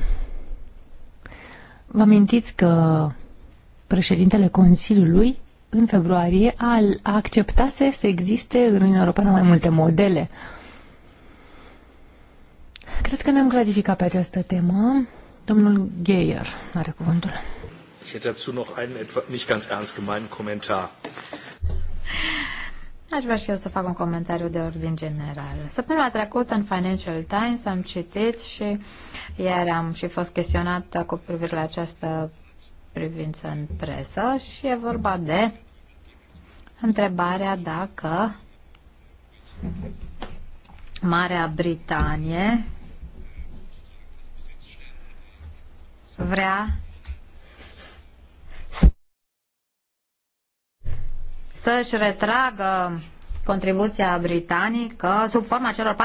Vă amintiți că președintele Consiliului în februarie a acceptat să existe în Uniunea Europeană mai multe modele. Cred că ne-am clarificat pe această temă. Domnul Geier are cuvântul. Ich hätte dazu noch einen nicht ganz ernst gemeinen Kommentar. Aș vrea și eu să fac un comentariu de ordin general. Săptămâna trecută în Financial Times am citit și iar am și fost chestionată cu privire la această privință în presă și e vorba de întrebarea dacă Marea Britanie vrea să-și retragă contribuția britanică sub forma celor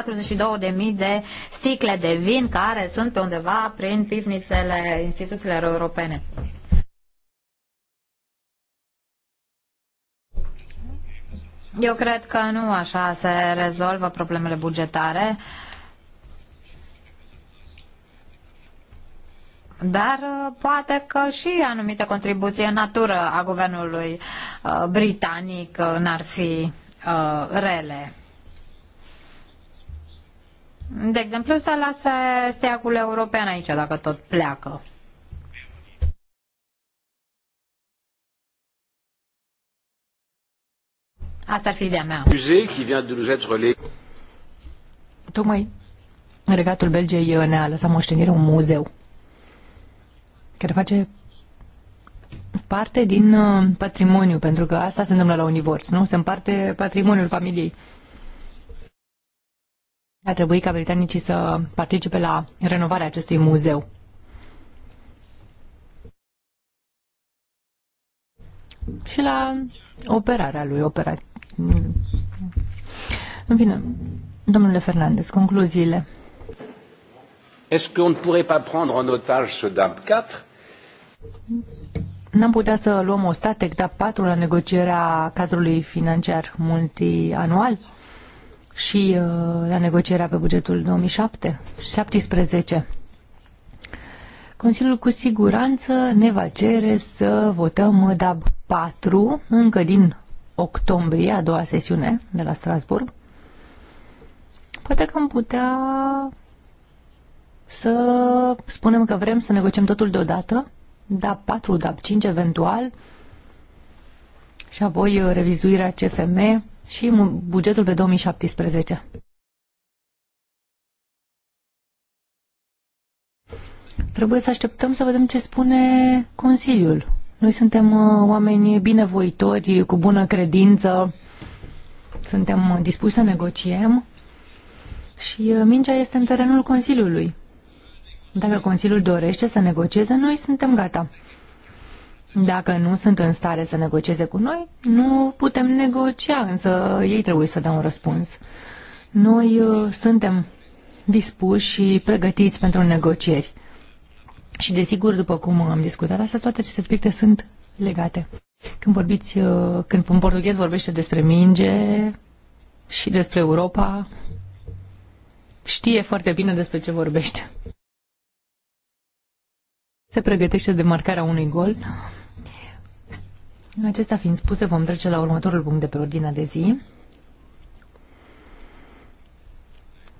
42.000 de sticle de vin care sunt pe undeva prin pivnițele instituțiilor europene. Eu cred că nu așa se rezolvă problemele bugetare. Uh, dar uh, poate că și anumite contribuții în natură a guvernului uh, britanic uh, n-ar fi rele. De exemplu, să lasă steagul european aici, dacă tot pleacă. Asta ar fi ideea mea. Tocmai regatul Belgiei ne-a lăsat moștenire un muzeu care face parte din uh, patrimoniu, pentru că asta se întâmplă la un divorț, nu? Se împarte patrimoniul familiei. A trebuit ca britanicii să participe la renovarea acestui muzeu. Și la operarea lui, opera... În fine, domnule Fernandez, concluziile. Est-ce qu'on ne pourrait pas prendre en otage ce DAMP 4 N-am putea să luăm o stat ECDA 4 la negocierea cadrului financiar multianual și uh, la negocierea pe bugetul 2007 17. Consiliul cu siguranță ne va cere să votăm DAB 4 încă din octombrie, a doua sesiune de la Strasburg. Poate că am putea să spunem că vrem să negociem totul deodată DAP 4, DAP 5 eventual și apoi uh, revizuirea CFM și bugetul pe 2017. Trebuie să așteptăm să vedem ce spune Consiliul. Noi suntem uh, oameni binevoitori, cu bună credință, suntem uh, dispuși să negociem și mingea este în terenul Consiliului. Dacă Consiliul dorește să negocieze, noi suntem gata. Dacă nu sunt în stare să negocieze cu noi, nu putem negocia, însă ei trebuie să dea un răspuns. Noi uh, suntem dispuși și pregătiți pentru negocieri. Și desigur, după cum am discutat asta, toate aceste aspecte sunt legate. Când vorbiți, uh, când un portughez vorbește despre minge și despre Europa, știe foarte bine despre ce vorbește se pregătește de marcarea unui gol. Acesta fiind spuse, vom trece la următorul punct de pe ordinea de zi.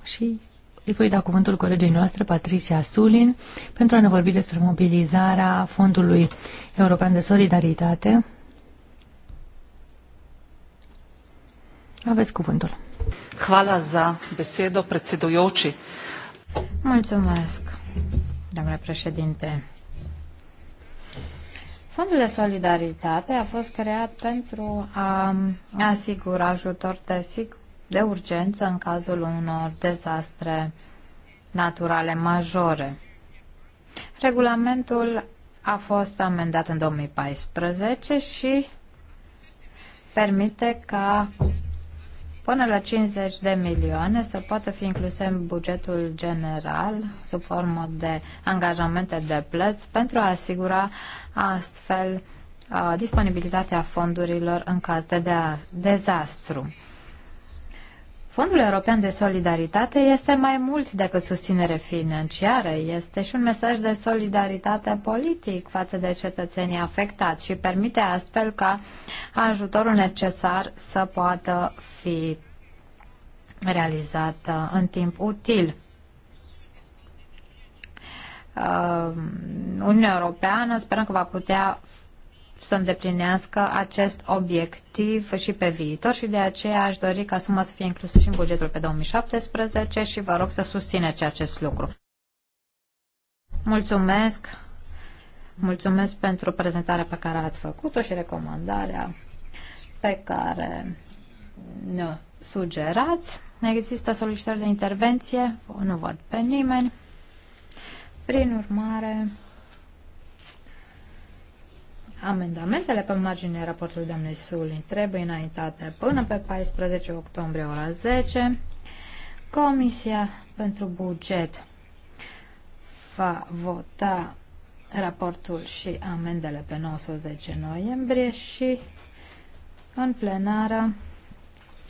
Și îi voi da cuvântul colegei noastre, Patricia Sulin, pentru a ne vorbi despre mobilizarea Fondului European de Solidaritate. Aveți cuvântul. Hvala za besedo, Mulțumesc, domnule președinte. Fondul de solidaritate a fost creat pentru a asigura ajutor de, de urgență în cazul unor dezastre naturale majore. Regulamentul a fost amendat în 2014 și permite ca Până la 50 de milioane să poată fi incluse în bugetul general sub formă de angajamente de plăți pentru a asigura astfel uh, disponibilitatea fondurilor în caz de dezastru. Fondul European de Solidaritate este mai mult decât susținere financiară, este și un mesaj de solidaritate politic față de cetățenii afectați și permite astfel ca ajutorul necesar să poată fi realizat uh, în timp util. Uh, Uniunea Europeană sperăm că va putea să îndeplinească acest obiectiv și pe viitor și de aceea aș dori ca suma să fie inclusă și în bugetul pe 2017 și vă rog să susțineți acest lucru. Mulțumesc! Mulțumesc pentru prezentarea pe care ați făcut-o și recomandarea pe care ne sugerați. Există solicitări de intervenție? Nu văd pe nimeni. Prin urmare, Amendamentele pe marginea raportului doamnei Sulin trebuie înaintate până pe 14 octombrie ora 10. Comisia pentru buget va vota raportul și amendele pe 19 noiembrie și în plenară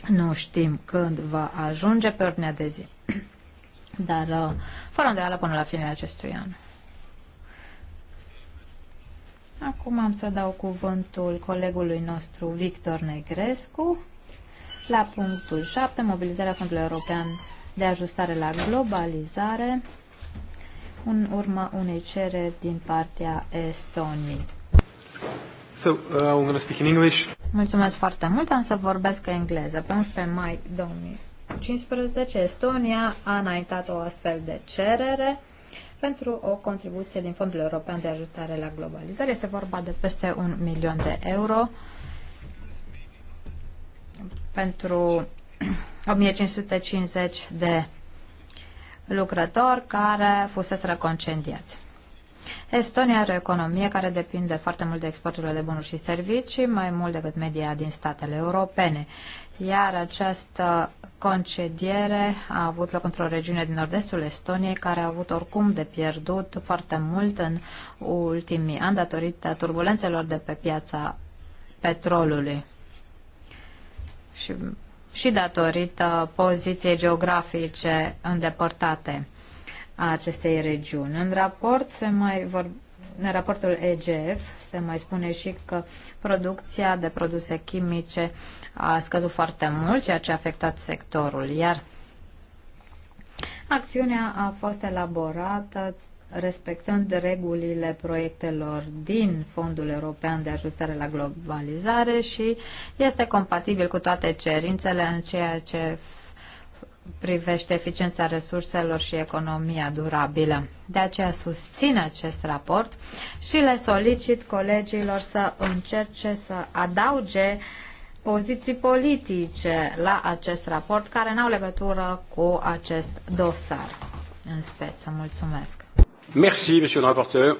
nu știm când va ajunge pe ordinea de zi, dar uh, fără îndoială până la finele acestui an. Acum am să dau cuvântul colegului nostru Victor Negrescu la punctul 7, mobilizarea Fondului European de ajustare la globalizare în urma unei cereri din partea Estoniei. So, uh, I'm going to speak in English. Mulțumesc foarte mult, am să vorbesc engleză. Pe 11 mai 2015, Estonia a înaintat o astfel de cerere pentru o contribuție din Fondul European de Ajutare la Globalizare. Este vorba de peste un milion de euro pentru 1550 de lucrători care fuseseră concediați. Estonia are o economie care depinde foarte mult de exporturile de bunuri și servicii, mai mult decât media din statele europene. Iar această concediere a avut loc într-o regiune din nord-estul Estoniei, care a avut oricum de pierdut foarte mult în ultimii ani datorită turbulențelor de pe piața petrolului. Și și datorită poziției geografice îndepărtate a acestei regiuni. În raport se mai vor, în raportul EGF se mai spune și că producția de produse chimice a scăzut foarte mult, ceea ce a afectat sectorul, iar acțiunea a fost elaborată respectând regulile proiectelor din Fondul European de Ajustare la Globalizare și este compatibil cu toate cerințele în ceea ce privește eficiența resurselor și economia durabilă. De aceea susțin acest raport și le solicit colegilor să încerce să adauge poziții politice la acest raport care n-au legătură cu acest dosar în speță. Mulțumesc! Merci, monsieur le rapporteur.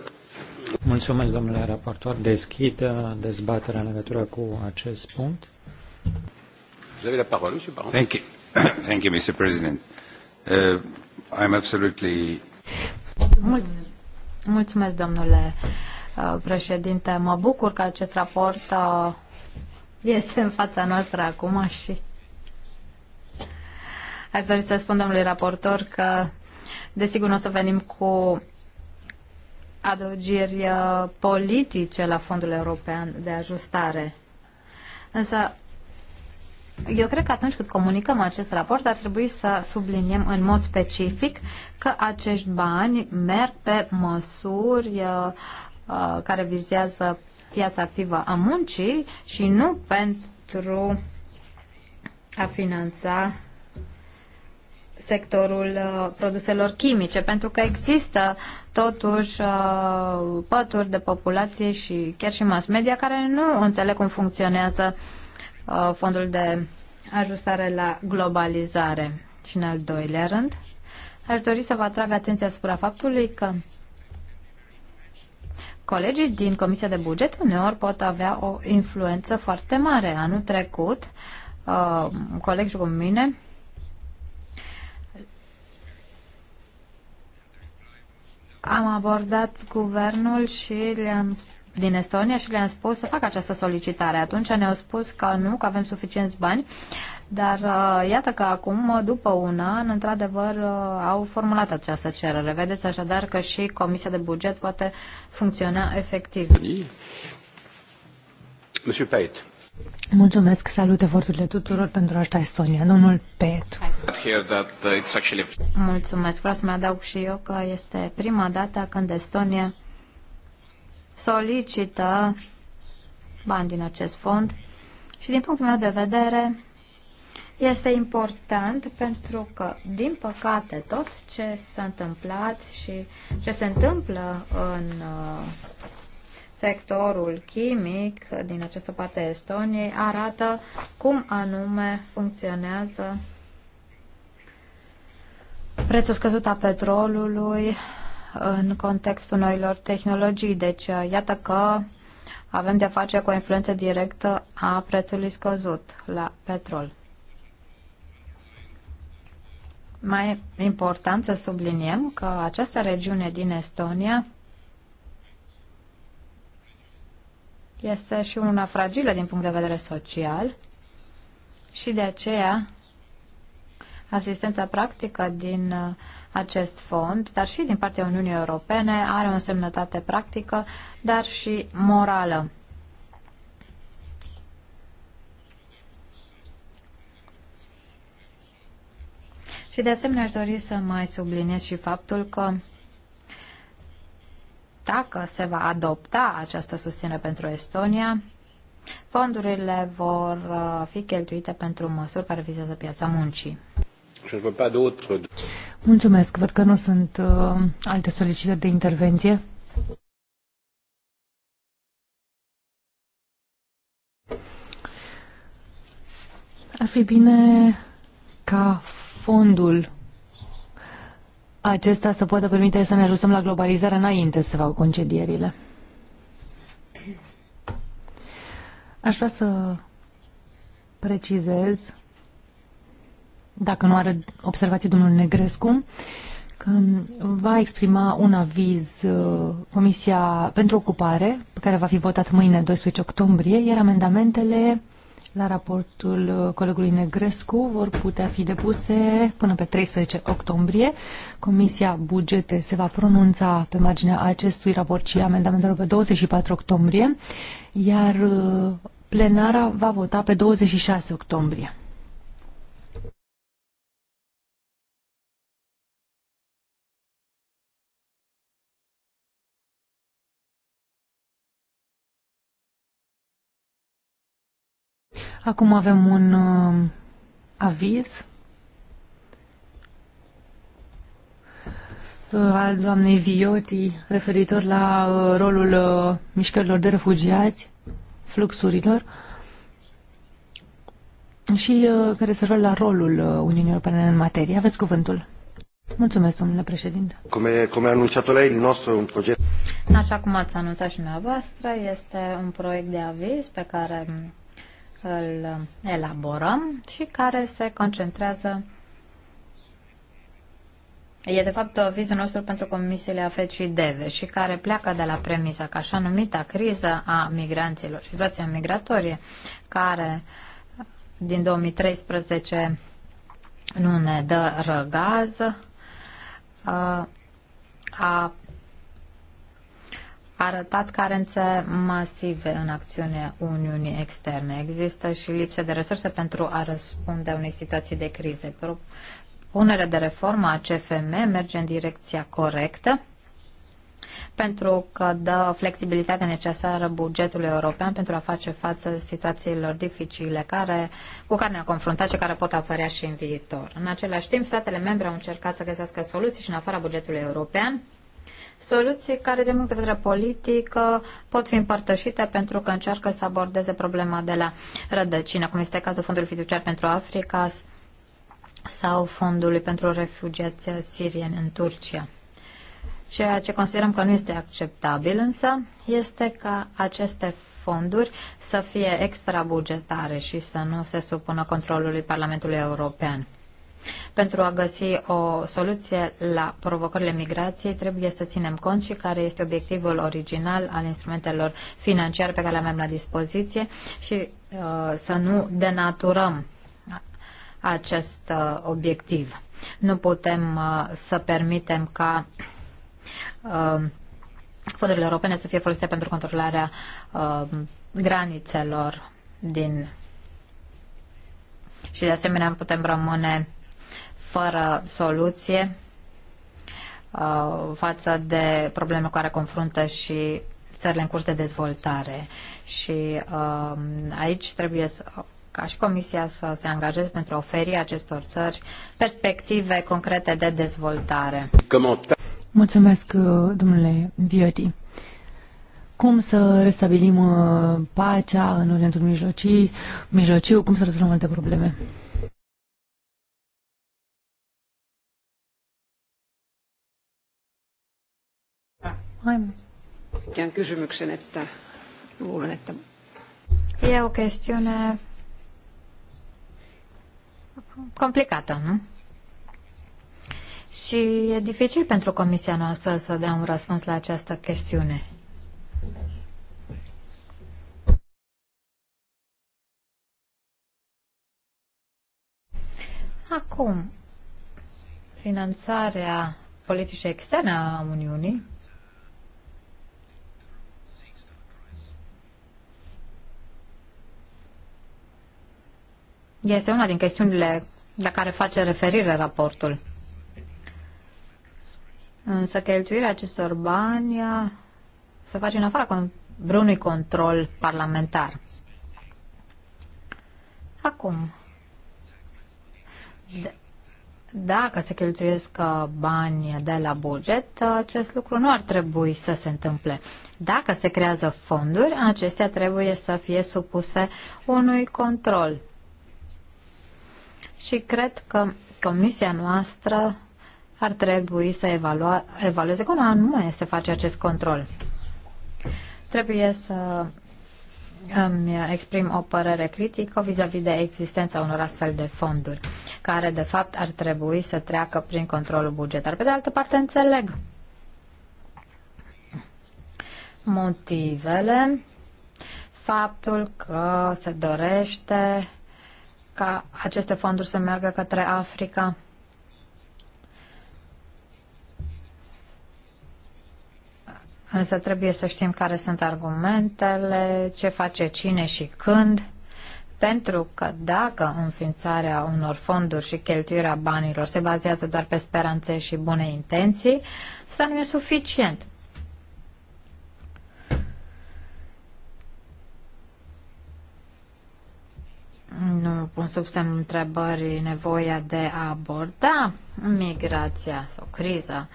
Mulțumesc, domnule raportor. Deschid uh, dezbaterea în legătură cu acest punct. Vous avez la parole, monsieur Baron. Thank you. Thank you, Mr. President. Uh, I'm absolutely... mulțumesc, domnule uh, președinte. Mă bucur că acest raport uh, este în fața noastră acum și aș dori să spun domnului raportor că desigur nu o să venim cu adăugiri uh, politice la Fondul European de Ajustare. Însă eu cred că atunci când comunicăm acest raport ar trebui să subliniem în mod specific că acești bani merg pe măsuri uh, uh, care vizează piața activă a muncii și nu pentru a finanța sectorul uh, produselor chimice, pentru că există totuși pături de populație și chiar și mass media care nu înțeleg cum funcționează uh, Uh, fondul de ajustare la globalizare. Și în al doilea rând, aș dori să vă atrag atenția asupra faptului că colegii din Comisia de Buget uneori pot avea o influență foarte mare. Anul trecut, uh, un coleg cu mine am abordat guvernul și le-am din Estonia și le-am spus să fac această solicitare. Atunci ne-au spus că nu, că avem suficienți bani, dar uh, iată că acum, uh, după un an, într-adevăr, uh, au formulat această cerere. Vedeți așadar că și Comisia de Buget poate funcționa efectiv. Monsieur Peit. Mulțumesc, salut eforturile tuturor pentru asta Estonia. Domnul Pet. Mulțumesc, vreau să mai adaug și eu că este prima dată când Estonia solicită bani din acest fond și din punctul meu de vedere este important pentru că, din păcate, tot ce s-a întâmplat și ce se întâmplă în uh, sectorul chimic din această parte a Estoniei arată cum anume funcționează prețul scăzut a petrolului, în contextul noilor tehnologii. Deci, uh, iată că avem de-a face cu o influență directă a prețului scăzut la petrol. Mai important să subliniem că această regiune din Estonia este și una fragilă din punct de vedere social și de aceea asistența practică din uh, acest fond, dar și din partea Uniunii Europene, are o însemnătate practică, dar și morală. Și de asemenea aș dori să mai subliniez și faptul că dacă se va adopta această susținere pentru Estonia, fondurile vor uh, fi cheltuite pentru măsuri care vizează piața muncii. Mulțumesc. Văd că nu sunt uh, alte solicitări de intervenție. Ar fi bine ca fondul acesta să poată permite să ne ajustăm la globalizare înainte să fac concedierile. Aș vrea să precizez dacă nu are observații domnul Negrescu, că va exprima un aviz uh, Comisia pentru Ocupare, pe care va fi votat mâine, 12 octombrie, iar amendamentele la raportul uh, colegului Negrescu vor putea fi depuse până pe 13 octombrie. Comisia Bugete se va pronunța pe marginea acestui raport și amendamentelor pe 24 octombrie, iar uh, plenara va vota pe 26 octombrie. Acum avem un uh, aviz uh, al doamnei Vioti referitor la uh, rolul uh, mișcărilor de refugiați, fluxurilor și uh, care se la rolul uh, Uniunii Europene în materie. Aveți cuvântul. Mulțumesc, domnule președinte. Cum, e, cum a anunțat lei, il nostru un proiect. Așa cum ați anunțat și dumneavoastră, este un proiect de aviz pe care îl elaborăm și care se concentrează E de fapt vizul nostru pentru comisiile AFET și DEVE și care pleacă de la premisa că așa numita criză a migranților, situația migratorie, care din 2013 nu ne dă răgaz, a arătat carențe masive în acțiunea Uniunii Externe. Există și lipsă de resurse pentru a răspunde unei situații de crize. Punerea de reformă a CFM merge în direcția corectă pentru că dă flexibilitatea necesară bugetului european pentru a face față situațiilor dificile care, cu care ne-a confruntat și care pot apărea și în viitor. În același timp, statele membre au încercat să găsească soluții și în afara bugetului european soluții care, din punct de vedere politic, pot fi împărtășite pentru că încearcă să abordeze problema de la rădăcină, cum este cazul Fondului Fiduciar pentru Africa sau Fondului pentru Refugiați Sirieni în Turcia. Ceea ce considerăm că nu este acceptabil însă este ca aceste fonduri să fie extrabugetare și să nu se supună controlului Parlamentului European. Pentru a găsi o soluție la provocările migrației, trebuie să ținem cont și care este obiectivul original al instrumentelor financiare pe care le avem la dispoziție și uh, să nu denaturăm acest uh, obiectiv. Nu putem uh, să permitem ca uh, fondurile europene să fie folosite pentru controlarea uh, granițelor din și de asemenea putem rămâne fără soluție uh, față de probleme cu care confruntă și țările în curs de dezvoltare. Și um, aici trebuie să, ca și Comisia să se angajeze pentru a oferi acestor țări perspective concrete de dezvoltare. Mulțumesc, uh, domnule Vioti. Cum să restabilim uh, pacea în Orientul Mijlociu, mijlociu cum să rezolvăm alte probleme? Ikään kysymyksen, että luulen, että... E o chestiune complicată, nu? Și e dificil pentru comisia noastră să dea un răspuns la această chestiune. Acum, finanțarea politicii externe a Uniunii este una din chestiunile la care face referire raportul. Însă cheltuirea acestor bani se face în afara vreunui control parlamentar. Acum, dacă se cheltuiesc uh, bani de la buget, uh, acest lucru nu ar trebui să se întâmple. Dacă se creează fonduri, acestea trebuie să fie supuse unui control și cred că comisia noastră ar trebui să evalua, evalueze cum anume se face acest control. Trebuie să îmi exprim o părere critică vis-a-vis -vis de existența unor astfel de fonduri, care de fapt ar trebui să treacă prin controlul bugetar. Pe de altă parte, înțeleg motivele, faptul că se dorește ca aceste fonduri să meargă către Africa. Însă trebuie să știm care sunt argumentele, ce face cine și când, pentru că dacă înființarea unor fonduri și cheltuirea banilor se bazează doar pe speranțe și bune intenții, să nu e suficient. nu pun sub semnul întrebării nevoia de a aborda migrația sau criza,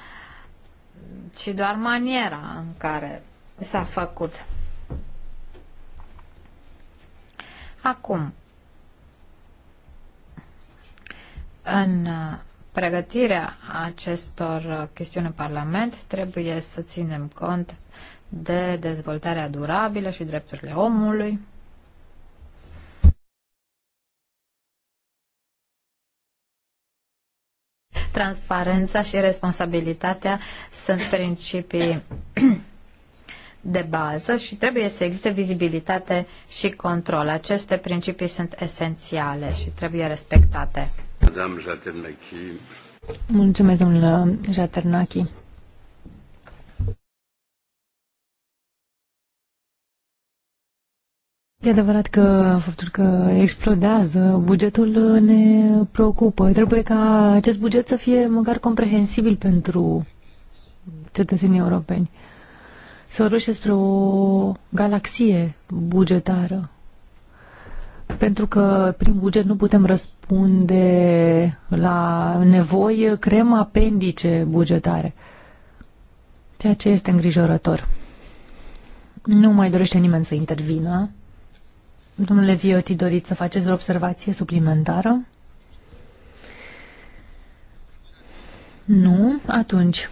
ci doar maniera în care s-a făcut. Acum, în pregătirea acestor chestiuni în Parlament trebuie să ținem cont de dezvoltarea durabilă și drepturile omului, transparența și responsabilitatea sunt principii de bază și trebuie să existe vizibilitate și control. Aceste principii sunt esențiale și trebuie respectate. Mulțumesc, domnule Jaternachi. E adevărat că faptul că explodează bugetul ne preocupă. Trebuie ca acest buget să fie măcar comprehensibil pentru cetățenii europeni. Să rușe spre o galaxie bugetară. Pentru că prin buget nu putem răspunde la nevoi, creăm apendice bugetare. Ceea ce este îngrijorător. Nu mai dorește nimeni să intervină. Domnule Vioti, doriți să faceți o observație suplimentară? Nu? Atunci,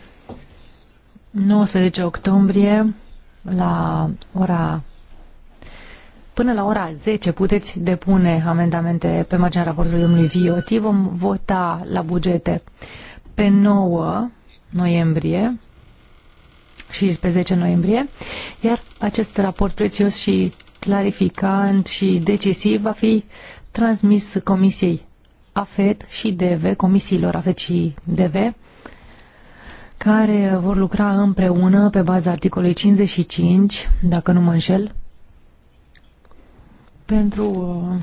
19 octombrie, la ora Până la ora 10 puteți depune amendamente pe marginea raportului domnului Vioti. Vom vota la bugete pe 9 noiembrie și pe 10 noiembrie, iar acest raport prețios și clarificant și decisiv va fi transmis Comisiei AFET și DV, comisiilor AFET și DV, care vor lucra împreună pe baza articolului 55, dacă nu mă înșel, pentru uh,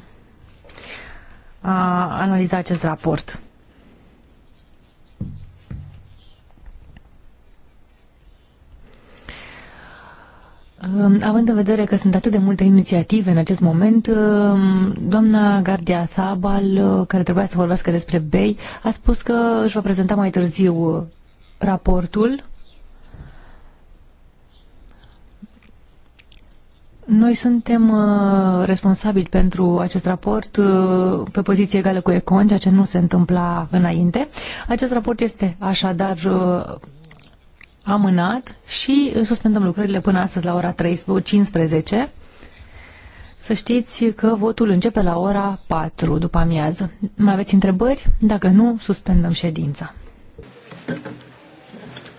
a analiza acest raport. Având în vedere că sunt atât de multe inițiative în acest moment, um, doamna Gardia Sabal, uh, care trebuia să vorbească despre BEI, a spus că își va prezenta mai târziu uh, raportul. Noi suntem uh, responsabili pentru acest raport pe poziție egală cu Econ, ceea ce nu se întâmpla înainte. Acest raport este așadar amânat și suspendăm lucrările până astăzi la ora 15. Să știți că votul începe la ora 4 după amiază. Mai aveți întrebări? Dacă nu, suspendăm ședința.